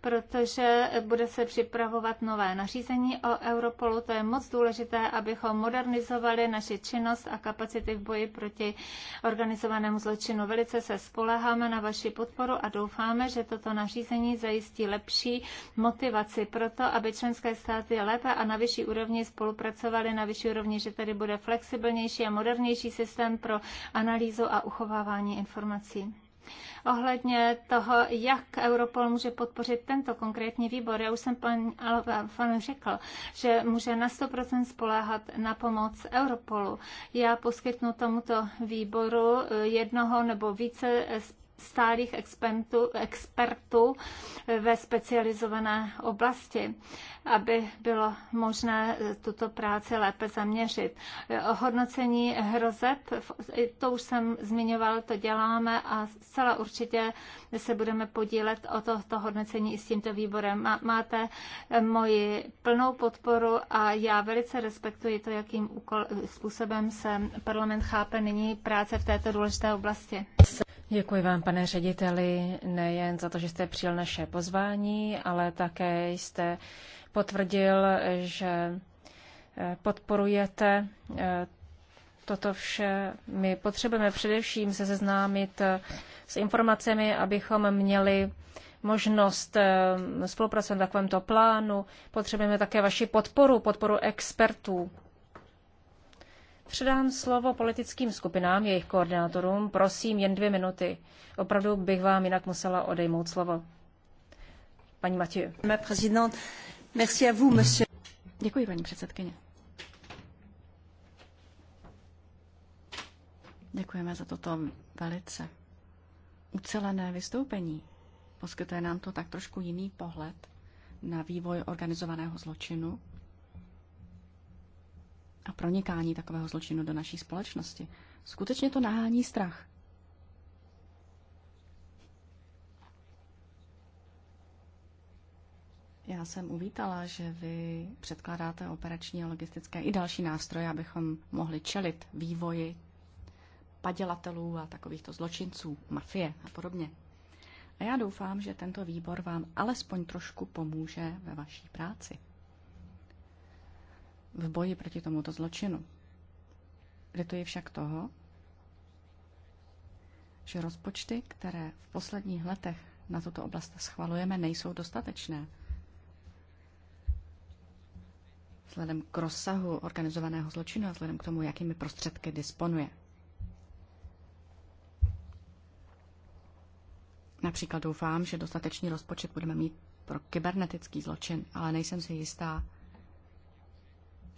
protože bude se připravovat nové nařízení o Europolu. To je moc důležité, abychom modernizovali naši činnost a kapacity v boji proti organizovanému zločinu. Velice se spoleháme na vaši podporu a doufáme, že toto nařízení zajistí lepší motivaci pro to, aby členské státy lépe a na vyšší úrovni úrovni spolupracovali na vyšší úrovni, že tady bude flexibilnější a modernější systém pro analýzu a uchovávání informací ohledně toho, jak Europol může podpořit tento konkrétní výbor. Já už jsem pan, pan řekl, že může na 100% spoléhat na pomoc Europolu. Já poskytnu tomuto výboru jednoho nebo více stálých expertů, expertů ve specializované oblasti, aby bylo možné tuto práci lépe zaměřit. Hodnocení hrozeb, to už jsem zmiňoval, to děláme a zcela určitě se budeme podílet o to, to hodnocení i s tímto výborem. Máte moji plnou podporu a já velice respektuji to, jakým úkol, způsobem se parlament chápe nyní práce v této důležité oblasti. Děkuji vám, pane řediteli, nejen za to, že jste přijel naše pozvání, ale také jste potvrdil, že eh, podporujete eh, toto vše. My potřebujeme především se seznámit eh, s informacemi, abychom měli možnost spolupracovat na takovémto plánu. Potřebujeme také vaši podporu, podporu expertů Předám slovo politickým skupinám, jejich koordinátorům. Prosím, jen dvě minuty. Opravdu bych vám jinak musela odejmout slovo. Paní Matěj. Děkuji, paní předsedkyně. Děkujeme za toto velice ucelené vystoupení. Poskytuje nám to tak trošku jiný pohled na vývoj organizovaného zločinu a pronikání takového zločinu do naší společnosti. Skutečně to nahání strach. Já jsem uvítala, že vy předkládáte operační a logistické i další nástroje, abychom mohli čelit vývoji padělatelů a takovýchto zločinců, mafie a podobně. A já doufám, že tento výbor vám alespoň trošku pomůže ve vaší práci v boji proti tomuto zločinu. Lituji však toho, že rozpočty, které v posledních letech na tuto oblast schvalujeme, nejsou dostatečné. Vzhledem k rozsahu organizovaného zločinu a vzhledem k tomu, jakými prostředky disponuje. Například doufám, že dostatečný rozpočet budeme mít pro kybernetický zločin, ale nejsem si jistá,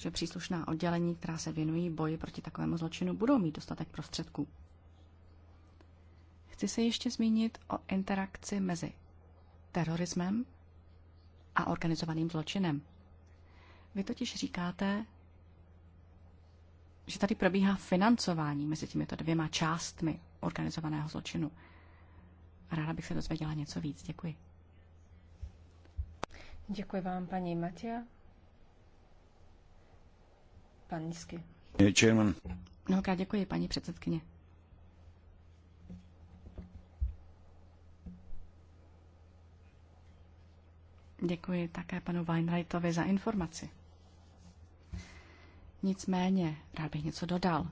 že příslušná oddělení, která se věnují boji proti takovému zločinu, budou mít dostatek prostředků. Chci se ještě zmínit o interakci mezi terorismem a organizovaným zločinem. Vy totiž říkáte, že tady probíhá financování mezi těmito dvěma částmi organizovaného zločinu. A ráda bych se dozvěděla něco víc. Děkuji. Děkuji vám, paní Matěja. Pan Nízky. Chairman. Mnohokrát děkuji, paní předsedkyně. Děkuji také panu Weinreitovi za informaci. Nicméně, rád bych něco dodal.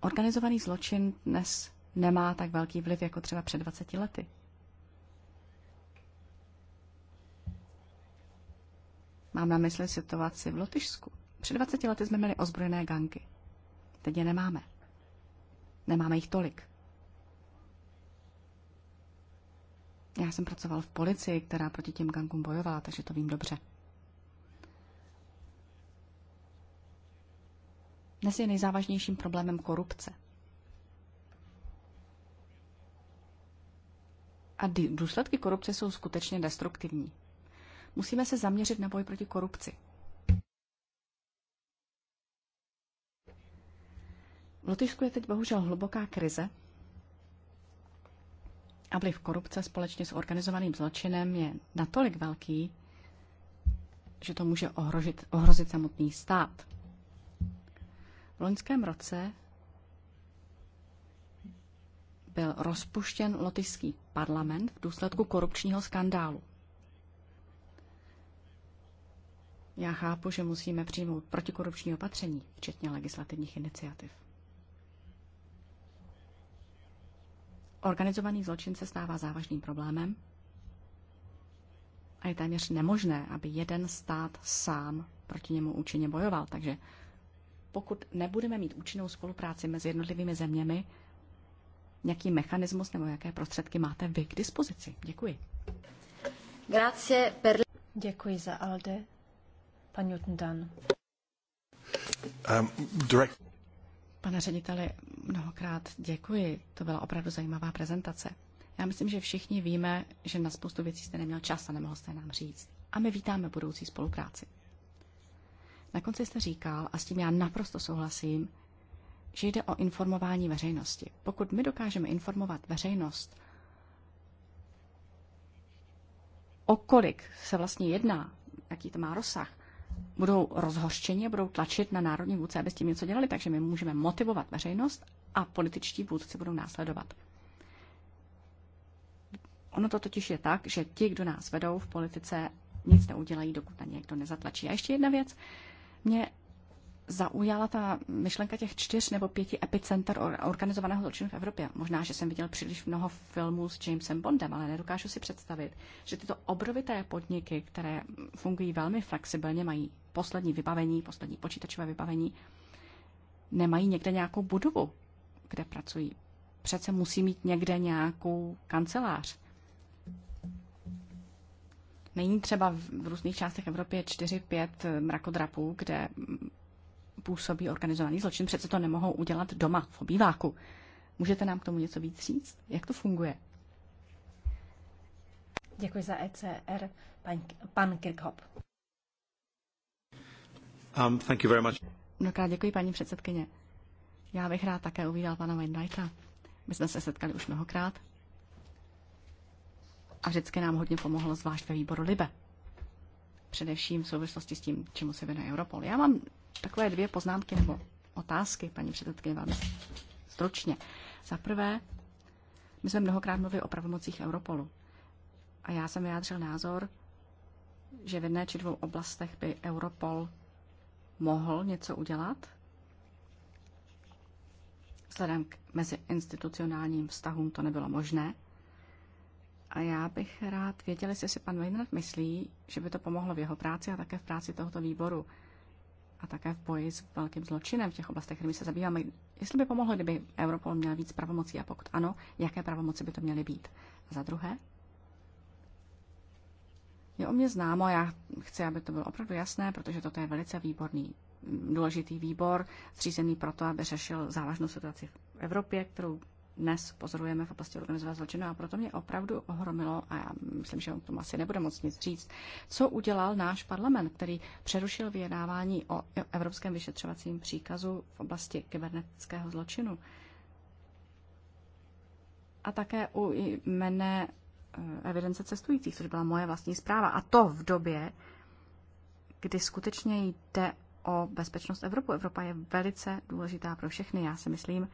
Organizovaný zločin dnes nemá tak velký vliv jako třeba před 20 lety. Mám na mysli situaci v Lotyšsku. Před 20 lety jsme měli ozbrojené ganky. Teď je nemáme. Nemáme jich tolik. Já jsem pracoval v policii, která proti těm gangům bojovala, takže to vím dobře. Dnes je nejzávažnějším problémem korupce. A důsledky korupce jsou skutečně destruktivní. Musíme se zaměřit na boj proti korupci. V Lotyšsku je teď bohužel hluboká krize a vliv korupce společně s organizovaným zločinem je natolik velký, že to může ohrožit, ohrozit samotný stát. V loňském roce byl rozpuštěn lotyšský parlament v důsledku korupčního skandálu. Já chápu, že musíme přijmout protikorupční opatření, včetně legislativních iniciativ. Organizovaný zločin se stává závažným problémem a je téměř nemožné, aby jeden stát sám proti němu účinně bojoval. Takže pokud nebudeme mít účinnou spolupráci mezi jednotlivými zeměmi, jaký mechanismus nebo jaké prostředky máte vy k dispozici? Děkuji. Grazie per... Děkuji za Alde. Pan Newton Dan. Um, direct... Pane řediteli, mnohokrát děkuji. To byla opravdu zajímavá prezentace. Já myslím, že všichni víme, že na spoustu věcí jste neměl čas a nemohl jste nám říct. A my vítáme budoucí spolupráci. Na konci jste říkal, a s tím já naprosto souhlasím, že jde o informování veřejnosti. Pokud my dokážeme informovat veřejnost, o kolik se vlastně jedná, jaký to má rozsah, budou rozhořčeni, budou tlačit na národní vůdce, aby s tím něco dělali, takže my můžeme motivovat veřejnost a političtí vůdci budou následovat. Ono to totiž je tak, že ti, kdo nás vedou v politice, nic neudělají, dokud na někdo nezatlačí. A ještě jedna věc. Mě zaujala ta myšlenka těch čtyř nebo pěti epicenter organizovaného zločinu v Evropě. Možná, že jsem viděl příliš mnoho filmů s Jamesem Bondem, ale nedokážu si představit, že tyto obrovité podniky, které fungují velmi flexibilně, mají poslední vybavení, poslední počítačové vybavení, nemají někde nějakou budovu, kde pracují. Přece musí mít někde nějakou kancelář. Není třeba v různých částech Evropy 4-5 mrakodrapů, kde působí organizovaný zločin. Přece to nemohou udělat doma v obýváku. Můžete nám k tomu něco víc říct? Jak to funguje? Děkuji za ECR, pan, pan Kirkhop. Um, thank you very much. Mnohokrát děkuji, paní předsedkyně. Já bych rád také uvídal pana Wainwrighta. My jsme se setkali už mnohokrát a vždycky nám hodně pomohlo, zvlášť ve výboru Libe. Především v souvislosti s tím, čemu se věnuje Europol. Já mám takové dvě poznámky nebo otázky, paní předsedkyně, velmi stručně. Za prvé, my jsme mnohokrát mluvili o pravomocích Europolu. A já jsem vyjádřil názor, že v jedné či dvou oblastech by Europol mohl něco udělat, vzhledem k meziinstitucionálním vztahům to nebylo možné. A já bych rád věděl, jestli si pan Weinert myslí, že by to pomohlo v jeho práci a také v práci tohoto výboru, a také v boji s velkým zločinem v těch oblastech, kterými se zabýváme. Jestli by pomohlo, kdyby Europol měl víc pravomocí a pokud ano, jaké pravomoci by to měly být? A za druhé, je o mě známo, já chci, aby to bylo opravdu jasné, protože toto je velice výborný, důležitý výbor, zřízený proto, aby řešil závažnou situaci v Evropě, kterou dnes pozorujeme v oblasti organizovaného zločinu a proto mě opravdu ohromilo, a já myslím, že on tomu asi nebude moc nic říct, co udělal náš parlament, který přerušil vyjednávání o evropském vyšetřovacím příkazu v oblasti kybernetického zločinu. A také u jmene eh, evidence cestujících, což byla moje vlastní zpráva. A to v době, kdy skutečně jde o bezpečnost Evropu. Evropa je velice důležitá pro všechny. Já si myslím,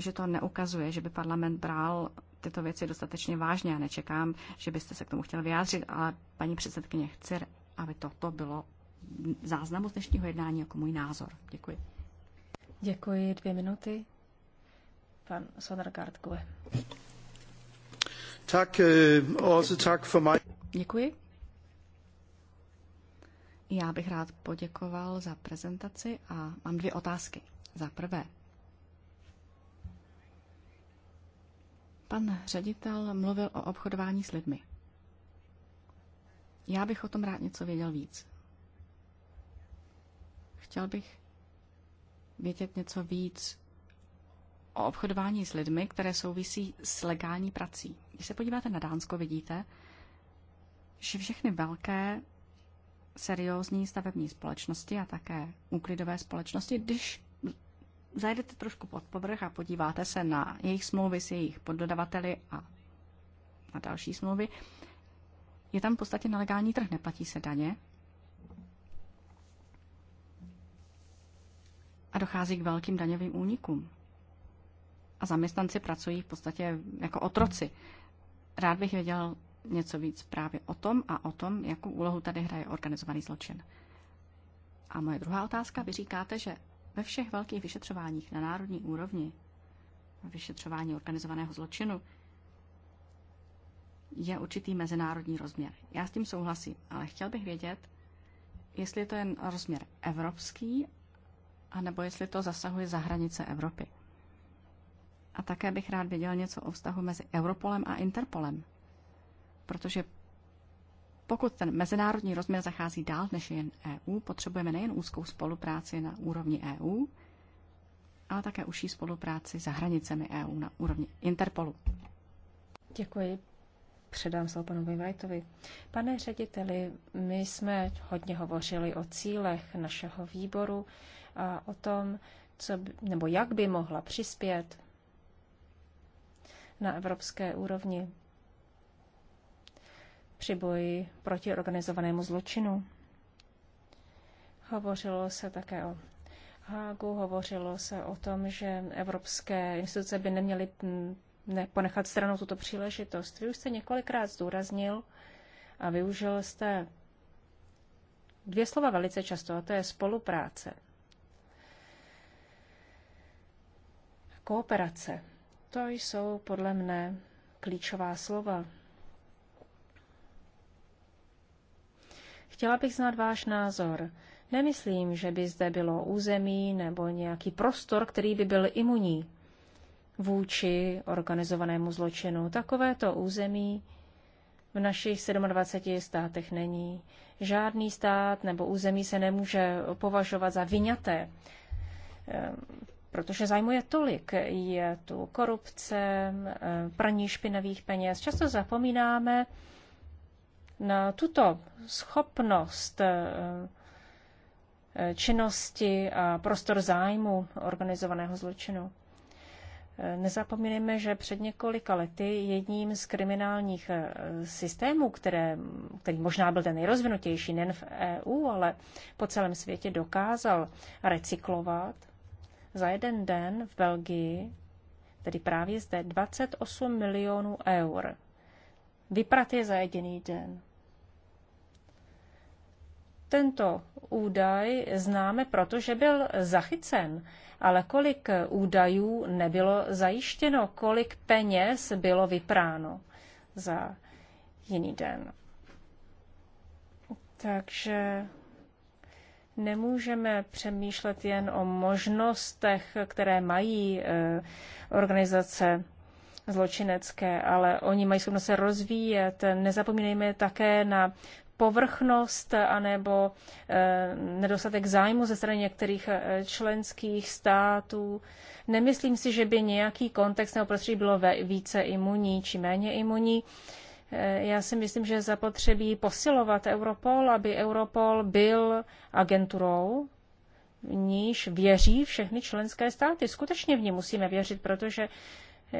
že to neukazuje, že by parlament bral tyto věci dostatečně vážně. Já nečekám, že byste se k tomu chtěl vyjádřit, ale paní předsedkyně, chci, aby toto bylo záznamu z dnešního jednání jako můj názor. Děkuji. Děkuji. Dvě minuty. Pan Sodergaard Tak, eh, also tak for my... Děkuji. Já bych rád poděkoval za prezentaci a mám dvě otázky. Za prvé, Pan ředitel mluvil o obchodování s lidmi. Já bych o tom rád něco věděl víc. Chtěl bych vědět něco víc o obchodování s lidmi, které souvisí s legální prací. Když se podíváte na Dánsko, vidíte, že všechny velké seriózní stavební společnosti a také úklidové společnosti, když zajdete trošku pod povrch a podíváte se na jejich smlouvy s jejich poddodavateli a na další smlouvy, je tam v podstatě nelegální trh, neplatí se daně a dochází k velkým daňovým únikům. A zaměstnanci pracují v podstatě jako otroci. Rád bych věděl něco víc právě o tom a o tom, jakou úlohu tady hraje organizovaný zločin. A moje druhá otázka, vy říkáte, že ve všech velkých vyšetřováních na národní úrovni, vyšetřování organizovaného zločinu, je určitý mezinárodní rozměr. Já s tím souhlasím, ale chtěl bych vědět, jestli je to jen rozměr evropský, anebo jestli to zasahuje za hranice Evropy. A také bych rád věděl něco o vztahu mezi Europolem a Interpolem, protože pokud ten mezinárodní rozměr zachází dál než jen EU, potřebujeme nejen úzkou spolupráci na úrovni EU, ale také užší spolupráci za hranicemi EU na úrovni Interpolu. Děkuji. Předám slovo panu Vivajtovi. Pane řediteli, my jsme hodně hovořili o cílech našeho výboru a o tom, co, by, nebo jak by mohla přispět na evropské úrovni při boji proti organizovanému zločinu. Hovořilo se také o Hágu, hovořilo se o tom, že evropské instituce by neměly neponechat stranou tuto příležitost. Vy už jste několikrát zdůraznil a využil jste dvě slova velice často, a to je spolupráce. Kooperace. To jsou podle mne klíčová slova Chtěla bych znát váš názor. Nemyslím, že by zde bylo území nebo nějaký prostor, který by byl imunní vůči organizovanému zločinu. Takovéto území v našich 27 státech není. Žádný stát nebo území se nemůže považovat za vyňaté, ehm, protože zajmuje tolik. Je tu korupce, ehm, praní špinavých peněz. Často zapomínáme, na tuto schopnost eh, eh, činnosti a prostor zájmu organizovaného zločinu. Eh, nezapomínejme, že před několika lety jedním z kriminálních systémů, které, který možná byl ten nejrozvinutější nejen v EU, ale po celém světě dokázal recyklovat za jeden den v Belgii, tedy právě zde, 28 milionů eur. Vyprat je za jediný den. Tento údaj známe, protože byl zachycen, ale kolik údajů nebylo zajištěno, kolik peněz bylo vypráno za jiný den. Takže nemůžeme přemýšlet jen o možnostech, které mají eh, organizace zločinecké, ale oni mají schopnost se rozvíjet. Nezapomínejme také na povrchnost anebo eh, nedostatek zájmu ze strany některých eh, členských států. Nemyslím si, že by nějaký kontext nebo prostředí bylo více imunní či méně imunní. Eh, já si myslím, že zapotřebí posilovat Europol, aby Europol byl agenturou, v níž věří všechny členské státy. Skutečně v ní musíme věřit, protože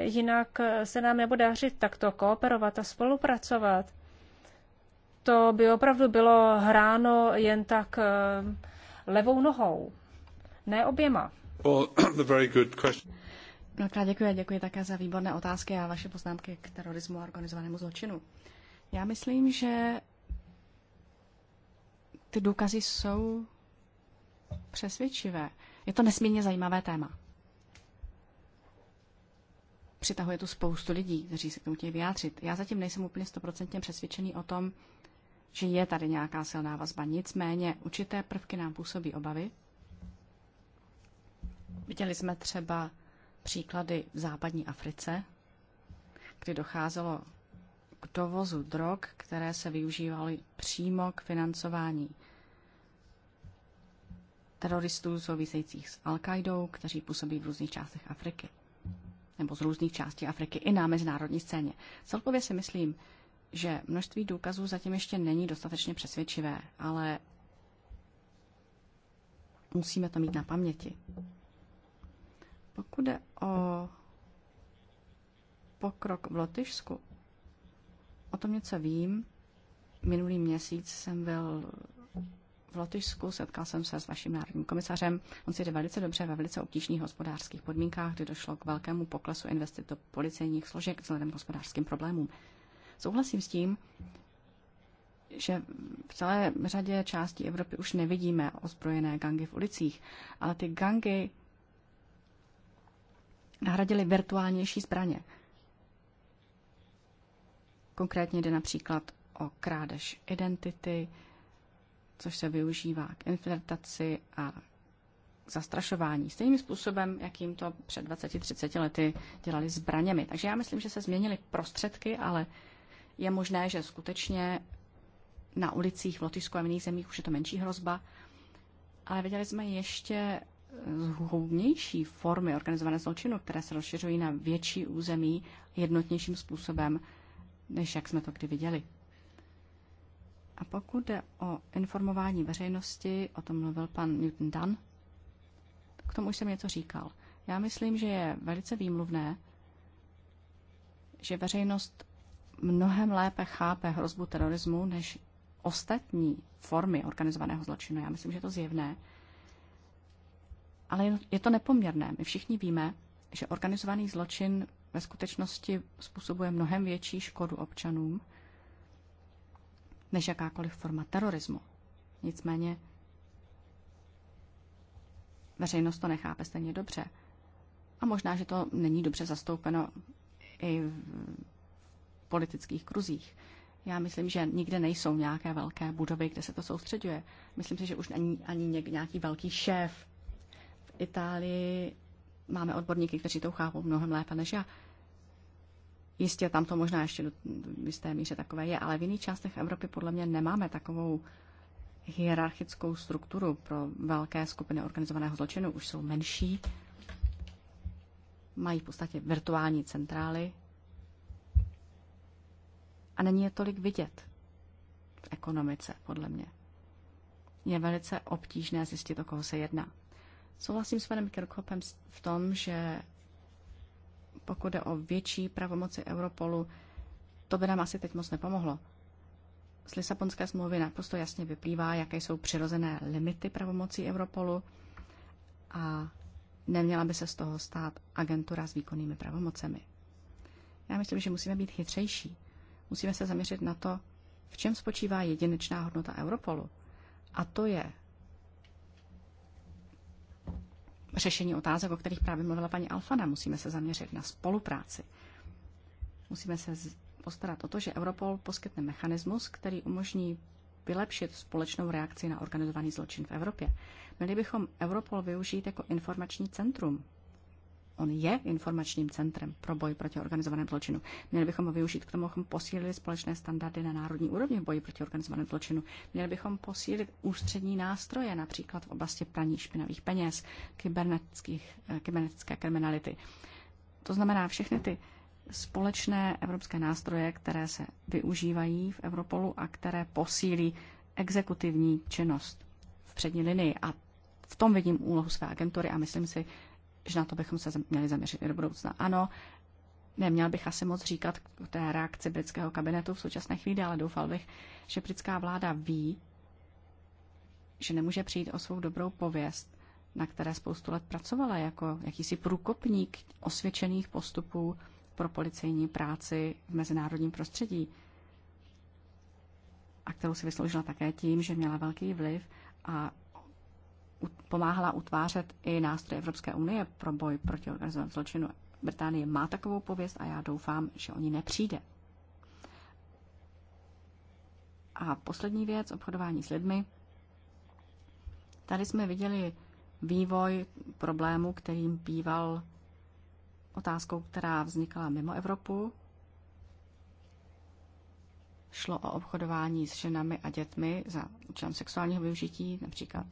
jinak se nám nebude dařit takto kooperovat a spolupracovat to by opravdu bylo hráno jen tak eh, levou nohou, ne oběma. Well, very good question. Mnohokrát děkuji děkuji také za výborné otázky a vaše poznámky k terorismu a organizovanému zločinu. Já myslím, že ty důkazy jsou přesvědčivé. Je to nesmírně zajímavé téma. Přitahuje tu spoustu lidí, kteří se k tomu chtějí vyjádřit. Já zatím nejsem úplně stoprocentně přesvědčený o tom, že je tady nějaká silná vazba. Nicméně určité prvky nám působí obavy. Viděli jsme třeba příklady v západní Africe, kdy docházelo k dovozu drog, které se využívaly přímo k financování teroristů souvisejících s al qaidou kteří působí v různých částech Afriky nebo z různých částí Afriky i na mezinárodní scéně. Celkově si myslím, že množství důkazů zatím ještě není dostatečně přesvědčivé, ale musíme to mít na paměti. Pokud jde o pokrok v Lotyšsku, o tom něco vím. Minulý měsíc jsem byl v Lotyšsku, setkal jsem se s vaším národním komisařem. On si jde velice dobře ve velice obtížných hospodářských podmínkách, kdy došlo k velkému poklesu investic do policejních složek vzhledem k hospodářským problémům. Souhlasím s tím, že v celé řadě částí Evropy už nevidíme ozbrojené gangy v ulicích, ale ty gangy nahradily virtuálnější zbraně. Konkrétně jde například o krádež identity, což se využívá k infiltraci a zastrašování. Stejným způsobem, jakým to před 20-30 lety dělali zbraněmi. Takže já myslím, že se změnily prostředky, ale je možné, že skutečně na ulicích v Lotyšsku a v jiných zemích už je to menší hrozba, ale viděli jsme ještě zhubnější formy organizované zločinu, které se rozšiřují na větší území jednotnějším způsobem, než jak jsme to kdy viděli. A pokud jde o informování veřejnosti, o tom mluvil pan Newton Dunn, k tomu už jsem něco říkal. Já myslím, že je velice výmluvné, že veřejnost mnohem lépe chápe hrozbu terorismu než ostatní formy organizovaného zločinu. Já myslím, že je to zjevné. Ale je to nepoměrné. My všichni víme, že organizovaný zločin ve skutečnosti způsobuje mnohem větší škodu občanům než jakákoliv forma terorismu. Nicméně veřejnost to nechápe stejně dobře. A možná, že to není dobře zastoupeno i politických kruzích. Já myslím, že nikde nejsou nějaké velké budovy, kde se to soustředuje. Myslím si, že už není ani nějaký velký šéf. V Itálii máme odborníky, kteří to chápou mnohem lépe než já. Jistě tam to možná ještě do jisté míře takové je, ale v jiných částech Evropy podle mě nemáme takovou hierarchickou strukturu pro velké skupiny organizovaného zločinu. Už jsou menší, mají v podstatě virtuální centrály, a není je tolik vidět v ekonomice, podle mě. Je velice obtížné zjistit, o koho se jedná. Souhlasím s panem Kirchhoffem v tom, že pokud jde o větší pravomoci Europolu, to by nám asi teď moc nepomohlo. Z Lisabonské smlouvy naprosto jasně vyplývá, jaké jsou přirozené limity pravomocí Europolu a neměla by se z toho stát agentura s výkonnými pravomocemi. Já myslím, že musíme být chytřejší. Musíme se zaměřit na to, v čem spočívá jedinečná hodnota Europolu. A to je řešení otázek, o kterých právě mluvila paní Alfana. Musíme se zaměřit na spolupráci. Musíme se postarat o to, že Europol poskytne mechanismus, který umožní vylepšit společnou reakci na organizovaný zločin v Evropě. Měli bychom Europol využít jako informační centrum On je informačním centrem pro boj proti organizovanému zločinu. Měli bychom ho využít k tomu, abychom posílili společné standardy na národní úrovni v boji proti organizovanému zločinu. Měli bychom posílit ústřední nástroje, například v oblasti praní špinavých peněz, eh, kybernetické kriminality. To znamená všechny ty společné evropské nástroje, které se využívají v Europolu a které posílí exekutivní činnost v přední linii. A v tom vidím úlohu své agentury a myslím si, že na to bychom se měli zaměřit i do budoucna. Ano, neměl bych asi moc říkat k té reakci britského kabinetu v současné chvíli, ale doufal bych, že britská vláda ví, že nemůže přijít o svou dobrou pověst, na které spoustu let pracovala jako jakýsi průkopník osvědčených postupů pro policejní práci v mezinárodním prostředí a kterou si vysloužila také tím, že měla velký vliv a pomáhala utvářet i nástroje Evropské unie pro boj proti organizovanému zločinu. Británie má takovou pověst a já doufám, že o ní nepřijde. A poslední věc, obchodování s lidmi. Tady jsme viděli vývoj problému, kterým býval otázkou, která vznikala mimo Evropu. Šlo o obchodování s ženami a dětmi za účelem sexuálního využití, například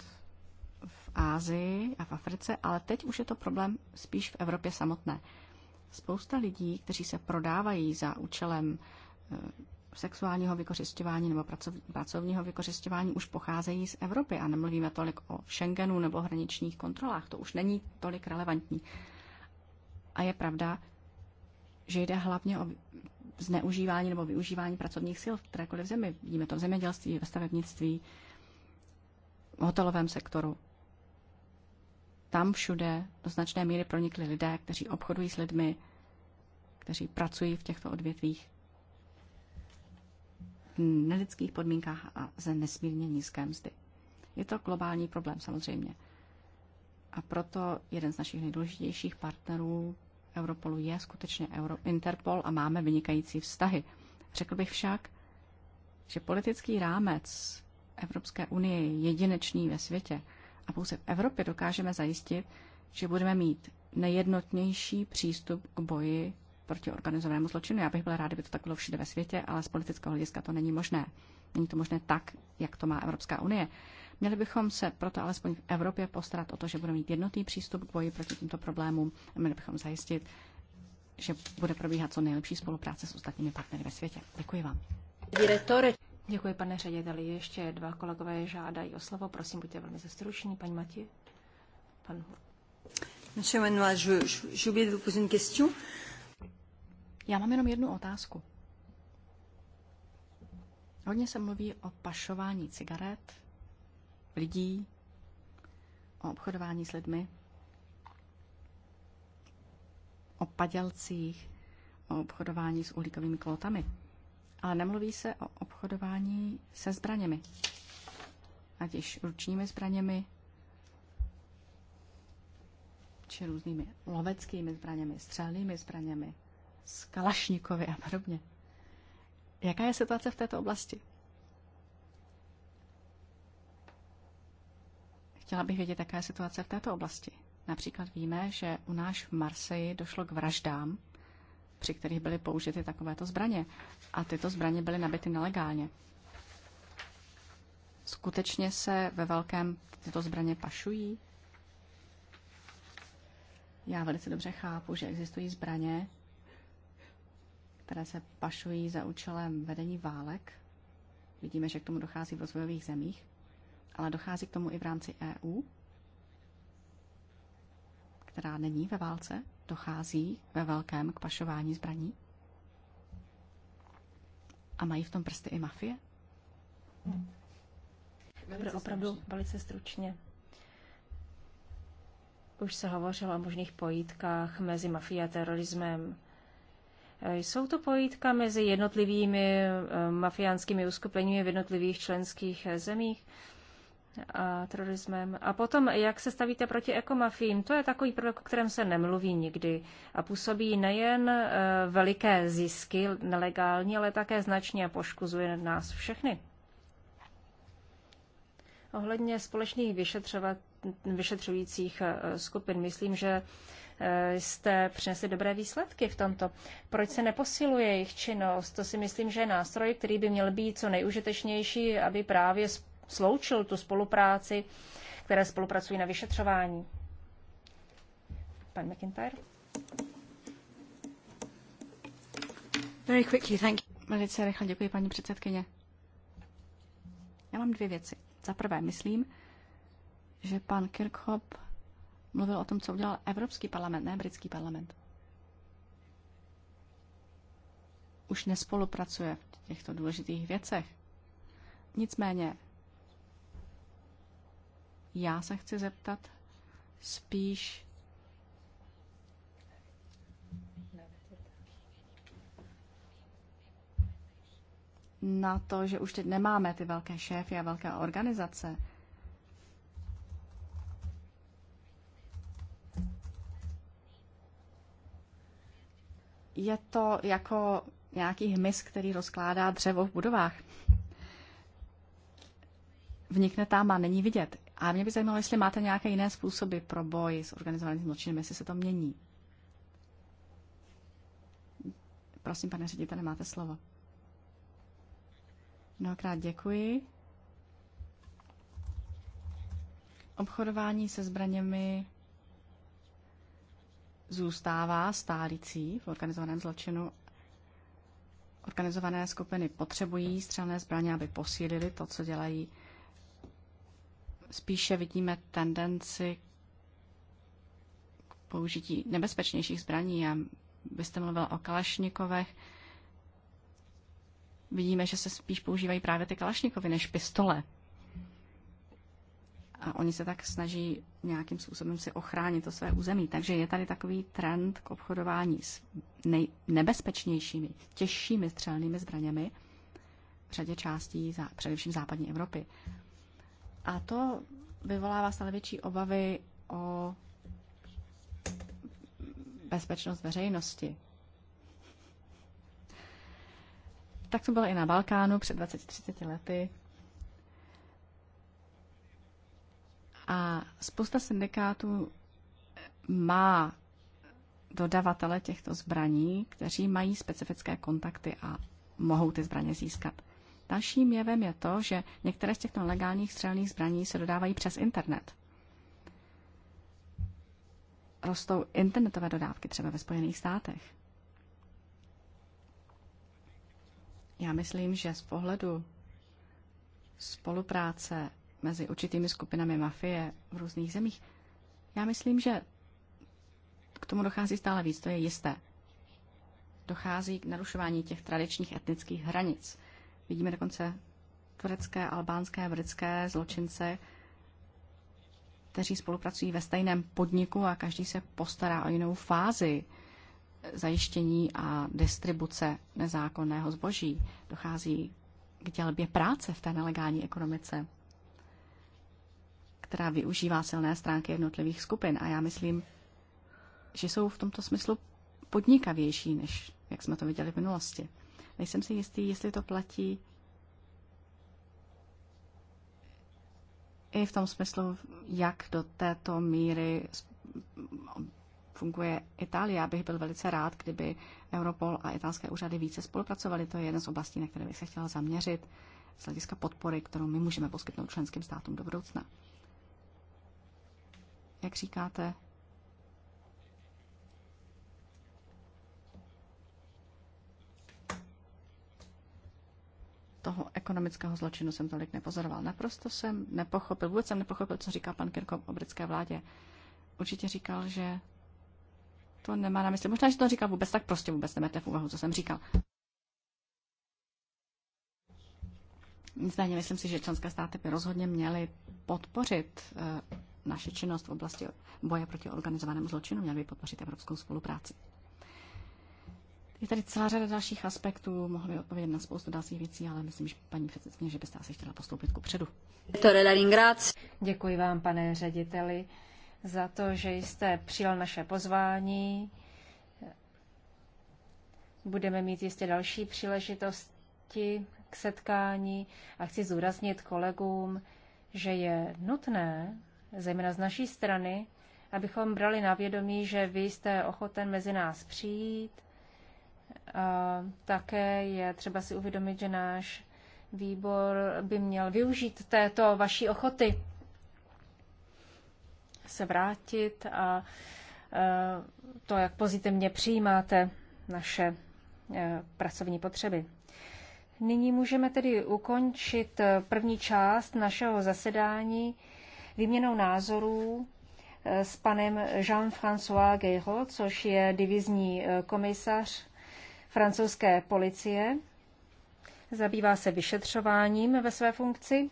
Ázii a v Africe, ale teď už je to problém spíš v Evropě samotné. Spousta lidí, kteří se prodávají za účelem e, sexuálního vykořišťování nebo pracovního vykořišťování už pocházejí z Evropy a nemluvíme tolik o Schengenu nebo hraničních kontrolách. To už není tolik relevantní. A je pravda, že jde hlavně o zneužívání nebo využívání pracovních sil v kterékoliv zemi. Vidíme to v zemědělství, ve stavebnictví, v hotelovém sektoru tam všude do značné míry pronikli lidé, kteří obchodují s lidmi, kteří pracují v těchto odvětvích v nelidských podmínkách a ze nesmírně nízké mzdy. Je to globální problém samozřejmě. A proto jeden z našich nejdůležitějších partnerů Europolu je skutečně Euro, Interpol a máme vynikající vztahy. Řekl bych však, že politický rámec Evropské unie je jedinečný ve světě – a pouze v Evropě dokážeme zajistit, že budeme mít nejednotnější přístup k boji proti organizovanému zločinu. Já bych byla ráda, kdyby to tak bylo všude ve světě, ale z politického hlediska to není možné. Není to možné tak, jak to má Evropská unie. Měli bychom se proto alespoň v Evropě postarat o to, že budeme mít jednotný přístup k boji proti tímto problémům a měli bychom zajistit, že bude probíhat co nejlepší spolupráce s ostatními partnery ve světě. Děkuji vám. Direktore. Děkuji, pane řediteli. Ještě dva kolegové žádají o slovo. Prosím, buďte velmi zestruční. Paní Mati. Pan... Monsieur Manoa, j'ai oublié de vous poser une question. Já mám jenom jednu otázku. Hodně se mluví o pašování cigaret, lidí, o obchodování s lidmi, o padělcích, o obchodování s uhlíkovými kvótami ale nemluví se o obchodování se zbraněmi. Ať již ručními zbraněmi, či různými loveckými zbraněmi, střelnými zbraněmi, s kalašníkovy a podobně. Jaká je situace v této oblasti? Chtěla bych vědět, jaká je situace v této oblasti. Například víme, že u nás v Marseji došlo k vraždám při kterých byly použity takovéto zbraně. A tyto zbraně byly nabity nelegálně. Skutečně se ve velkém tyto zbraně pašují? Já velice dobře chápu, že existují zbraně, které se pašují za účelem vedení válek. Vidíme, že k tomu dochází v rozvojových zemích, ale dochází k tomu i v rámci EU, která není ve válce dochází ve velkém k pašování zbraní? A mají v tom prsty i mafie? Velice opravdu stručně. velice stručně. Už se hovořilo o možných pojítkách mezi mafií a terorismem. E, jsou to pojítka mezi jednotlivými e, mafiánskými uskupeními v jednotlivých členských e, zemích? a terorismem. A potom, jak se stavíte proti ekomafím, to je takový produkt, o kterém se nemluví nikdy a působí nejen e, veliké zisky nelegální, ale také značně poškozuje nás všechny. Ohledně společných vyšetřujících e, skupin, myslím, že e, jste přinesli dobré výsledky v tomto. Proč se neposiluje jejich činnost? To si myslím, že je nástroj, který by měl být co nejužitečnější, aby právě sloučil tu spolupráci, které spolupracují na vyšetřování. Pan McIntyre. Very quickly, thank you. Velice rychle děkuji, paní předsedkyně. Já mám dvě věci. Za prvé, myslím, že pan Kirchhoff mluvil o tom, co udělal Evropský parlament, ne britský parlament. Už nespolupracuje v těchto důležitých věcech. Nicméně já se chci zeptat spíš na to, že už teď nemáme ty velké šéfy a velké organizace. Je to jako nějaký hmyz, který rozkládá dřevo v budovách. Vnikne tam a není vidět. A mě by zajímalo, jestli máte nějaké jiné způsoby pro boj s organizovaným zločinem, jestli se to mění. Prosím, pane ředitele, máte slovo. Mnohokrát děkuji. Obchodování se zbraněmi zůstává stálicí v organizovaném zločinu. Organizované skupiny potřebují střelné zbraně, aby posílili to, co dělají spíše vidíme tendenci k použití nebezpečnějších zbraní. Já byste mluvil o kalašnikovech. Vidíme, že se spíš používají právě ty kalašnikovy než pistole. A oni se tak snaží nějakým způsobem si ochránit to své území. Takže je tady takový trend k obchodování s nej- nebezpečnějšími, těžšími střelnými zbraněmi v řadě částí, za, především západní Evropy. A to vyvolává stále větší obavy o bezpečnost veřejnosti. Tak to bylo i na Balkánu před 20-30 lety. A spousta syndikátů má dodavatele těchto zbraní, kteří mají specifické kontakty a mohou ty zbraně získat. Dalším jevem je to, že některé z těchto legálních střelných zbraní se dodávají přes internet. Rostou internetové dodávky třeba ve Spojených státech. Já myslím, že z pohledu spolupráce mezi určitými skupinami mafie v různých zemích, já myslím, že k tomu dochází stále víc, to je jisté. Dochází k narušování těch tradičních etnických hranic. Vidíme dokonce turecké, albánské, britské zločince, kteří spolupracují ve stejném podniku a každý se postará o jinou fázi zajištění a distribuce nezákonného zboží. Dochází k dělbě práce v té nelegální ekonomice, která využívá silné stránky jednotlivých skupin. A já myslím, že jsou v tomto smyslu podnikavější, než jak jsme to viděli v minulosti. Nejsem si jistý, jestli to platí i v tom smyslu, jak do této míry funguje Itálie. Já bych byl velice rád, kdyby Europol a italské úřady více spolupracovaly. To je jedna z oblastí, na které bych se chtěla zaměřit z hlediska podpory, kterou my můžeme poskytnout členským státům do budoucna. Jak říkáte, toho ekonomického zločinu jsem tolik nepozoroval. Naprosto jsem nepochopil, vůbec jsem nepochopil, co říká pan Kirkov o britské vládě. Určitě říkal, že to nemá na mysli. Možná, že to říkal vůbec, tak prostě vůbec neberte v úvahu, co jsem říkal. Nicméně myslím si, že členské státy by rozhodně měly podpořit eh, naši činnost v oblasti boje proti organizovanému zločinu, měly by podpořit evropskou spolupráci. Je tady celá řada dalších aspektů, mohli odpovědět na spoustu dalších věcí, ale myslím, že paní předsedkyně, že byste asi chtěla postoupit ku předu. Děkuji vám, pane řediteli, za to, že jste přijal naše pozvání. Budeme mít jistě další příležitosti k setkání a chci zúraznit kolegům, že je nutné, zejména z naší strany, abychom brali na vědomí, že vy jste ochoten mezi nás přijít, také je třeba si uvědomit, že náš výbor by měl využít této vaší ochoty se vrátit a e, to, jak pozitivně přijímáte naše e, pracovní potřeby. Nyní můžeme tedy ukončit e, první část našeho zasedání výměnou názorů s panem Jean-François Gayho, což je divizní komisař francouzské policie. Zabývá se vyšetřováním ve své funkci.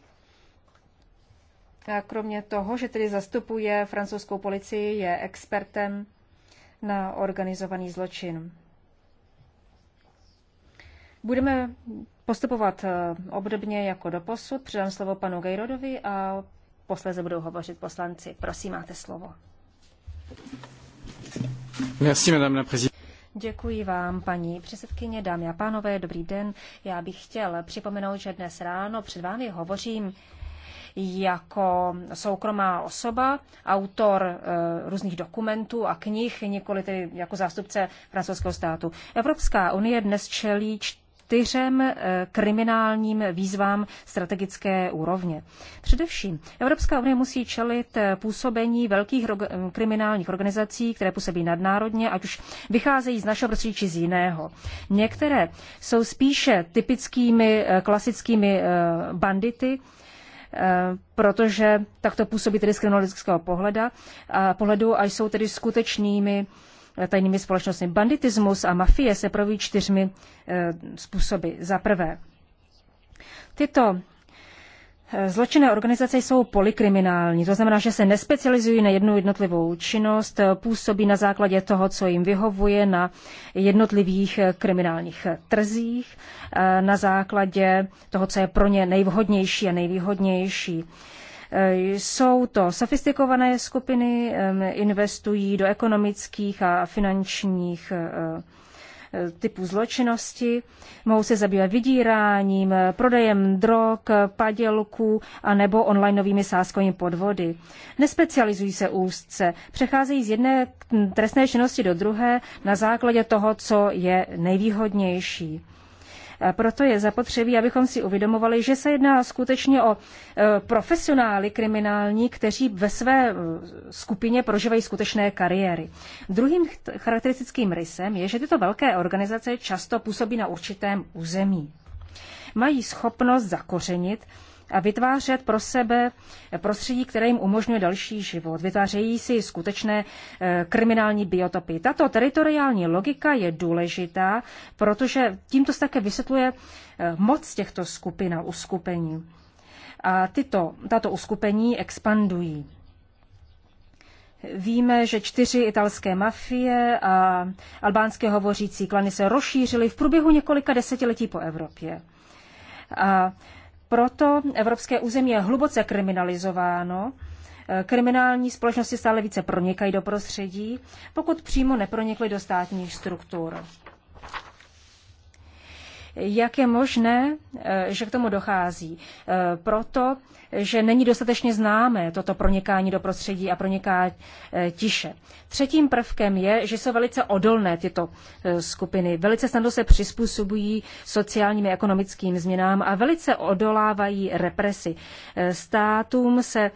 A kromě toho, že tedy zastupuje francouzskou policii, je expertem na organizovaný zločin. Budeme postupovat eh, obdobně jako do posud. Předám slovo panu Gejrodovi a posléze budou hovořit poslanci. Prosím, máte slovo. Merci, madame la Děkuji vám, paní předsedkyně, dámy a pánové, dobrý den. Já bych chtěl připomenout, že dnes ráno před vámi hovořím jako soukromá osoba, autor e, různých dokumentů a knih, nikoli tedy jako zástupce francouzského státu. Evropská unie dnes čelí čtyřem eh, kriminálním výzvám strategické úrovně. Především Evropská unie musí čelit eh, působení velkých eh, kriminálních organizací, které působí nadnárodně, ať už vycházejí z našeho prostředí či z jiného. Některé jsou spíše typickými klasickými bandity, protože takto působí tedy z kriminologického pohledu a jsou tedy skutečnými tajnými společnostmi. Banditismus a mafie se proví čtyřmi eh, způsoby. Za prvé, tyto eh, Zločinné organizace jsou polikriminální, to znamená, že se nespecializují na jednu jednotlivou činnost, eh, působí na základě toho, co jim vyhovuje na jednotlivých kriminálních trzích, na základě toho, co je pro ně nejvhodnější a nejvýhodnější. Jsou to sofistikované skupiny, investují do ekonomických a finančních eh, eh, typů zločinnosti, mohou se zabývat vydíráním, prodejem drog, padělků a nebo onlineovými sázkovými podvody. Nespecializují se úzce, přecházejí z jedné trestné činnosti do druhé na základě toho, co je nejvýhodnější. Eh, proto je zapotřebí, abychom si uvědomovali, že se jedná skutečně o eh, profesionály kriminální, kteří ve své eh, skupině prožívají skutečné kariéry. Druhým charakteristickým rysem je, že tyto velké organizace často působí na určitém území. Mají schopnost zakořenit a vytvářet pro sebe prostředí, které jim umožňuje další život. Vytvářejí si skutečné e, kriminální biotopy. Tato teritoriální logika je důležitá, protože tímto se také vysvětluje e, moc těchto skupin a uskupení. A tyto, tato uskupení expandují. Víme, že čtyři italské mafie a albánské hovořící klany se rozšířily v průběhu několika desetiletí po Evropě. A proto evropské území je hluboce kriminalizováno, eh, kriminální společnosti stále více pronikají do prostředí, pokud přímo nepronikly do státních struktur. Jak je možné, eh, že k tomu dochází? Eh, proto že není dostatečně známé toto pronikání do prostředí a proniká e, tiše. Třetím prvkem je, že jsou velice odolné tyto e, skupiny. Velice snadno se přizpůsobují sociálním a ekonomickým změnám a velice odolávají represi. E, státům se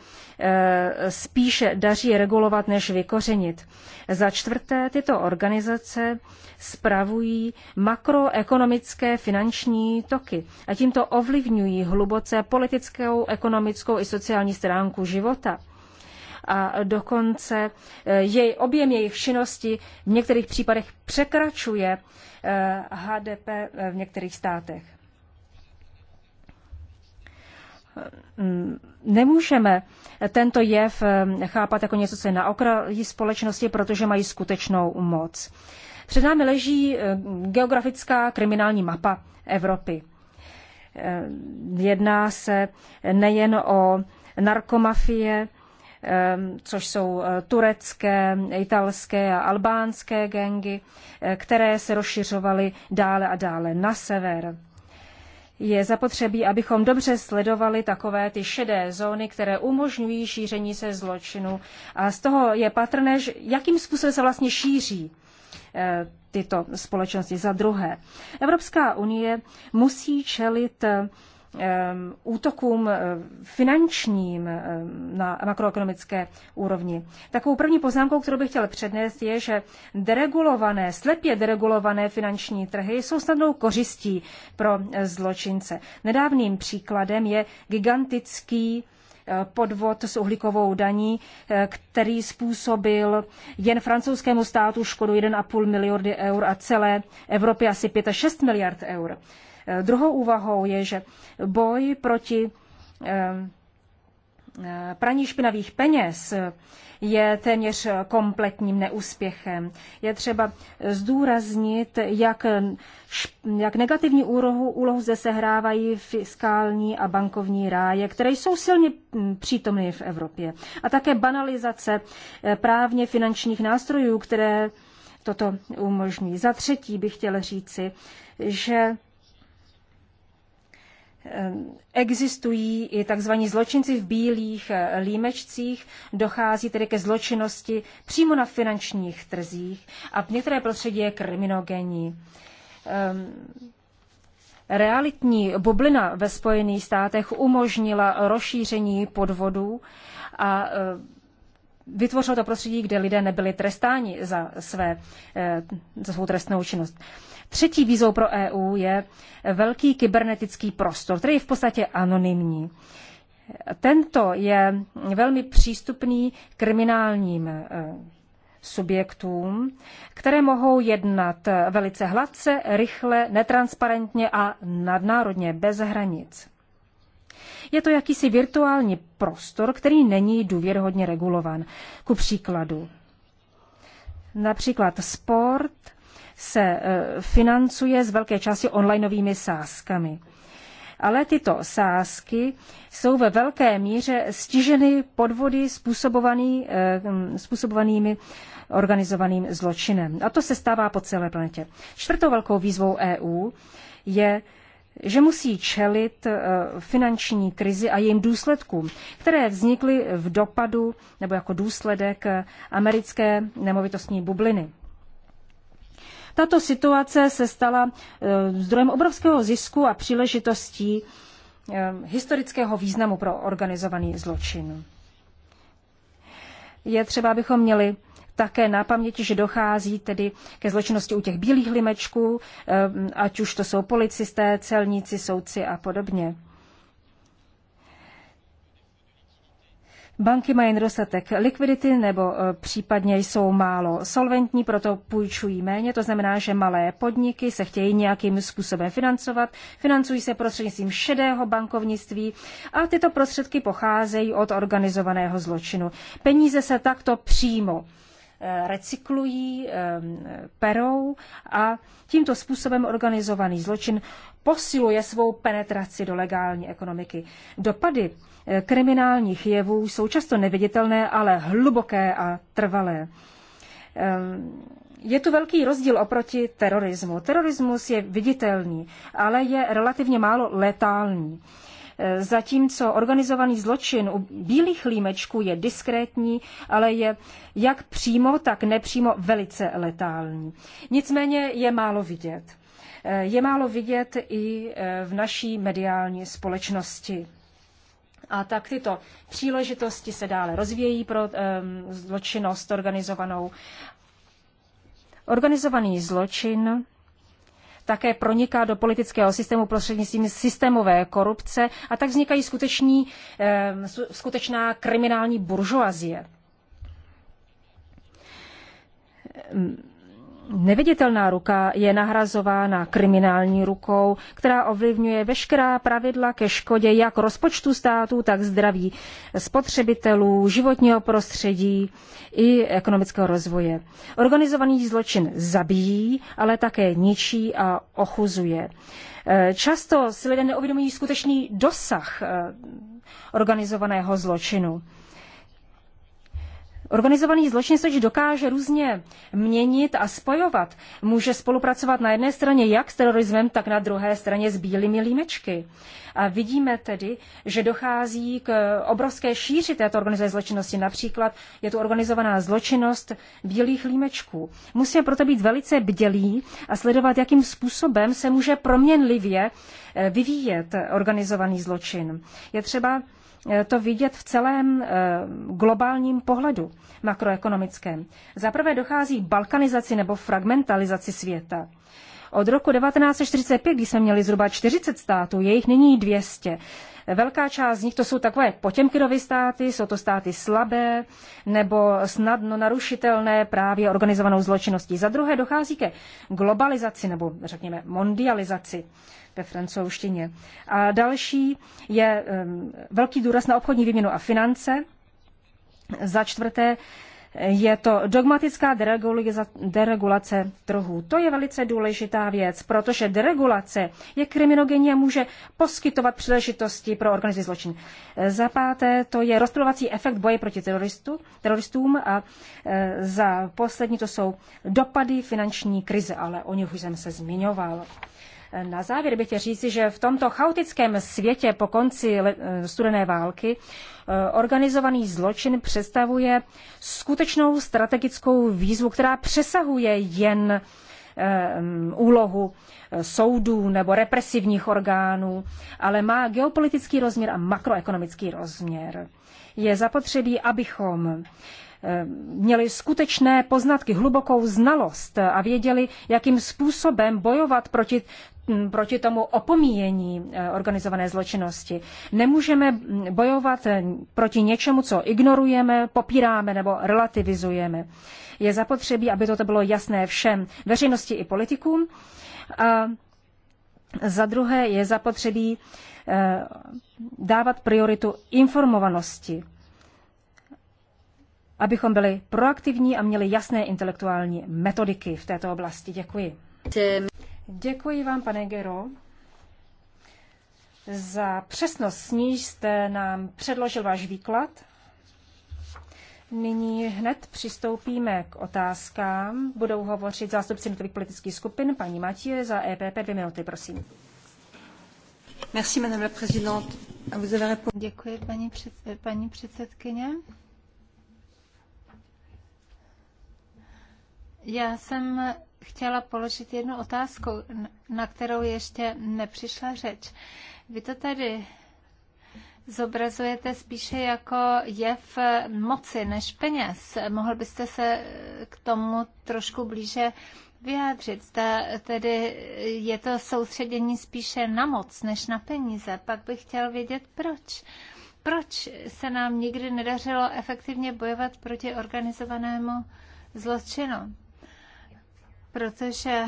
spíše daří regulovat, než vykořenit. Za čtvrté, tyto organizace spravují makroekonomické finanční toky a tímto ovlivňují hluboce politickou ekonomii ekonomickou i sociální stránku života. A dokonce eh, jej, objem jejich činnosti v některých případech překračuje HDP eh, eh, v některých státech. Nemůžeme tento jev chápat jako něco, co je na okraji společnosti, protože mají skutečnou moc. Před námi leží geografická kriminální mapa Evropy. Eh, jedná se nejen o narkomafie, eh, což jsou eh, turecké, italské a albánské gengy, které se rozšiřovaly dále a dále na sever. Je zapotřebí, abychom dobře sledovali takové ty šedé zóny, které umožňují šíření se zločinu. A z toho je patrné, že jakým způsobem se vlastně šíří Eh, tyto společnosti. Za druhé, Evropská unie musí čelit eh, útokům eh, finančním na makroekonomické úrovni. Takovou první poznámkou, kterou bych chtěl přednést, je, že deregulované, slepě deregulované finanční trhy jsou snadnou kořistí pro zločince. Nedávným příkladem je gigantický podvod s uhlíkovou daní, eh, který způsobil jen francouzskému státu škodu 1,5 miliardy eur a celé Evropě asi 5 6 miliard eur. Eh, druhou úvahou je, že boj proti eh, praní špinavých peněz je téměř kompletním neúspěchem. Je třeba zdůraznit, jak, jak negativní úlohu, úlohu zde sehrávají fiskální a bankovní ráje, které jsou silně mm, přítomny v Evropě. A také banalizace eh, právně finančních nástrojů, které toto umožní. Za třetí bych chtěl říci, že Ehm, existují i tzv. zločinci v bílých eh, límečcích, dochází tedy ke zločinnosti přímo na finančních trzích a v některé prostředí je kriminogenní. Ehm, realitní bublina ve Spojených státech umožnila rozšíření podvodů a eh, vytvořilo to prostředí, kde lidé nebyli trestáni za, své, eh, za svou trestnou činnost. Třetí výzvou pro EU je velký kybernetický prostor, který je v podstatě anonymní. Tento je velmi přístupný kriminálním e, subjektům, které mohou jednat velice hladce, rychle, netransparentně a nadnárodně bez hranic. Je to jakýsi virtuální prostor, který není důvěrhodně regulovan. Ku příkladu, například sport se eh, financuje z velké části onlineovými sázkami. Ale tyto sázky jsou ve velké míře stiženy podvody způsobovaný, eh, hm, způsobovanými organizovaným zločinem. A to se stává po celé planetě. Čtvrtou velkou výzvou EU je že musí čelit eh, finanční krizi a jejím důsledkům, které vznikly v dopadu nebo jako důsledek americké nemovitostní bubliny. Tato situace se stala eh, zdrojem obrovského zisku a příležitostí eh, historického významu pro organizovaný zločin. Je třeba, abychom měli také na paměti, že dochází tedy ke zločinnosti u těch bílých limečků, eh, ať už to jsou policisté, celníci, soudci a podobně. Banky mají nedostatek likvidity nebo e, případně jsou málo solventní, proto půjčují méně. To znamená, že malé podniky se chtějí nějakým způsobem financovat. Financují se prostřednictvím šedého bankovnictví a tyto prostředky pocházejí od organizovaného zločinu. Peníze se takto přímo e, recyklují, e, perou a tímto způsobem organizovaný zločin posiluje svou penetraci do legální ekonomiky. Dopady kriminálních jevů jsou často neviditelné, ale hluboké a trvalé. Ehm, je tu velký rozdíl oproti terorismu. Terorismus je viditelný, ale je relativně málo letální. Ehm, zatímco organizovaný zločin u bílých límečků je diskrétní, ale je jak přímo, tak nepřímo velice letální. Nicméně je málo vidět. Ehm, je málo vidět i v naší mediální společnosti. A tak tyto příležitosti se dále rozvíjí pro um, zločinnost organizovanou. Organizovaný zločin také proniká do politického systému prostřednictvím systémové korupce a tak vznikají skuteční, eh, skutečná kriminální buržoazie neviditelná ruka je nahrazována kriminální rukou, která ovlivňuje veškerá pravidla ke škodě jak rozpočtu států, tak zdraví spotřebitelů, životního prostředí i ekonomického rozvoje. Organizovaný zločin zabíjí, ale také ničí a ochuzuje. Eh, často si lidé neuvědomují skutečný dosah eh, organizovaného zločinu. Organizovaný zločin se dokáže různě měnit a spojovat. Může spolupracovat na jedné straně jak s terorismem, tak na druhé straně s bílými límečky. A vidíme tedy, že dochází k obrovské šíři této organizované zločinnosti. Například je tu organizovaná zločinnost bílých límečků. Musíme proto být velice bdělí a sledovat, jakým způsobem se může proměnlivě eh, vyvíjet organizovaný zločin. Je třeba Eh, to vidět v celém eh, globálním pohledu makroekonomickém. Zaprvé dochází k balkanizaci nebo fragmentalizaci světa. Od roku 1945, kdy jsme měli zhruba 40 států, je jich nyní 200. Velká část z nich to jsou takové potěmkinovy státy, jsou to státy slabé nebo snadno narušitelné právě organizovanou zločinností. Za druhé dochází ke globalizaci nebo řekněme mondializaci ve francouzštině. A další je velký důraz na obchodní výměnu a finance. Za čtvrté je to dogmatická deregulace trhu. To je velice důležitá věc, protože deregulace je kriminogenní a může poskytovat příležitosti pro organizaci zločin. Za páté to je rozprovací efekt boje proti teroristu, teroristům a e, za poslední to jsou dopady finanční krize, ale o nich už jsem se zmiňoval. Na závěr bych chtěl říci, že v tomto chaotickém světě po konci eh, studené války eh, organizovaný zločin představuje skutečnou strategickou výzvu, která přesahuje jen eh, úlohu soudů nebo represivních orgánů, ale má geopolitický rozměr a makroekonomický rozměr. Je zapotřebí, abychom Eh, měli skutečné poznatky, hlubokou znalost a věděli, jakým způsobem bojovat proti hm, proti tomu opomíjení eh, organizované zločinnosti. Nemůžeme hm, bojovat eh, proti něčemu, co ignorujeme, popíráme nebo relativizujeme. Je zapotřebí, aby toto bylo jasné všem veřejnosti i politikům. A za druhé je zapotřebí dávat prioritu informovanosti abychom byli proaktivní a měli jasné intelektuální metodiky v této oblasti. Děkuji. Děkuji vám, pane Gero, za přesnost, s níž jste nám předložil váš výklad. Nyní hned přistoupíme k otázkám. Budou hovořit zástupci jednotlivých politických skupin. Paní Matěje za EPP, dvě minuty, prosím. Merci, madame la présidente. Děkuji, paní, před, paní předsedkyně. Já jsem chtěla položit jednu otázku, na kterou ještě nepřišla řeč. Vy to tady zobrazujete spíše jako jev moci než peněz. Mohl byste se k tomu trošku blíže vyjádřit. Zda tedy je to soustředění spíše na moc než na peníze. Pak bych chtěl vědět, proč. Proč se nám nikdy nedařilo efektivně bojovat proti organizovanému zločinu? protože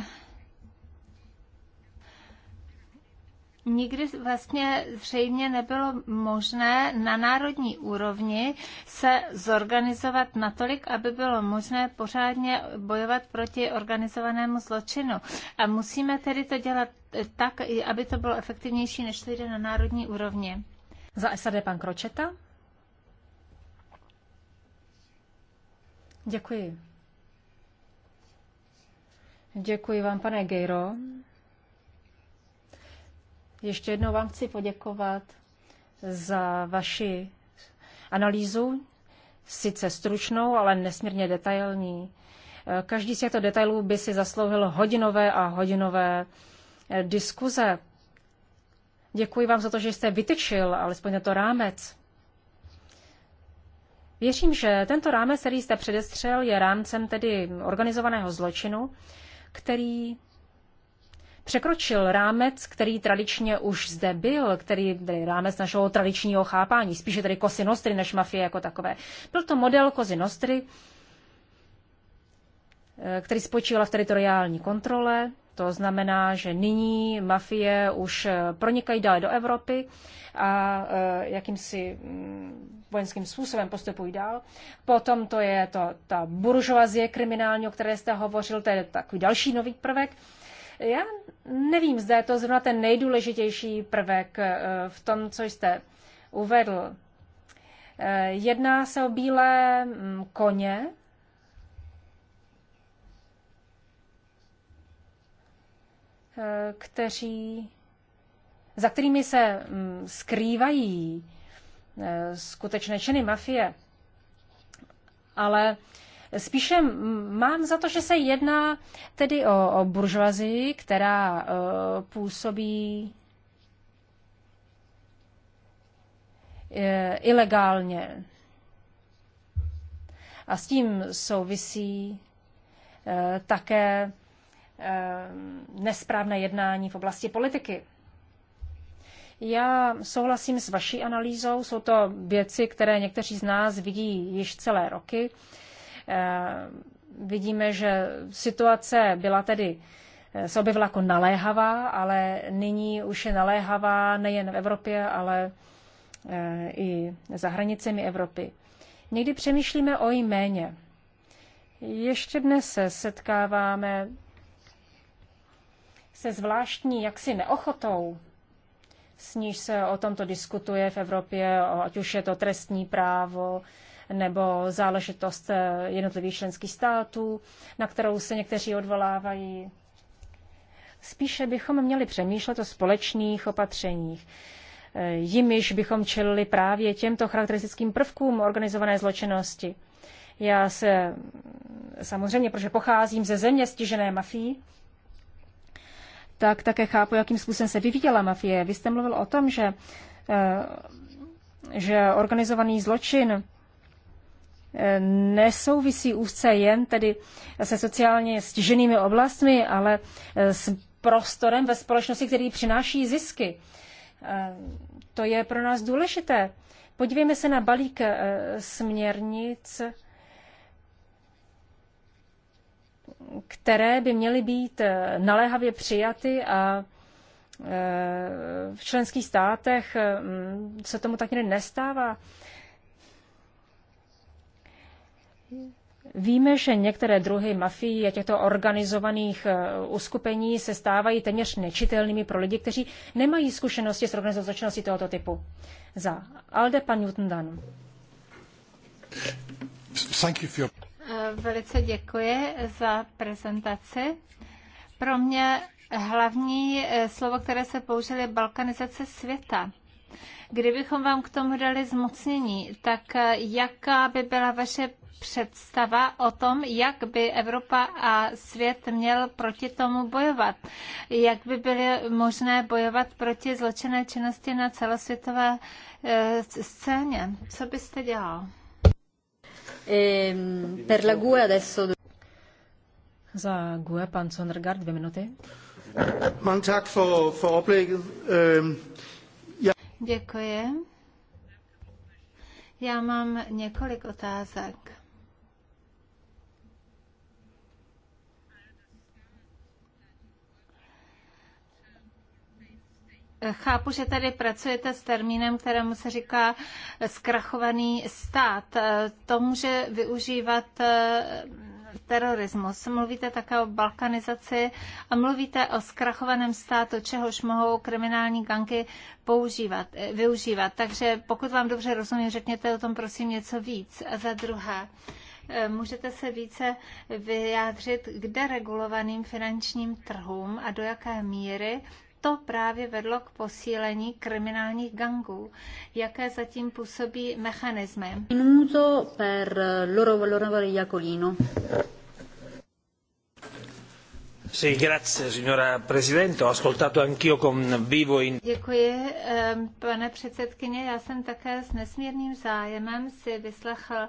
nikdy vlastně zřejmě nebylo možné na národní úrovni se zorganizovat natolik, aby bylo možné pořádně bojovat proti organizovanému zločinu. A musíme tedy to dělat tak, aby to bylo efektivnější, než to jde na národní úrovni. Za SAD pan Kročeta? Děkuji. Děkuji vám, pane Gejro. Ještě jednou vám chci poděkovat za vaši analýzu, sice stručnou, ale nesmírně detailní. Každý z těchto detailů by si zasloužil hodinové a hodinové eh, diskuze. Děkuji vám za to, že jste vytyčil alespoň to rámec. Věřím, že tento rámec, který jste předestřel, je rámcem tedy organizovaného zločinu, který překročil rámec, který tradičně už zde byl, který byl rámec našeho tradičního chápání, spíše tedy kozy nostry než mafie jako takové. Byl to model kozy nostry, eh, který spočíval v teritoriální kontrole, to znamená, že nyní mafie už eh, pronikají dále do Evropy a eh, jakýmsi mm, vojenským způsobem postupují dál. Potom to je to, ta buržoazie kriminální, o které jste hovořil, to je takový další nový prvek. Já nevím, zda je to zrovna ten nejdůležitější prvek eh, v tom, co jste uvedl. Jedná se o bílé mm, koně, Eh, kteří, za kterými se mm, skrývají eh, skutečné činy mafie. Ale spíše mám za to, že se jedná tedy o, o buržoazii, která eh, působí ilegálně. A s tím souvisí také Eh, nesprávné jednání v oblasti politiky. Já souhlasím s vaší analýzou, jsou to věci, které někteří z nás vidí již celé roky. Eh, vidíme, že situace byla tedy eh, se objevila jako naléhavá, ale nyní už je naléhavá nejen v Evropě, ale i za hranicemi Evropy. Někdy přemýšlíme o jméně. Ještě dnes se setkáváme se zvláštní jaksi neochotou, s níž se o tomto diskutuje v Evropě, ať už je to trestní právo nebo záležitost eh, jednotlivých členských států, na kterou se někteří odvolávají. Spíše bychom měli přemýšlet o společných opatřeních eh, jimiž bychom čelili právě těmto charakteristickým prvkům organizované zločinnosti. Já se samozřejmě, protože pocházím ze země stižené mafií, tak také chápu, jakým způsobem se vyvíjela mafie. Vy jste mluvil o tom, že, eh, že organizovaný zločin eh, nesouvisí úzce jen tedy se sociálně stiženými oblastmi, ale eh, s prostorem ve společnosti, který přináší zisky. To je pro nás důležité. Podívejme se na balík směrnic které by měly být eh, naléhavě přijaty a eh, v členských státech eh, mm, se tomu tak někdy nestává. Víme, že některé druhy mafií a těchto organizovaných uskupení se stávají téměř nečitelnými pro lidi, kteří nemají zkušenosti s organizovanou zločinností tohoto typu. Za Alde pan Newton Dan. Velice děkuji za prezentaci. Pro mě hlavní eh, slovo, které se použili, je balkanizace světa. Kdybychom vám k tomu dali zmocnění, tak eh, jaká by byla vaše představa o tom, jak by Evropa a svět měl proti tomu bojovat? Jak by byly možné bojovat proti zločinné činnosti na celosvětové eh, scéně? Co byste dělal? Ehm, per la GUE adesso... Za GUE, pan Sondergaard, dvě minuty. Mange tak for, for oplægget. Ehm, ja... Děkuji. Já mám několik otázek. Chápu, že tady pracujete s termínem, kterému se říká zkrachovaný stát. To může využívat eh, terorismus. Mluvíte také o balkanizaci a mluvíte o zkrachovaném státu, čehož mohou kriminální ganky používat, eh, využívat. Takže pokud vám dobře rozumím, řekněte o tom prosím něco víc. A za druhé, eh, můžete se více vyjádřit kde regulovaným finančním trhům a do jaké míry to právě vedlo k posílení kriminálních gangů. Jaké zatím působí mechanismy? Minuto per loro valore Jacolino. Sì, grazie signora Presidente. Ho ascoltato anch'io con vivo in... Děkuji, ehm, pane předsedkyně. Já jsem také s nesmírným zájemem si vyslechl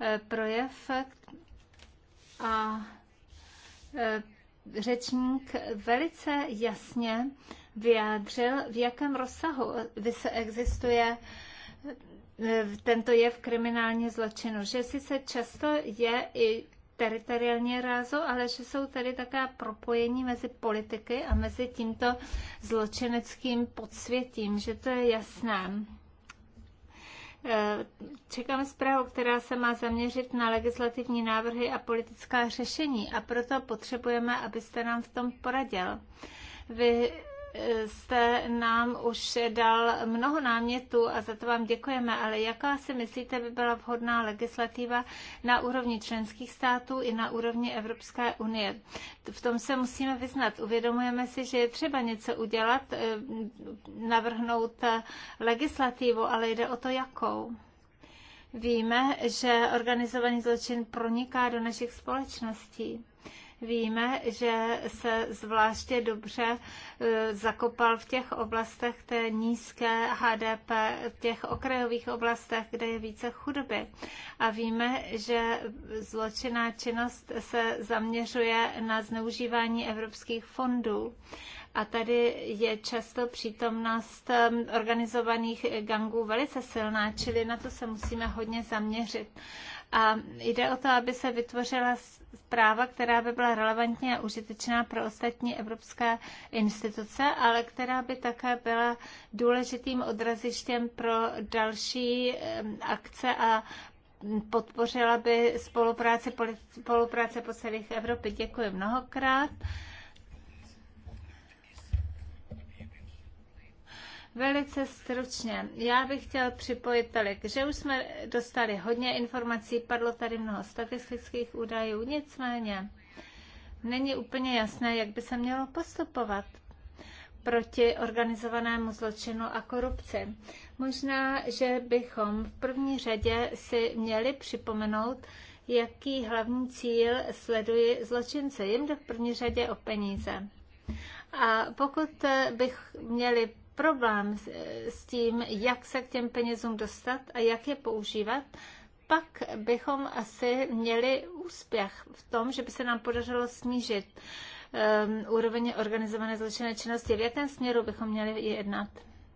eh, projev a eh, řečník velice jasně vyjádřil, v jakém rozsahu existuje eh, tento jev kriminální zločinu, že sice často je i teritoriálně rázo, ale že jsou tady také propojení mezi politiky a mezi tímto zločineckým podsvětím, že to je jasné. Čekáme zprávu, která se má zaměřit na legislativní návrhy a politická řešení a proto potřebujeme, abyste nám v tom poradil. Vy jste nám už dal mnoho námětů a za to vám děkujeme, ale jaká si myslíte by byla vhodná legislativa na úrovni členských států i na úrovni Evropské unie? V tom se musíme vyznat. Uvědomujeme si, že je třeba něco udělat, eh, navrhnout eh, legislativu, ale jde o to, jakou. Víme, že organizovaný zločin proniká do našich společností Víme, že se zvláště dobře e, zakopal v těch oblastech té nízké HDP, v těch okrajových oblastech, kde je více chudoby. A víme, že zločinná činnost se zaměřuje na zneužívání evropských fondů. A tady je často přítomnost organizovaných gangů velice silná, čili na to se musíme hodně zaměřit. A jde o to, aby se vytvořila zpráva, která by byla relevantní a užitečná pro ostatní evropské instituce, ale která by také byla důležitým odrazištěm pro další akce a podpořila by spolupráci, spolupráce po celých Evropě. Děkuji mnohokrát. Velice stručně, já bych chtěl připojit tolik, že už jsme dostali hodně informací, padlo tady mnoho statistických údajů, nicméně není úplně jasné, jak by se mělo postupovat proti organizovanému zločinu a korupci. Možná, že bychom v první řadě si měli připomenout, jaký hlavní cíl sledují zločince. Jim jde v první řadě o peníze. A pokud bych měli problém s tím, jak se k těm penězům dostat a jak je používat, pak bychom asi měli úspěch v tom, že by se nám podařilo snížit um, úroveň organizované zločinné činnosti. V jakém směru bychom měli jednat?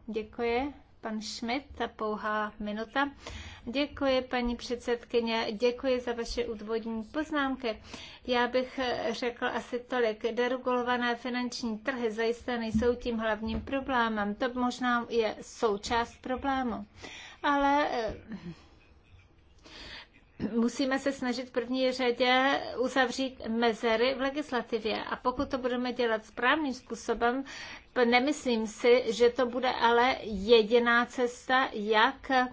Děkuji pan Schmidt, ta pouhá minuta. Děkuji, paní předsedkyně, děkuji za vaše úvodní poznámky. Já bych řekl asi tolik. Deregulované finanční trhy zajisté nejsou tím hlavním problémem. To možná je součást problému. Ale eh, musíme se snažit v první řadě uzavřít mezery v legislativě. A pokud to budeme dělat správným způsobem, Nemyslím si, že to bude ale jediná cesta, jak eh,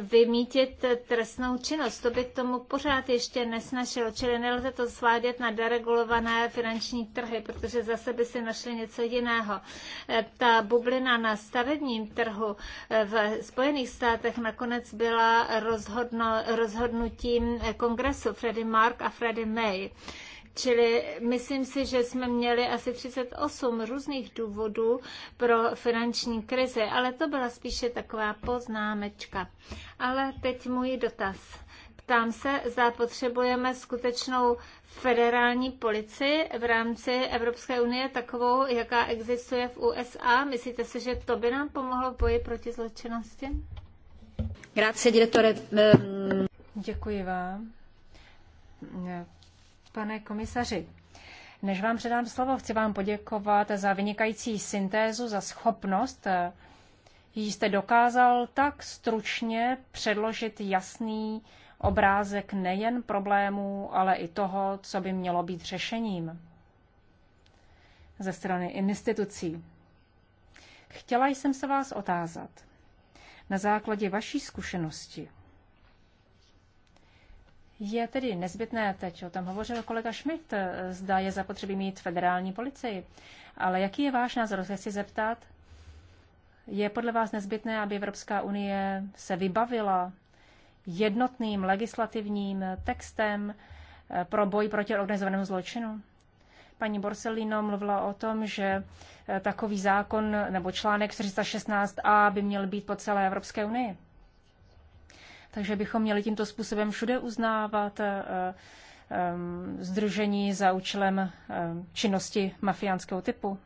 vymítit trestnou činnost. To by k tomu pořád ještě nesnašilo, čili nelze to svádět na deregulované finanční trhy, protože zase by si našli něco jiného. Eh, ta bublina na stavebním trhu eh, v Spojených státech nakonec byla rozhodno, rozhodnutím kongresu Freddie Mark a Freddie May. Čili myslím si, že jsme měli asi 38 různých důvodů pro finanční krizi, ale to byla spíše taková poznámečka. Ale teď můj dotaz. Ptám se, zda potřebujeme skutečnou federální policii v rámci Evropské unie takovou, jaká existuje v USA. Myslíte si, že to by nám pomohlo v boji proti zločinnosti? Grazie, direktore. Ehm. Děkuji vám pane komisaři. Než vám předám slovo, chci vám poděkovat za vynikající syntézu, za schopnost, jí eh, jste dokázal tak stručně předložit jasný obrázek nejen problémů, ale i toho, co by mělo být řešením ze strany institucí. Chtěla jsem se vás otázat na základě vaší zkušenosti je tedy nezbytné, teď o tom hovořil kolega Schmidt, eh, zda je zapotřebí mít federální policii. Ale jaký je váš názor? Chci zeptat, je podle vás nezbytné, aby Evropská unie se vybavila jednotným legislativním textem eh, pro boj proti organizovanému zločinu? Paní Borsellino mluvila o tom, že eh, takový zákon nebo článek 416a by měl být po celé Evropské unii. Takže bychom měli tímto způsobem všude uznávat eh, eh, eh, združení za účelem činnosti mafiánského typu.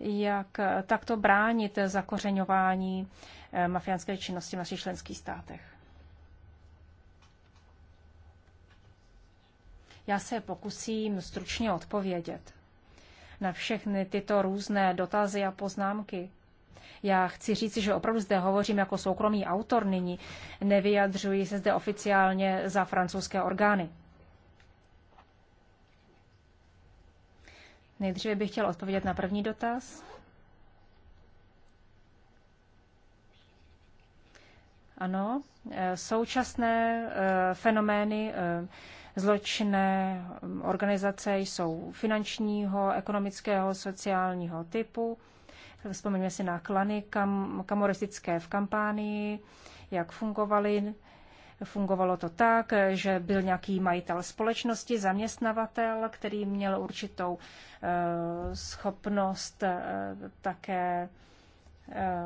Jak takto bránit zakořeňování mafiánské činnosti v našich členských státech? Já se pokusím stručně odpovědět na všechny tyto různé dotazy a poznámky. Já chci říct, že opravdu zde hovořím jako soukromý autor nyní, nevyjadřuji se zde oficiálně za francouzské orgány. Nejdříve bych chtěl odpovědět na první dotaz. Ano, eh, současné eh, fenomény eh, zločinné organizace jsou finančního, ekonomického, sociálního typu. Vzpomeňme si na klany kam, kamoristické v kampánii, jak fungovaly. Fungovalo to tak, že byl nějaký majitel společnosti, zaměstnavatel, který měl určitou eh, schopnost eh, také eh,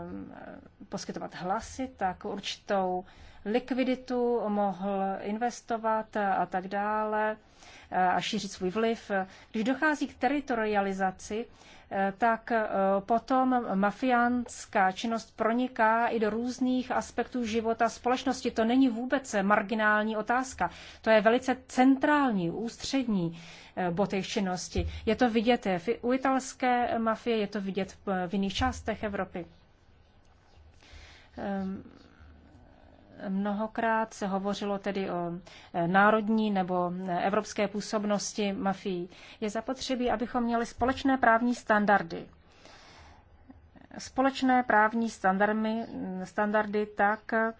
poskytovat hlasy, tak určitou likviditu mohl investovat a tak dále a šířit svůj vliv. Když dochází k teritorializaci, tak eh, potom mafiánská činnost proniká i do různých aspektů života společnosti. To není vůbec marginální otázka. To je velice centrální, ústřední eh, bod jejich činnosti. Je to vidět u italské mafie, je to vidět v jiných částech Evropy. Ehm, Mnohokrát se hovořilo tedy o eh, národní nebo eh, evropské působnosti mafií. Je zapotřebí, abychom měli společné právní standardy. Společné právní standardy, standardy tak, eh,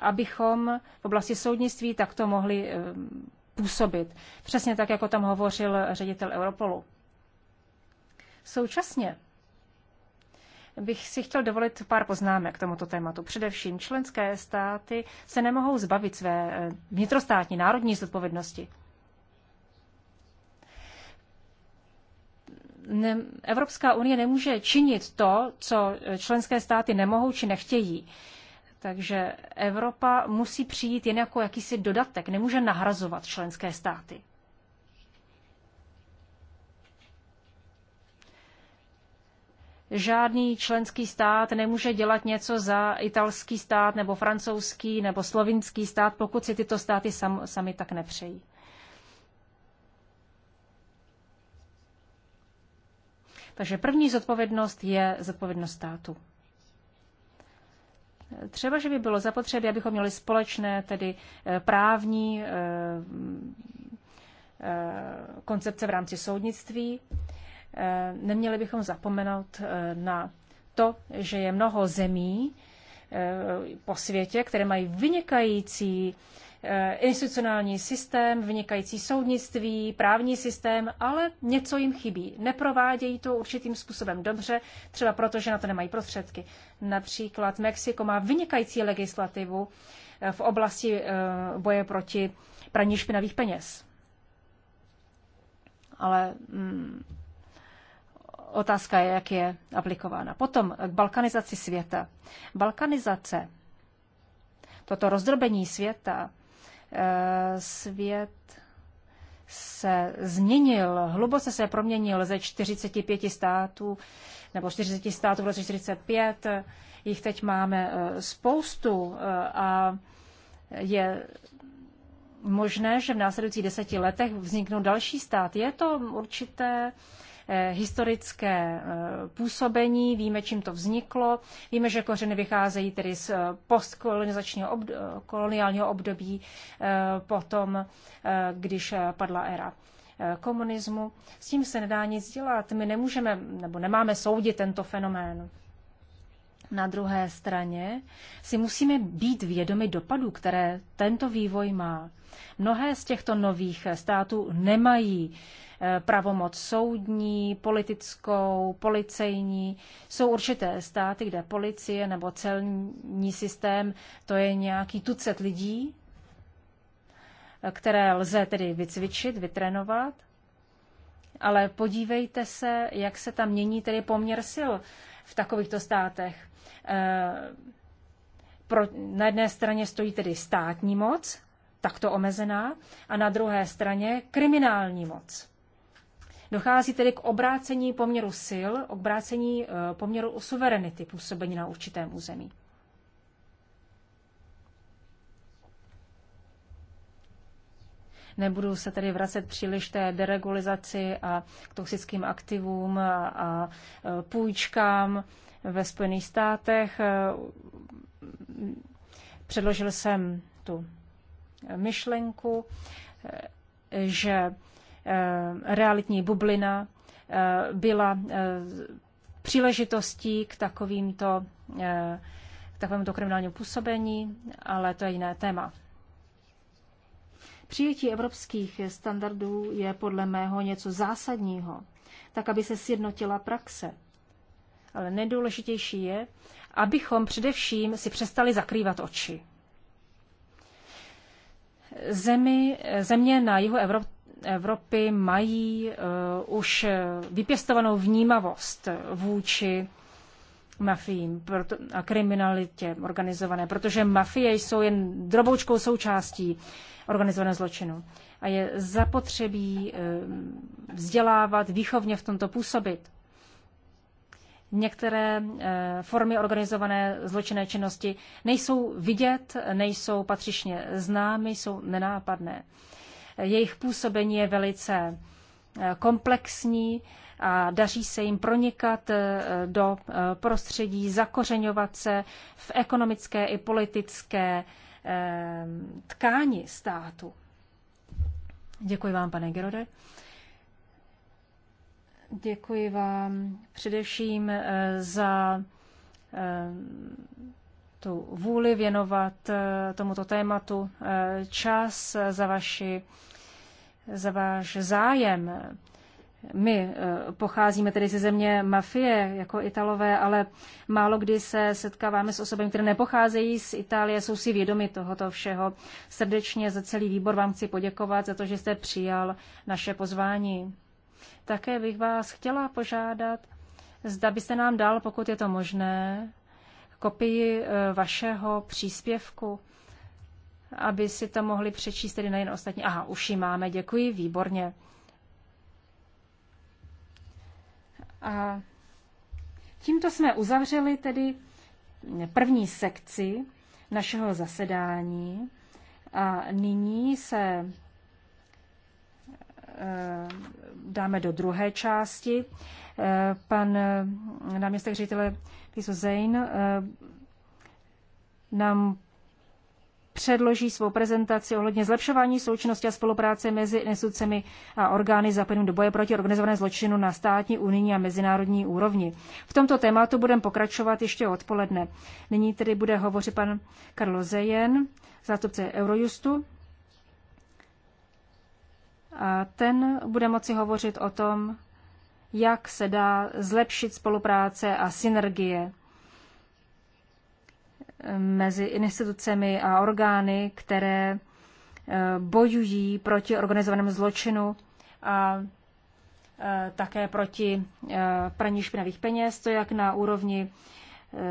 abychom v oblasti soudnictví takto mohli působit. Přesně tak, jako tam hovořil ředitel Europolu. Současně bych si chtěl dovolit pár poznámek k tomuto tématu. Především členské státy se nemohou zbavit své eh, vnitrostátní národní zodpovědnosti. Ne, Evropská unie nemůže činit to, co eh, členské státy nemohou či nechtějí. Takže Evropa musí přijít jen jako jakýsi dodatek, nemůže nahrazovat členské státy. žádný členský stát nemůže dělat něco za italský stát nebo francouzský nebo slovinský stát, pokud si tyto státy sam, sami tak nepřejí. Takže první zodpovědnost je zodpovědnost státu. Třeba, že by bylo zapotřebí, abychom měli společné tedy eh, právní eh, eh, koncepce v rámci soudnictví. Eh, neměli bychom zapomenout eh, na to, že je mnoho zemí eh, po světě, které mají vynikající institucionální systém, vynikající soudnictví, právní systém, ale něco jim chybí. Neprovádějí to určitým způsobem dobře, třeba proto, že na to nemají prostředky. Například Mexiko má vynikající legislativu v oblasti boje proti praní špinavých peněz. Ale mm, Otázka je, jak je aplikována. Potom k balkanizaci světa. Balkanizace, toto rozdrobení světa, eh, svět se změnil, hluboce se proměnil ze 45 států nebo 40 států v roce 45. Eh, jich teď máme eh, spoustu a je možné, že v následujících deseti letech vzniknou další stát. Je to určité Eh, historické eh, působení, víme, čím to vzniklo, víme, že kořeny vycházejí tedy z eh, postkolonizačního obd- koloniálního období, potom, když padla éra komunismu. S tím se nedá nic dělat. My nemůžeme nebo nemáme soudit tento fenomén. Na druhé straně si musíme být vědomi dopadů, které tento vývoj má. Mnohé z těchto nových států nemají Eh, pravomoc soudní, politickou, policejní. Jsou určité státy, kde policie nebo celní systém to je nějaký tucet lidí, které lze tedy vycvičit, vytrénovat. Ale podívejte se, jak se tam mění tedy poměr sil v takovýchto státech. Eh, pro, na jedné straně stojí tedy státní moc, takto omezená, a na druhé straně kriminální moc. Dochází tedy k obrácení poměru sil, k obrácení eh, poměru suverenity působení na určitém území. Nebudu se tedy vracet příliš té deregulizaci a k toxickým aktivům a, a eh, půjčkám ve Spojených státech. Předložil jsem tu myšlenku, eh, že Eh, realitní bublina eh, byla eh, příležitostí k takovýmto k takovémuto kriminálnímu působení, ale to je jiné téma. Přijetí evropských standardů je podle mého něco zásadního, tak aby se sjednotila praxe. Ale nejdůležitější je, abychom především si přestali zakrývat oči. Zemi, země na jihu Evropy Evropy mají eh, už eh, vypěstovanou vnímavost vůči mafiím a kriminalitě organizované, protože mafie jsou jen droboučkou součástí organizovaného zločinu. A je zapotřebí eh, vzdělávat, výchovně v tomto působit. Některé formy organizované zločinné činnosti nejsou vidět, nejsou patřičně známy, jsou nenápadné. Jejich působení je velice eh, komplexní a daří se jim pronikat eh, do eh, prostředí, zakořeňovat se v ekonomické i politické tkáni státu. Děkuji vám, pane Gerode. Děkuji vám především za tu vůli věnovat eh, tomuto tématu eh, čas, za, vaši, za váš zájem. My eh, pocházíme tedy ze země mafie, jako Italové, ale málo kdy se setkáváme s osobami, které nepocházejí z Itálie, jsou si vědomi tohoto všeho. Srdečně za celý výbor vám chci poděkovat za to, že jste přijal naše pozvání. Také bych vás chtěla požádat, zda byste nám dal, pokud je to možné, kopii eh, vašeho příspěvku, aby si to mohli přečíst tedy nejen ostatní. Aha, už ji máme, děkuji, výborně. A tímto jsme uzavřeli tedy první sekci našeho zasedání a nyní se eh, dáme do druhé části. Eh, pan eh, náměstek ředitele Pisu Zejn eh, nám předloží svou prezentaci ohledně zlepšování součinnosti a spolupráce mezi institucemi a orgány zapojeným do boje proti organizované zločinu na státní, unijní a mezinárodní úrovni. V tomto tématu budeme pokračovat ještě odpoledne. Nyní tedy bude hovořit pan Karlo Zejen, zástupce Eurojustu. A ten bude moci hovořit o tom, jak se dá zlepšit spolupráce a synergie mezi institucemi a orgány, které eh, bojují proti organizovanému zločinu a eh, také proti eh, praní špinavých peněz, to jak na úrovni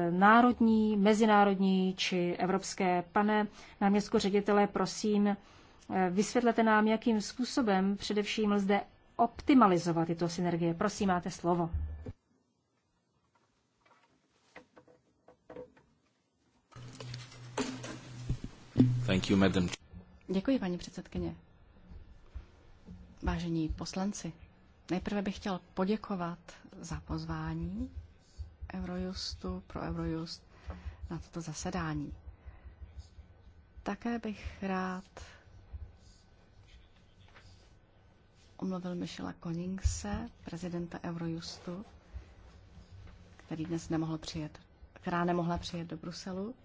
národní, mezinárodní či evropské. Pane náměstku ředitele, prosím, vysvětlete nám, jakým způsobem především lze optimalizovat tyto synergie. Prosím, máte slovo. Thank you, madam. Děkuji, paní předsedkyně. Vážení poslanci, nejprve bych chtěl poděkovat za pozvání Eurojustu pro Eurojust na toto zasedání. Také bych rád omluvil Michela Koningse, prezidenta Eurojustu, který dnes nemohl přijet, která nemohla přijet do Bruselu.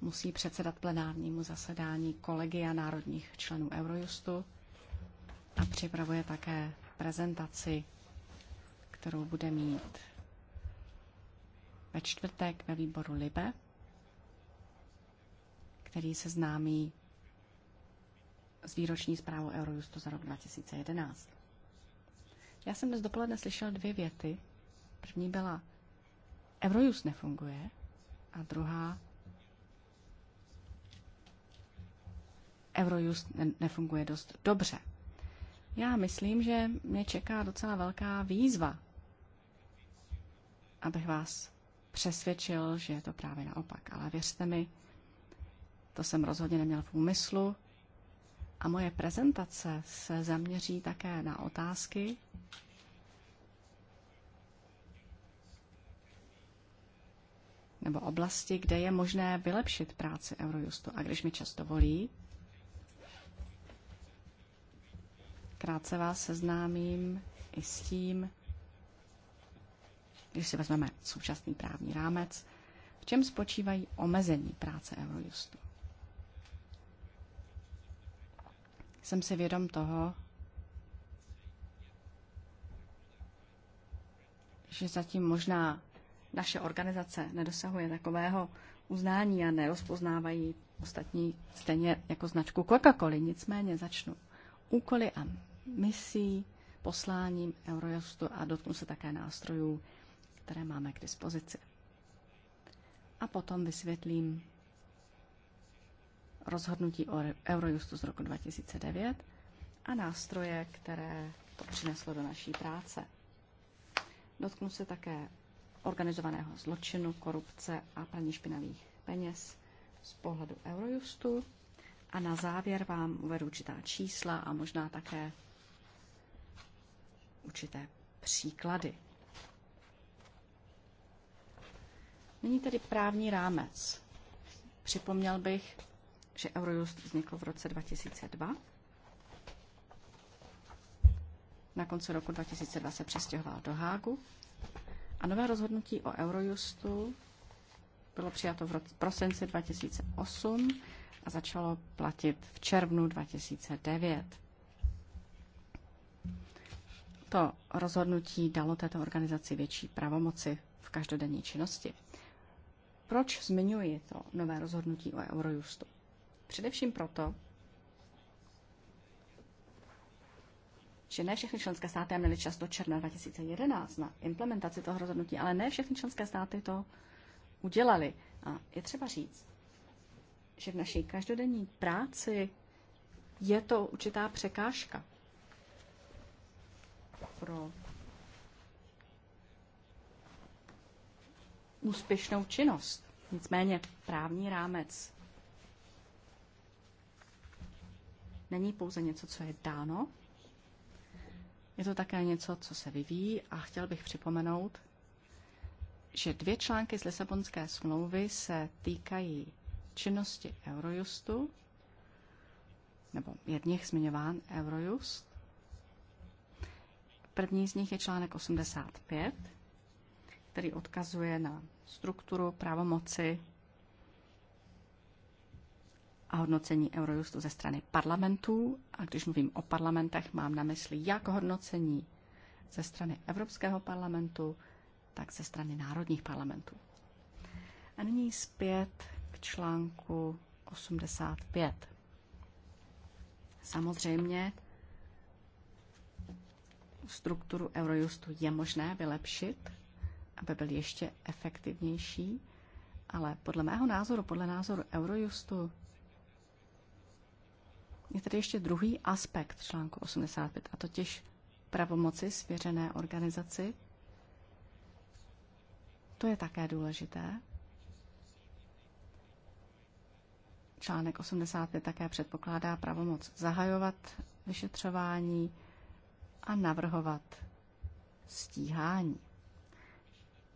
Musí předsedat plenárnímu zasedání kolegia národních členů Eurojustu a připravuje také prezentaci, kterou bude mít ve čtvrtek ve výboru LIBE, který seznámí s výroční zprávou Eurojustu za rok 2011. Já jsem dnes dopoledne slyšel dvě věty. První byla, Eurojust nefunguje, a druhá, Eurojust nefunguje dost dobře. Já myslím, že mě čeká docela velká výzva, abych vás přesvědčil, že je to právě naopak. Ale věřte mi, to jsem rozhodně neměl v úmyslu a moje prezentace se zaměří také na otázky, nebo oblasti, kde je možné vylepšit práci Eurojustu. A když mi čas dovolí, krátce vás seznámím i s tím, když si vezmeme současný právní rámec, v čem spočívají omezení práce Eurojustu. jsem si vědom toho, že zatím možná naše organizace nedosahuje takového uznání a nerozpoznávají ostatní stejně jako značku Coca-Cola. Nicméně začnu úkoly a misí, posláním Eurojustu a dotknu se také nástrojů, které máme k dispozici. A potom vysvětlím, rozhodnutí o Eurojustu z roku 2009 a nástroje, které to přineslo do naší práce. Dotknu se také organizovaného zločinu, korupce a praní špinavých peněz z pohledu Eurojustu. A na závěr vám uvedu určitá čísla a možná také určité příklady. Nyní tedy právní rámec. Připomněl bych, že Eurojust vznikl v roce 2002. Na konci roku 2002 se přestěhoval do Hágu a nové rozhodnutí o Eurojustu bylo přijato v prosince 2008 a začalo platit v červnu 2009. To rozhodnutí dalo této organizaci větší pravomoci v každodenní činnosti. Proč zmiňuji to nové rozhodnutí o Eurojustu? Především proto, že ne všechny členské státy měly čas do června 2011 na implementaci toho rozhodnutí, ale ne všechny členské státy to udělali. A je třeba říct, že v naší každodenní práci je to určitá překážka pro úspěšnou činnost. Nicméně právní rámec není pouze něco, co je dáno, je to také něco, co se vyvíjí a chtěl bych připomenout, že dvě články z Lisabonské smlouvy se týkají činnosti Eurojustu, nebo je v nich zmiňován Eurojust. První z nich je článek 85, který odkazuje na strukturu, právomoci a hodnocení Eurojustu ze strany parlamentů. A když mluvím o parlamentech, mám na mysli jak hodnocení ze strany Evropského parlamentu, tak ze strany národních parlamentů. A nyní zpět k článku 85. Samozřejmě strukturu Eurojustu je možné vylepšit, aby byl ještě efektivnější, ale podle mého názoru, podle názoru Eurojustu, je tady ještě druhý aspekt článku 85, a totiž pravomoci svěřené organizaci. To je také důležité. Článek 85 také předpokládá pravomoc zahajovat vyšetřování a navrhovat stíhání.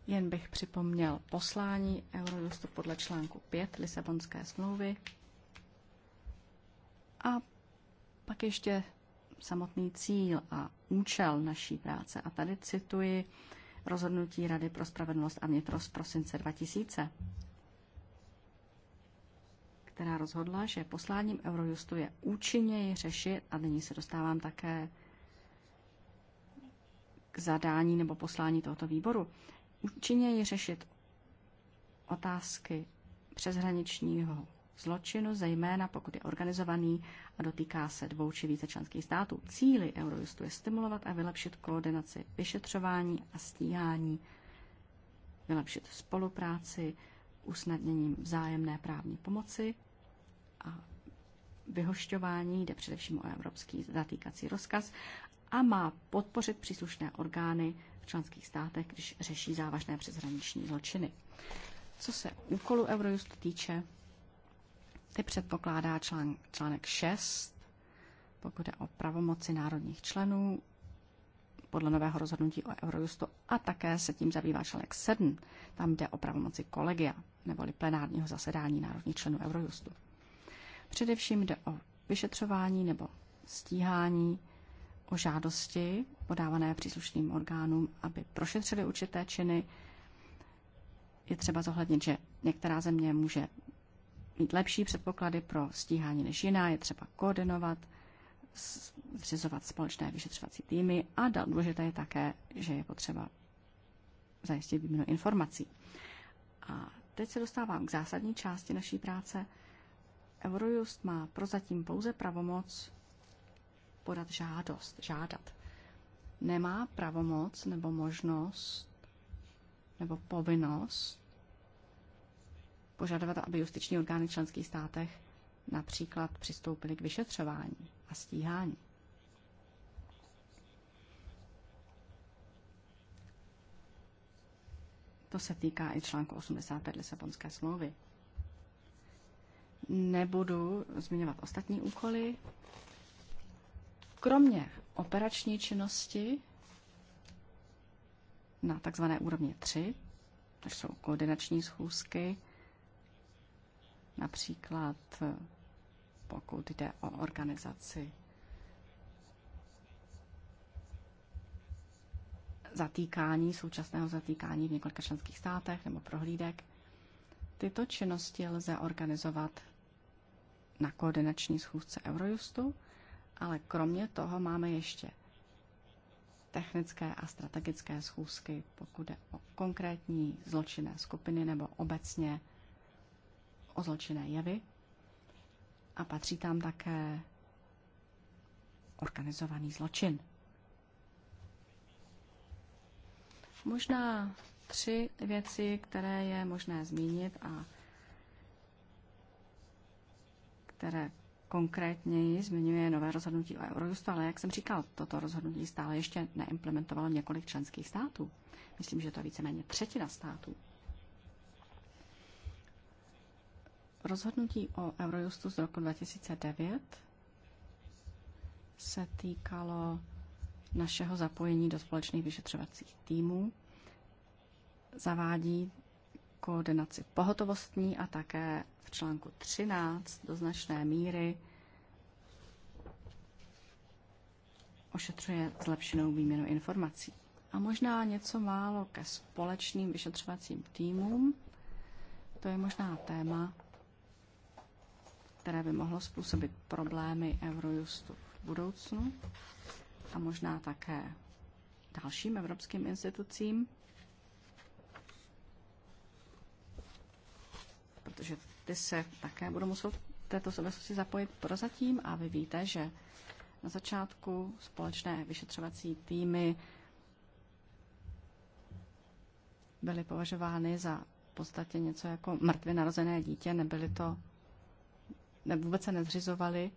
Jen bych připomněl poslání Eurojustu podle článku 5 Lisabonské smlouvy, a pak ještě samotný cíl a účel naší práce. A tady cituji rozhodnutí Rady pro spravedlnost a vnitro z prosince 2000, která rozhodla, že posláním Eurojustu je účinněji řešit, a nyní se dostávám také k zadání nebo poslání tohoto výboru, účinněji řešit otázky přeshraničního zločinu, zejména pokud je organizovaný a dotýká se dvou či více členských států. Cíly Eurojustu je stimulovat a vylepšit koordinaci vyšetřování a stíhání, vylepšit spolupráci, usnadněním vzájemné právní pomoci a vyhošťování, jde především o evropský zatýkací rozkaz a má podpořit příslušné orgány v členských státech, když řeší závažné přeshraniční zločiny. Co se úkolu Eurojustu týče, ty předpokládá člán, článek 6, pokud je o pravomoci národních členů podle nového rozhodnutí o Eurojustu a také se tím zabývá článek 7. Tam jde o pravomoci kolegia neboli plenárního zasedání národních členů Eurojustu. Především jde o vyšetřování nebo stíhání o žádosti podávané příslušným orgánům, aby prošetřili určité činy. Je třeba zohlednit, že některá země může mít lepší předpoklady pro stíhání než jiná, je třeba koordinovat, zřizovat společné vyšetřovací týmy a důležité je také, že je potřeba zajistit výměnu informací. A teď se dostávám k zásadní části naší práce. Eurojust má prozatím pouze pravomoc podat žádost, žádat. Nemá pravomoc nebo možnost nebo povinnost požadovat, aby justiční orgány v členských státech například přistoupily k vyšetřování a stíhání. To se týká i článku 85 Lisabonské smlouvy. Nebudu zmiňovat ostatní úkoly. Kromě operační činnosti na takzvané úrovni 3, což jsou koordinační schůzky Například pokud jde o organizaci zatýkání, současného zatýkání v několika členských státech nebo prohlídek. Tyto činnosti lze organizovat na koordinační schůzce Eurojustu, ale kromě toho máme ještě technické a strategické schůzky, pokud jde o konkrétní zločinné skupiny nebo obecně o zločinné jevy a patří tam také organizovaný zločin. Možná tři věci, které je možné zmínit a které konkrétněji zmiňuje nové rozhodnutí o Eurojustu, ale jak jsem říkal, toto rozhodnutí stále ještě neimplementovalo několik členských států. Myslím, že to je víceméně třetina států. Rozhodnutí o Eurojustu z roku 2009 se týkalo našeho zapojení do společných vyšetřovacích týmů. Zavádí koordinaci pohotovostní a také v článku 13 do značné míry ošetřuje zlepšenou výměnu informací. A možná něco málo ke společným vyšetřovacím týmům. To je možná téma, které by mohlo způsobit problémy Eurojustu v budoucnu a možná také dalším evropským institucím, protože ty se také budou muset této souvislosti zapojit prozatím a vy víte, že na začátku společné vyšetřovací týmy byly považovány za v podstatě něco jako mrtvě narozené dítě, nebyly to vůbec se nezřizovaly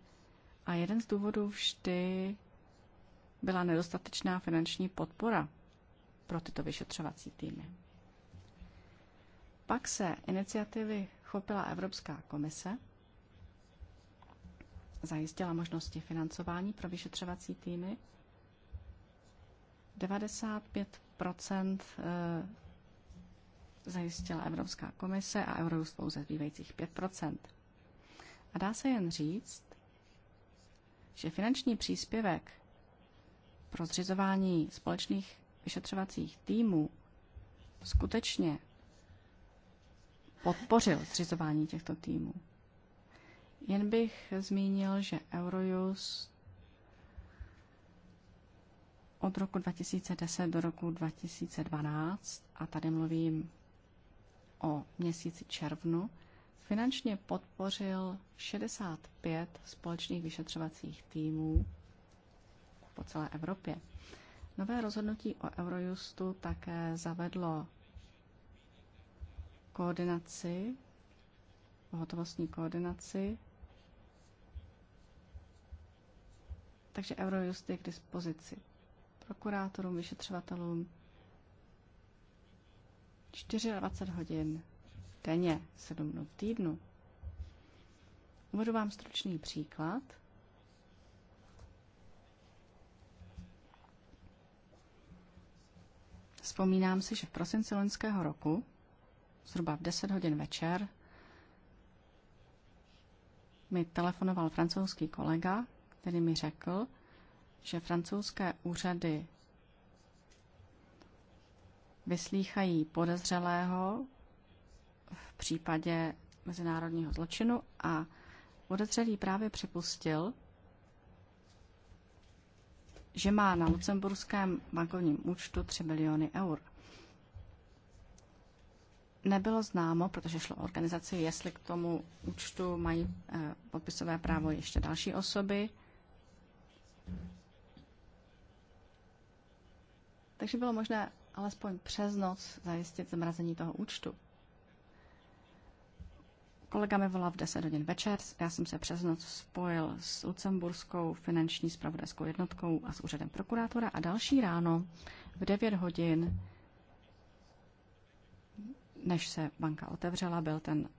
a jeden z důvodů vždy byla nedostatečná finanční podpora pro tyto vyšetřovací týmy. Pak se iniciativy chopila Evropská komise, zajistila možnosti financování pro vyšetřovací týmy. 95 eh, zajistila Evropská komise a Eurojust pouze zbývajících 5 a dá se jen říct, že finanční příspěvek pro zřizování společných vyšetřovacích týmů skutečně podpořil zřizování těchto týmů. Jen bych zmínil, že Eurojust od roku 2010 do roku 2012, a tady mluvím o měsíci červnu, finančně podpořil 65 společných vyšetřovacích týmů po celé Evropě. Nové rozhodnutí o Eurojustu také zavedlo koordinaci, hotovostní koordinaci. Takže Eurojust je k dispozici prokurátorům, vyšetřovatelům 24 hodin denně, sedm dnů v týdnu. Uvedu vám stručný příklad. Vzpomínám si, že v prosinci loňského roku, zhruba v 10 hodin večer, mi telefonoval francouzský kolega, který mi řekl, že francouzské úřady vyslýchají podezřelého v případě mezinárodního zločinu a podezřelý právě připustil, že má na lucemburském bankovním účtu 3 miliony eur. Nebylo známo, protože šlo o organizaci, jestli k tomu účtu mají eh, podpisové právo ještě další osoby. Takže bylo možné alespoň přes noc zajistit zmrazení toho účtu. Kolega mi volal v 10 hodin večer, já jsem se přes noc spojil s Lucemburskou finanční spravodajskou jednotkou a s úřadem prokurátora a další ráno v 9 hodin, než se banka otevřela, byl ten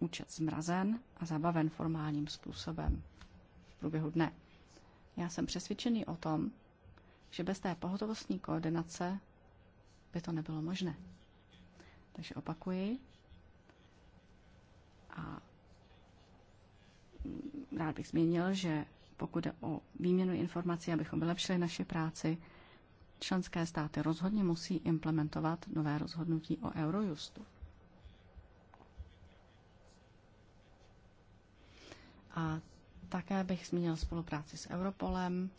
účet zmrazen a zabaven formálním způsobem v průběhu dne. Já jsem přesvědčený o tom, že bez té pohotovostní koordinace by to nebylo možné. Takže opakuji, a rád bych zmínil, že pokud jde o výměnu informací, abychom vylepšili naši práci, členské státy rozhodně musí implementovat nové rozhodnutí o Eurojustu. A také bych zmínil spolupráci s Europolem.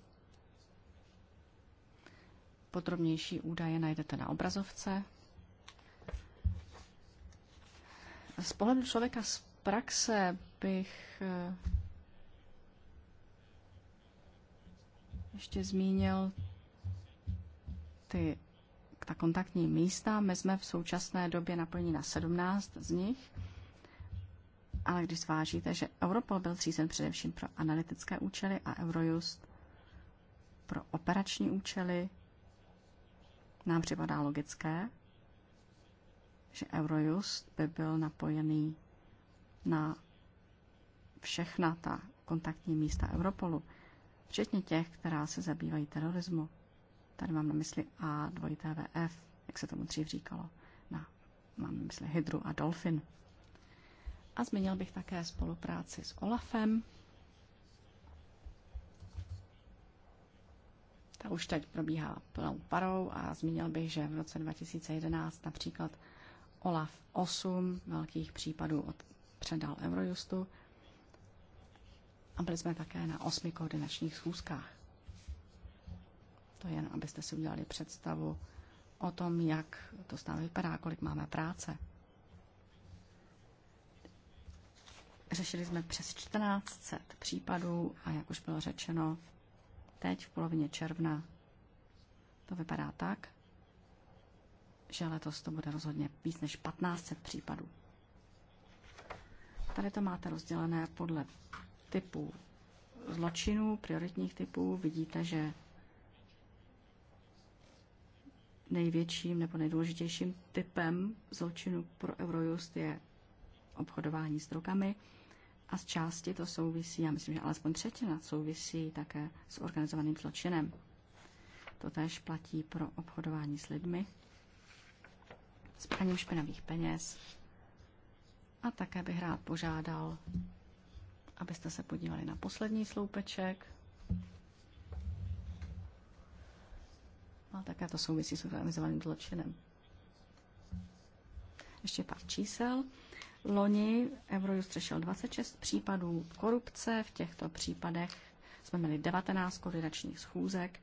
Podrobnější údaje najdete na obrazovce. Z pohledu člověka z praxe bych eh, ještě zmínil ty ta kontaktní místa. My jsme v současné době naplní na 17 z nich. Ale když zvážíte, že Europol byl zřízen především pro analytické účely a Eurojust pro operační účely, nám připadá logické, že Eurojust by byl napojený na všechna ta kontaktní místa Europolu, včetně těch, která se zabývají terorismu. Tady mám na mysli A, dvojité VF, jak se tomu dřív říkalo. Na, mám na mysli Hydru a Dolphin. A zmínil bych také spolupráci s OLAFem. Ta už teď probíhá plnou parou a zmínil bych, že v roce 2011 například OLAF 8 velkých případů od, předal Eurojustu a byli jsme také na osmi koordinačních schůzkách. To jen, abyste si udělali představu o tom, jak to stále vypadá, kolik máme práce. Řešili jsme přes 1400 případů a jak už bylo řečeno, teď v polovině června to vypadá tak, že letos to bude rozhodně víc než 1500 případů. Tady to máte rozdělené podle typů zločinů, prioritních typů. Vidíte, že největším nebo nejdůležitějším typem zločinu pro Eurojust je obchodování s drogami a z části to souvisí, já myslím, že alespoň třetina souvisí také s organizovaným zločinem. To též platí pro obchodování s lidmi s praním špinavých peněz. A také bych rád požádal, abyste se podívali na poslední sloupeček. A také to souvisí s organizovaným zločinem. Ještě pár čísel. Loni Eurojust řešil 26 případů korupce. V těchto případech jsme měli 19 koordinačních schůzek.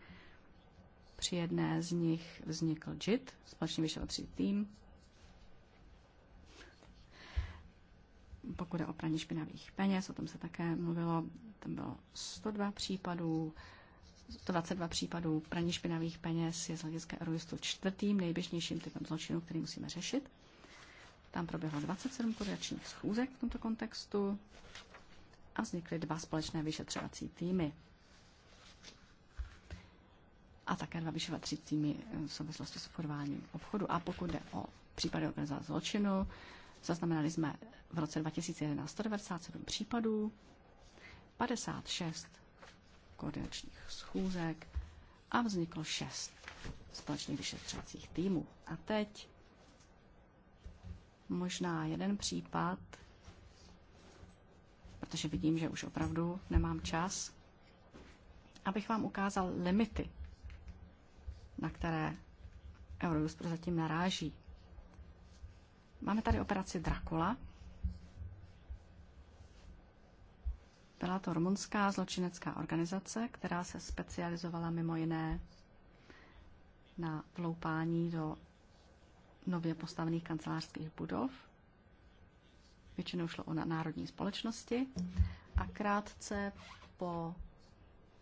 Při jedné z nich vznikl JIT, společný vyšetřovací tým, pokud jde o praní špinavých peněz, o tom se také mluvilo, tam bylo 102 případů, 122 případů praní špinavých peněz je z hlediska Eurojustu čtvrtým nejběžnějším typem zločinu, který musíme řešit. Tam proběhlo 27 koordinačních schůzek v tomto kontextu a vznikly dva společné vyšetřovací týmy. A také dva vyšetřovací týmy v souvislosti s obchodu. A pokud jde o případy organizace zločinu, Zaznamenali jsme v roce 2011 197 případů, 56 koordinačních schůzek a vzniklo 6 společných vyšetřovacích týmů. A teď možná jeden případ, protože vidím, že už opravdu nemám čas, abych vám ukázal limity, na které Eurojust prozatím naráží Máme tady operaci Dracula. Byla to rumunská zločinecká organizace, která se specializovala mimo jiné na vloupání do nově postavených kancelářských budov. Většinou šlo o národní společnosti. A krátce po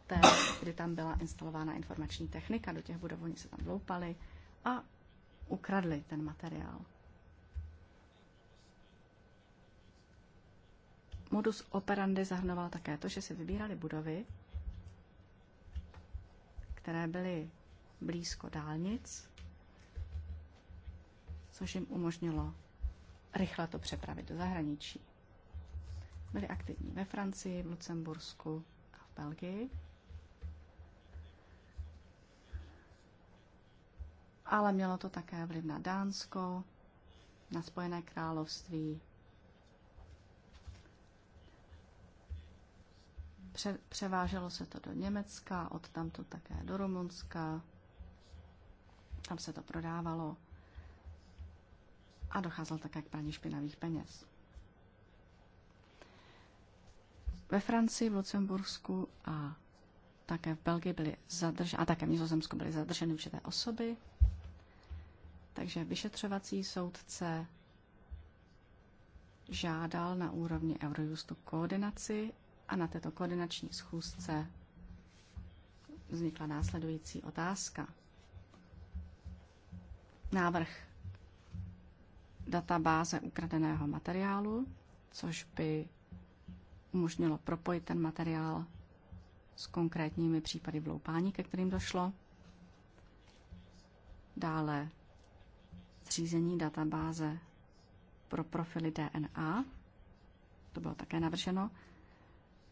té, kdy tam byla instalována informační technika, do těch budov oni se tam vloupali a ukradli ten materiál. modus operandi zahrnoval také to, že si vybírali budovy, které byly blízko dálnic, což jim umožnilo rychle to přepravit do zahraničí. Byli aktivní ve Francii, v Lucembursku a v Belgii. Ale mělo to také vliv na Dánsko, na Spojené království Pře- převáželo se to do Německa, od tamto také do Rumunska. Tam se to prodávalo a docházelo také k praní špinavých peněz. Ve Francii, v Lucembursku a také v Belgii byly zadrženy, a také v Nizozemsku byly zadrženy určité osoby. Takže vyšetřovací soudce žádal na úrovni Eurojustu koordinaci a na této koordinační schůzce vznikla následující otázka. Návrh databáze ukradeného materiálu, což by umožnilo propojit ten materiál s konkrétními případy vloupání, ke kterým došlo. Dále zřízení databáze pro profily DNA, to bylo také navrženo,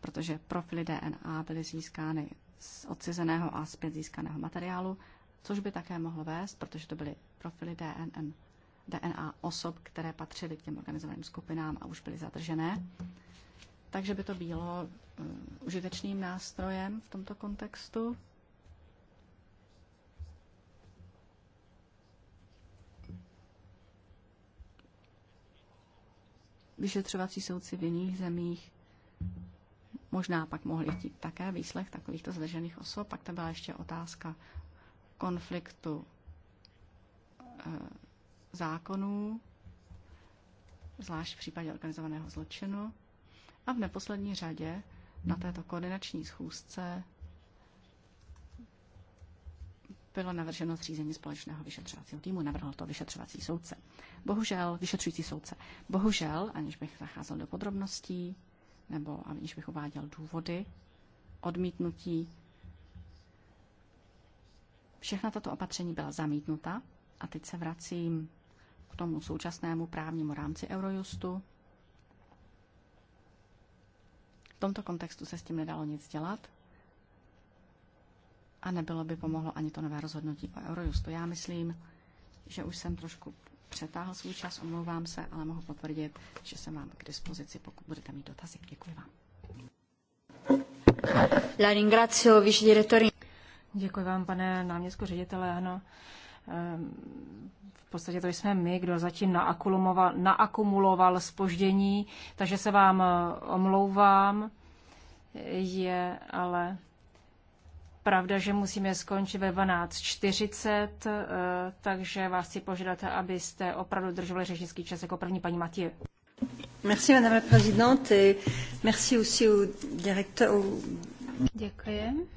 protože profily DNA byly získány z odcizeného a zpět získaného materiálu, což by také mohlo vést, protože to byly profily DNA, DNA osob, které patřily k těm organizovaným skupinám a už byly zadržené. Takže by to bylo uh, užitečným nástrojem v tomto kontextu. Vyšetřovací soudci v jiných zemích možná pak mohli chtít také výslech takovýchto zdržených osob. Pak to byla ještě otázka konfliktu eh, zákonů, zvlášť v případě organizovaného zločinu. A v neposlední řadě na této koordinační schůzce bylo navrženo zřízení společného vyšetřovacího týmu, navrhl to vyšetřovací soudce. Bohužel, vyšetřující soudce. Bohužel, aniž bych zacházel do podrobností, nebo aniž bych uváděl důvody, odmítnutí. Všechna tato opatření byla zamítnuta a teď se vracím k tomu současnému právnímu rámci Eurojustu. V tomto kontextu se s tím nedalo nic dělat a nebylo by pomohlo ani to nové rozhodnutí o Eurojustu. Já myslím, že už jsem trošku přetáhl svůj čas, omlouvám se, ale mohu potvrdit, že jsem vám k dispozici, pokud budete mít dotazy. Děkuji vám. La ringrazio, vice Děkuji vám, pane náměstku ředitele, ano. Ehm, v podstatě to jsme my, kdo zatím naakumuloval, naakumuloval spoždění, takže se vám eh, omlouvám. Je ale Pravda, že musíme skončit ve 12.40, eh, takže vás si požádat, abyste opravdu drželi řečnický čas jako první paní Matěje. Merci, madame la présidente, et merci aussi au directeur. Děkuji.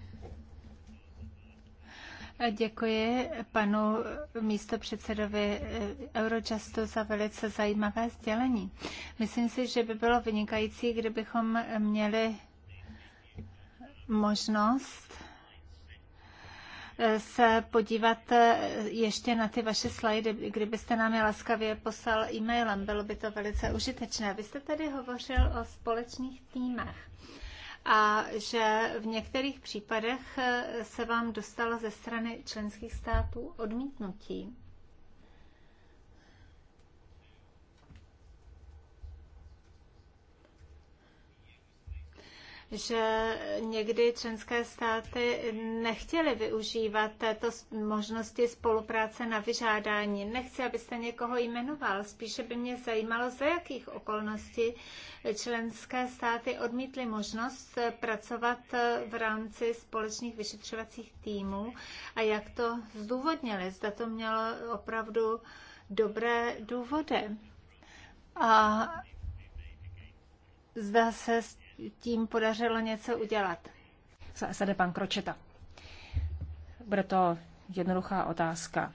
Děkuji panu místopředsedovi eh, Eurojustu za velice zajímavé sdělení. Myslím si, že by bylo vynikající, kdybychom měli možnost se podívat eh, ještě na ty vaše slajdy, kdybyste nám je laskavě poslal e-mailem, bylo by to velice užitečné. Vy jste tady hovořil o společných týmech a že v některých případech eh, se vám dostalo ze strany členských států odmítnutí. že někdy členské státy nechtěly využívat této možnosti spolupráce na vyžádání. Nechci, abyste někoho jmenoval, spíše by mě zajímalo, za jakých okolností členské státy odmítly možnost pracovat v rámci společných vyšetřovacích týmů a jak to zdůvodnili. Zda to mělo opravdu dobré důvody. A zda se tím podařilo něco udělat. Sede pan Kročeta. Bude to jednoduchá otázka.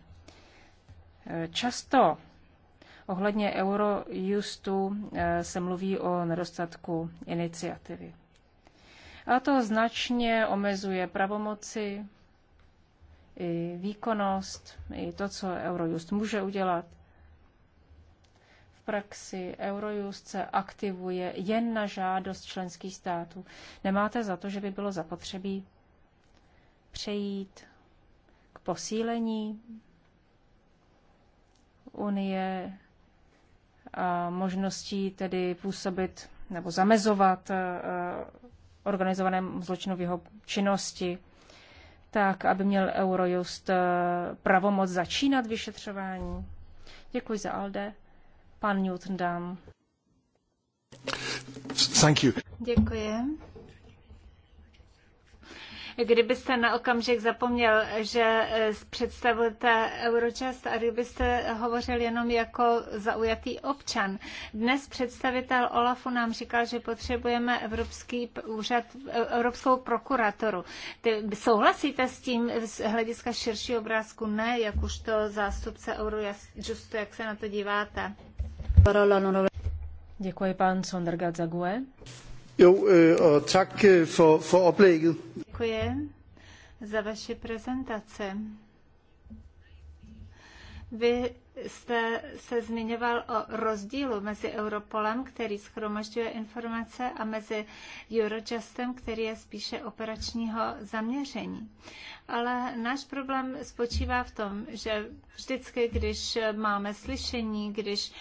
Eh, často ohledně Eurojustu eh, se mluví o nedostatku iniciativy. A to značně omezuje pravomoci, i výkonnost, i to, co Eurojust může udělat – praxi Eurojust se aktivuje jen na žádost členských států. Nemáte za to, že by bylo zapotřebí přejít k posílení Unie a možností tedy působit nebo zamezovat eh, organizovanému zločinu v jeho činnosti, tak aby měl Eurojust eh, pravomoc začínat vyšetřování. Děkuji za Alde. Pan Newton Dunn. Thank you. Děkuji. Kdybyste na okamžik zapomněl, že eh, představujete Eurojust a kdybyste hovořil jenom jako zaujatý občan. Dnes představitel Olafu nám říkal, že potřebujeme Evropský úřad, eh, Evropskou prokuratoru. Ty souhlasíte s tím z hlediska širšího obrázku? Ne, jak už to zástupce Eurojustu, jak se na to díváte? Děkuji pan Sondergaard za GUE. Jo, a eh, tak eh, for, for oplægget. Děkuji za vaši prezentaci. Vy jste se zmiňoval o rozdílu mezi Europolem, který schromažďuje informace, a mezi Eurojustem, který je spíše operačního zaměření. Ale náš problém spočívá v tom, že vždycky, když máme slyšení, když uh,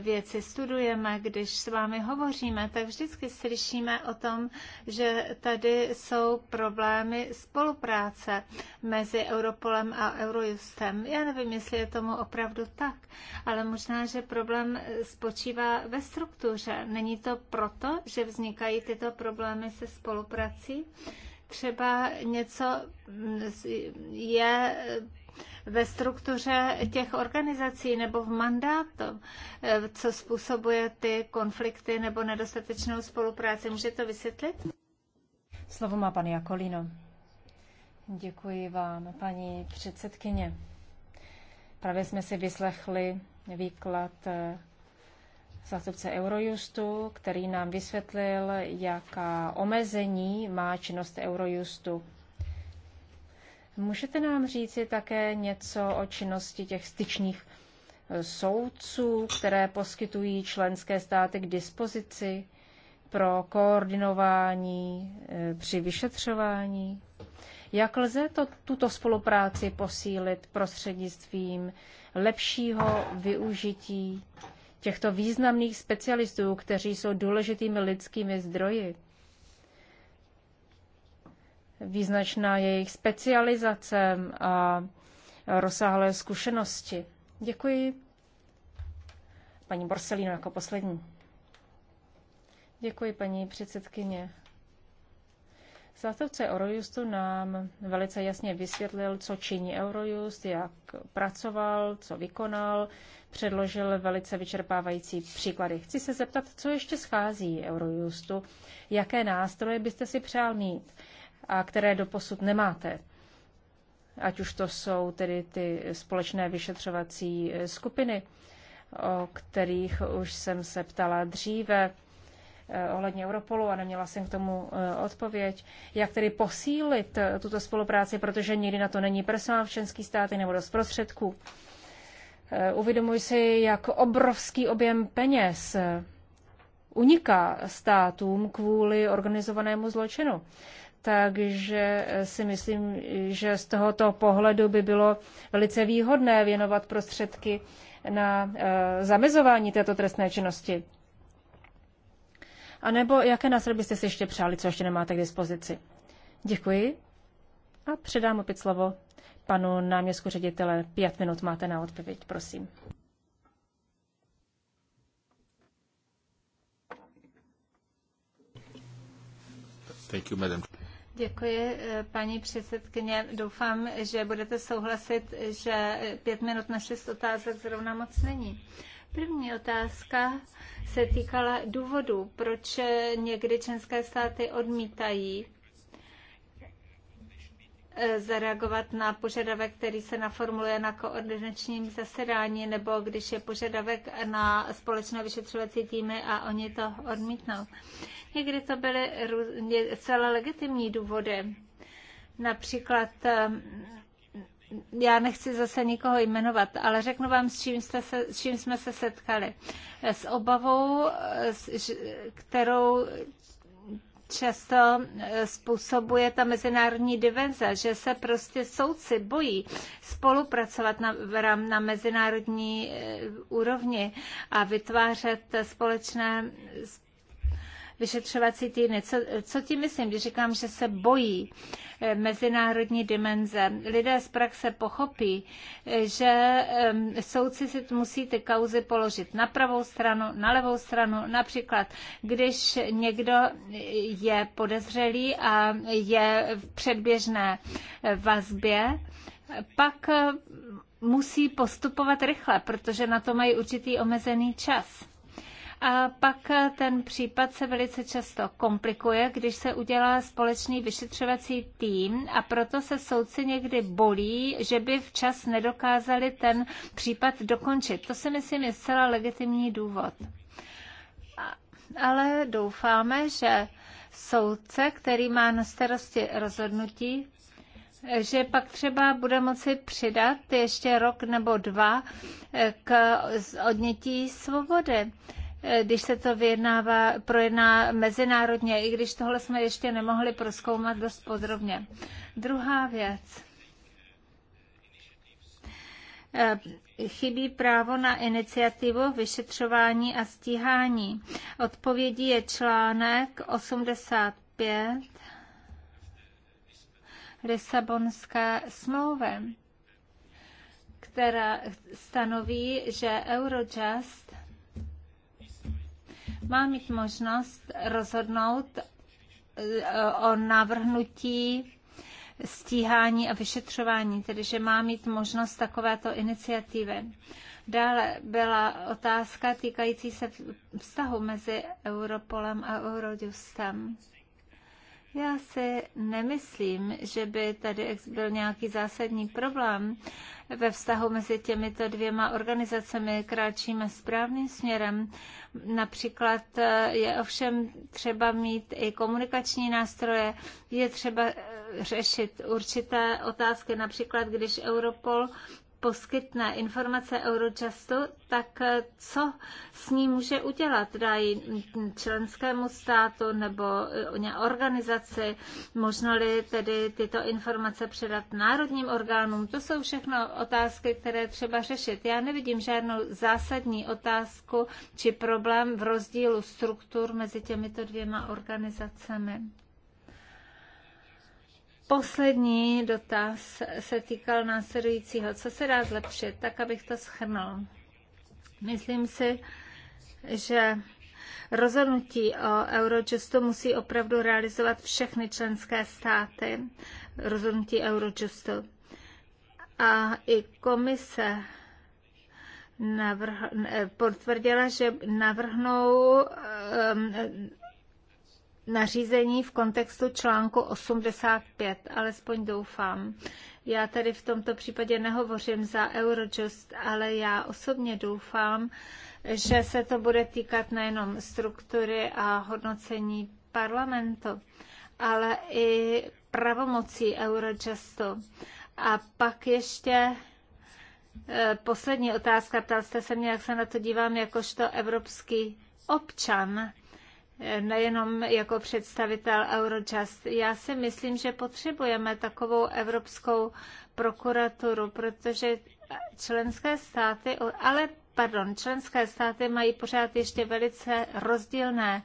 věci studujeme, když s vámi hovoříme, tak vždycky slyšíme o tom, že tady jsou problémy spolupráce mezi Europolem a Eurojustem. Já nevím, jestli je tomu opravdu tak, ale možná, že problém spočívá ve struktuře. Není to proto, že vznikají tyto problémy se spoluprací? třeba něco je ve struktuře těch organizací nebo v mandátu, eh, co způsobuje ty konflikty nebo nedostatečnou spolupráci. může to vysvětlit? Slovo má pan Jakolino. Děkuji vám, paní předsedkyně. Právě jsme si vyslechli výklad eh, zástupce Eurojustu, který nám vysvětlil, jaká omezení má činnost Eurojustu. Můžete nám říci také něco o činnosti těch styčných eh, soudců, které poskytují členské státy k dispozici pro koordinování eh, při vyšetřování? Jak lze to, tuto spolupráci posílit prostřednictvím lepšího využití těchto významných specialistů, kteří jsou důležitými lidskými zdroji? význačná jejich specializace a rozsáhlé zkušenosti. Děkuji. Paní Borselino jako poslední. Děkuji, paní předsedkyně. Zástupce Eurojustu nám velice jasně vysvětlil, co činí Eurojust, jak pracoval, co vykonal, předložil velice vyčerpávající příklady. Chci se zeptat, co ještě schází Eurojustu, jaké nástroje byste si přál mít a které doposud nemáte. Ať už to jsou tedy ty společné vyšetřovací eh, skupiny, o kterých už jsem se ptala dříve eh, ohledně Europolu a neměla jsem k tomu eh, odpověď. Jak tedy posílit tuto spolupráci, protože nikdy na to není personál v členský státy nebo dost prostředků. Uvědomuji si, jak obrovský objem peněz uniká státům kvůli organizovanému zločinu. Takže si myslím, že z tohoto pohledu by bylo velice výhodné věnovat prostředky na eh, zamezování této trestné činnosti. A nebo jaké následky byste si ještě přáli, co ještě nemáte k dispozici? Děkuji. A předám opět slovo panu náměstku ředitele. Pět minut máte na odpověď, prosím. Thank you, madam. Děkuji, eh, paní předsedkyně. Doufám, že budete souhlasit, že eh, pět minut na šest otázek zrovna moc není. První otázka se týkala důvodu, proč eh, někdy členské státy odmítají Eh, zareagovat na požadavek, který se naformuluje na koordinačním zasedání, nebo když je požadavek na společné vyšetřovací týmy a oni to odmítnou. Někdy to byly celé legitimní důvody. Například eh, já nechci zase nikoho jmenovat, ale řeknu vám, s čím, jste se, s čím jsme se setkali. S obavou, eh, kterou často eh, způsobuje ta mezinárodní divenze, že se prostě soudci bojí spolupracovat na, na mezinárodní eh, úrovni a vytvářet společné vyšetřovací týdny. Co, co tím myslím, když říkám, že se bojí eh, mezinárodní dimenze? Lidé z praxe pochopí, eh, že soudci si musí ty kauzy položit na pravou stranu, na levou stranu. Například, když někdo je podezřelý a je v předběžné eh, vazbě, pak musí postupovat rychle, protože na to mají určitý omezený čas. A pak ten případ se velice často komplikuje, když se udělá společný vyšetřovací tým a proto se soudci někdy bolí, že by včas nedokázali ten případ dokončit. To si myslím je zcela legitimní důvod. Ale doufáme, že soudce, který má na starosti rozhodnutí, že pak třeba bude moci přidat ještě rok nebo dva eh, k odnětí svobody když se to vyjednává, projedná mezinárodně, i když tohle jsme ještě nemohli proskoumat dost podrobně. Druhá věc eh, chybí právo na iniciativu vyšetřování a stíhání. Odpovědí je článek 85 Lisabonské smlouvy, která stanoví, že Eurojust má mít možnost rozhodnout eh, o navrhnutí stíhání a vyšetřování, tedy že má mít možnost takovéto iniciativy. Dále byla otázka týkající se vztahu mezi Europolem a Eurojustem. Já si nemyslím, že by tady byl nějaký zásadní problém ve vztahu mezi těmito dvěma organizacemi. Kráčíme správným směrem. Například eh, je ovšem třeba mít i komunikační nástroje, je třeba eh, řešit určité otázky, například když Europol poskytne informace Eurojustu, tak eh, co s ní může udělat? Dá ji členskému státu nebo eh, organizaci? Možno-li tedy tyto informace předat národním orgánům? To jsou všechno otázky, které třeba řešit. Já nevidím žádnou zásadní otázku či problém v rozdílu struktur mezi těmito dvěma organizacemi. Poslední dotaz se týkal následujícího. Co se dá zlepšit, tak abych to schrnul? Myslím si, že rozhodnutí o Eurojustu musí opravdu realizovat všechny členské státy, rozhodnutí Eurojustu. A i komise navrh, eh, potvrdila, že navrhnou um, nařízení v kontextu článku 85, alespoň doufám. Já tady v tomto případě nehovořím za Eurojust, ale já osobně doufám, že se to bude týkat nejenom struktury a hodnocení parlamentu, ale i pravomocí Eurojustu. A pak ještě eh, poslední otázka. Ptal jste se mě, jak se na to dívám jakožto evropský občan nejenom jako představitel Eurojust. Já si myslím, že potřebujeme takovou evropskou prokuraturu, protože členské státy, ale pardon, členské státy mají pořád ještě velice rozdílné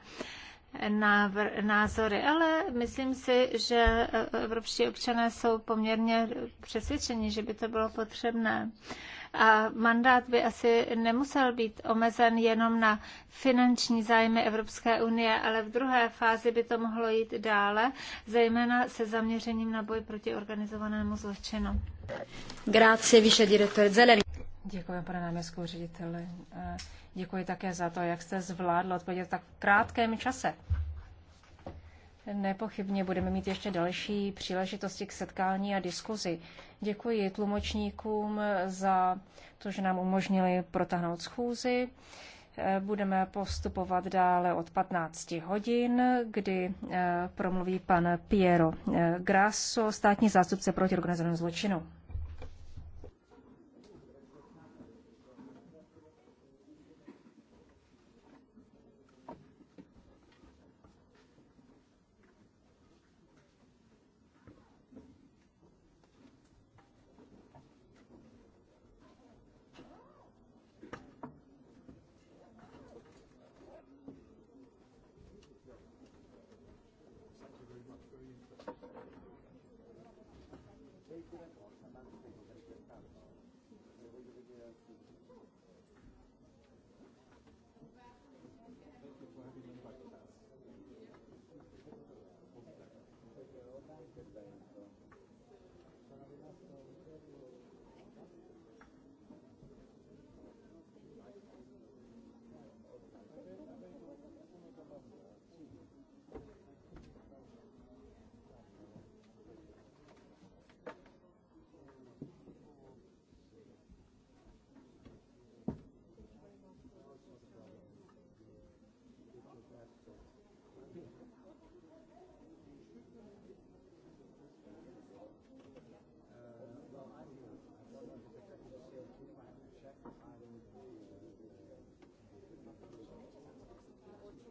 názory, ale myslím si, že evropští občané jsou poměrně přesvědčeni, že by to bylo potřebné. A mandát by asi nemusel být omezen jenom na finanční zájmy Evropské unie, ale v druhé fázi by to mohlo jít dále, zejména se zaměřením na boj proti organizovanému zločinu. Grazie, vice direttore Zeleny. Děkuji, pane náměstku řediteli. Děkuji také za to, jak jste zvládl odpovědět tak krátkém čase. Nepochybně budeme mít ještě další příležitosti k setkání a diskuzi. Děkuji tlumočníkům za to, že nám umožnili protáhnout schůzi. Budeme postupovat dále od 15 hodin, kdy eh, promluví pan Piero eh, Grasso, státní zástupce proti organizovanému zločinu.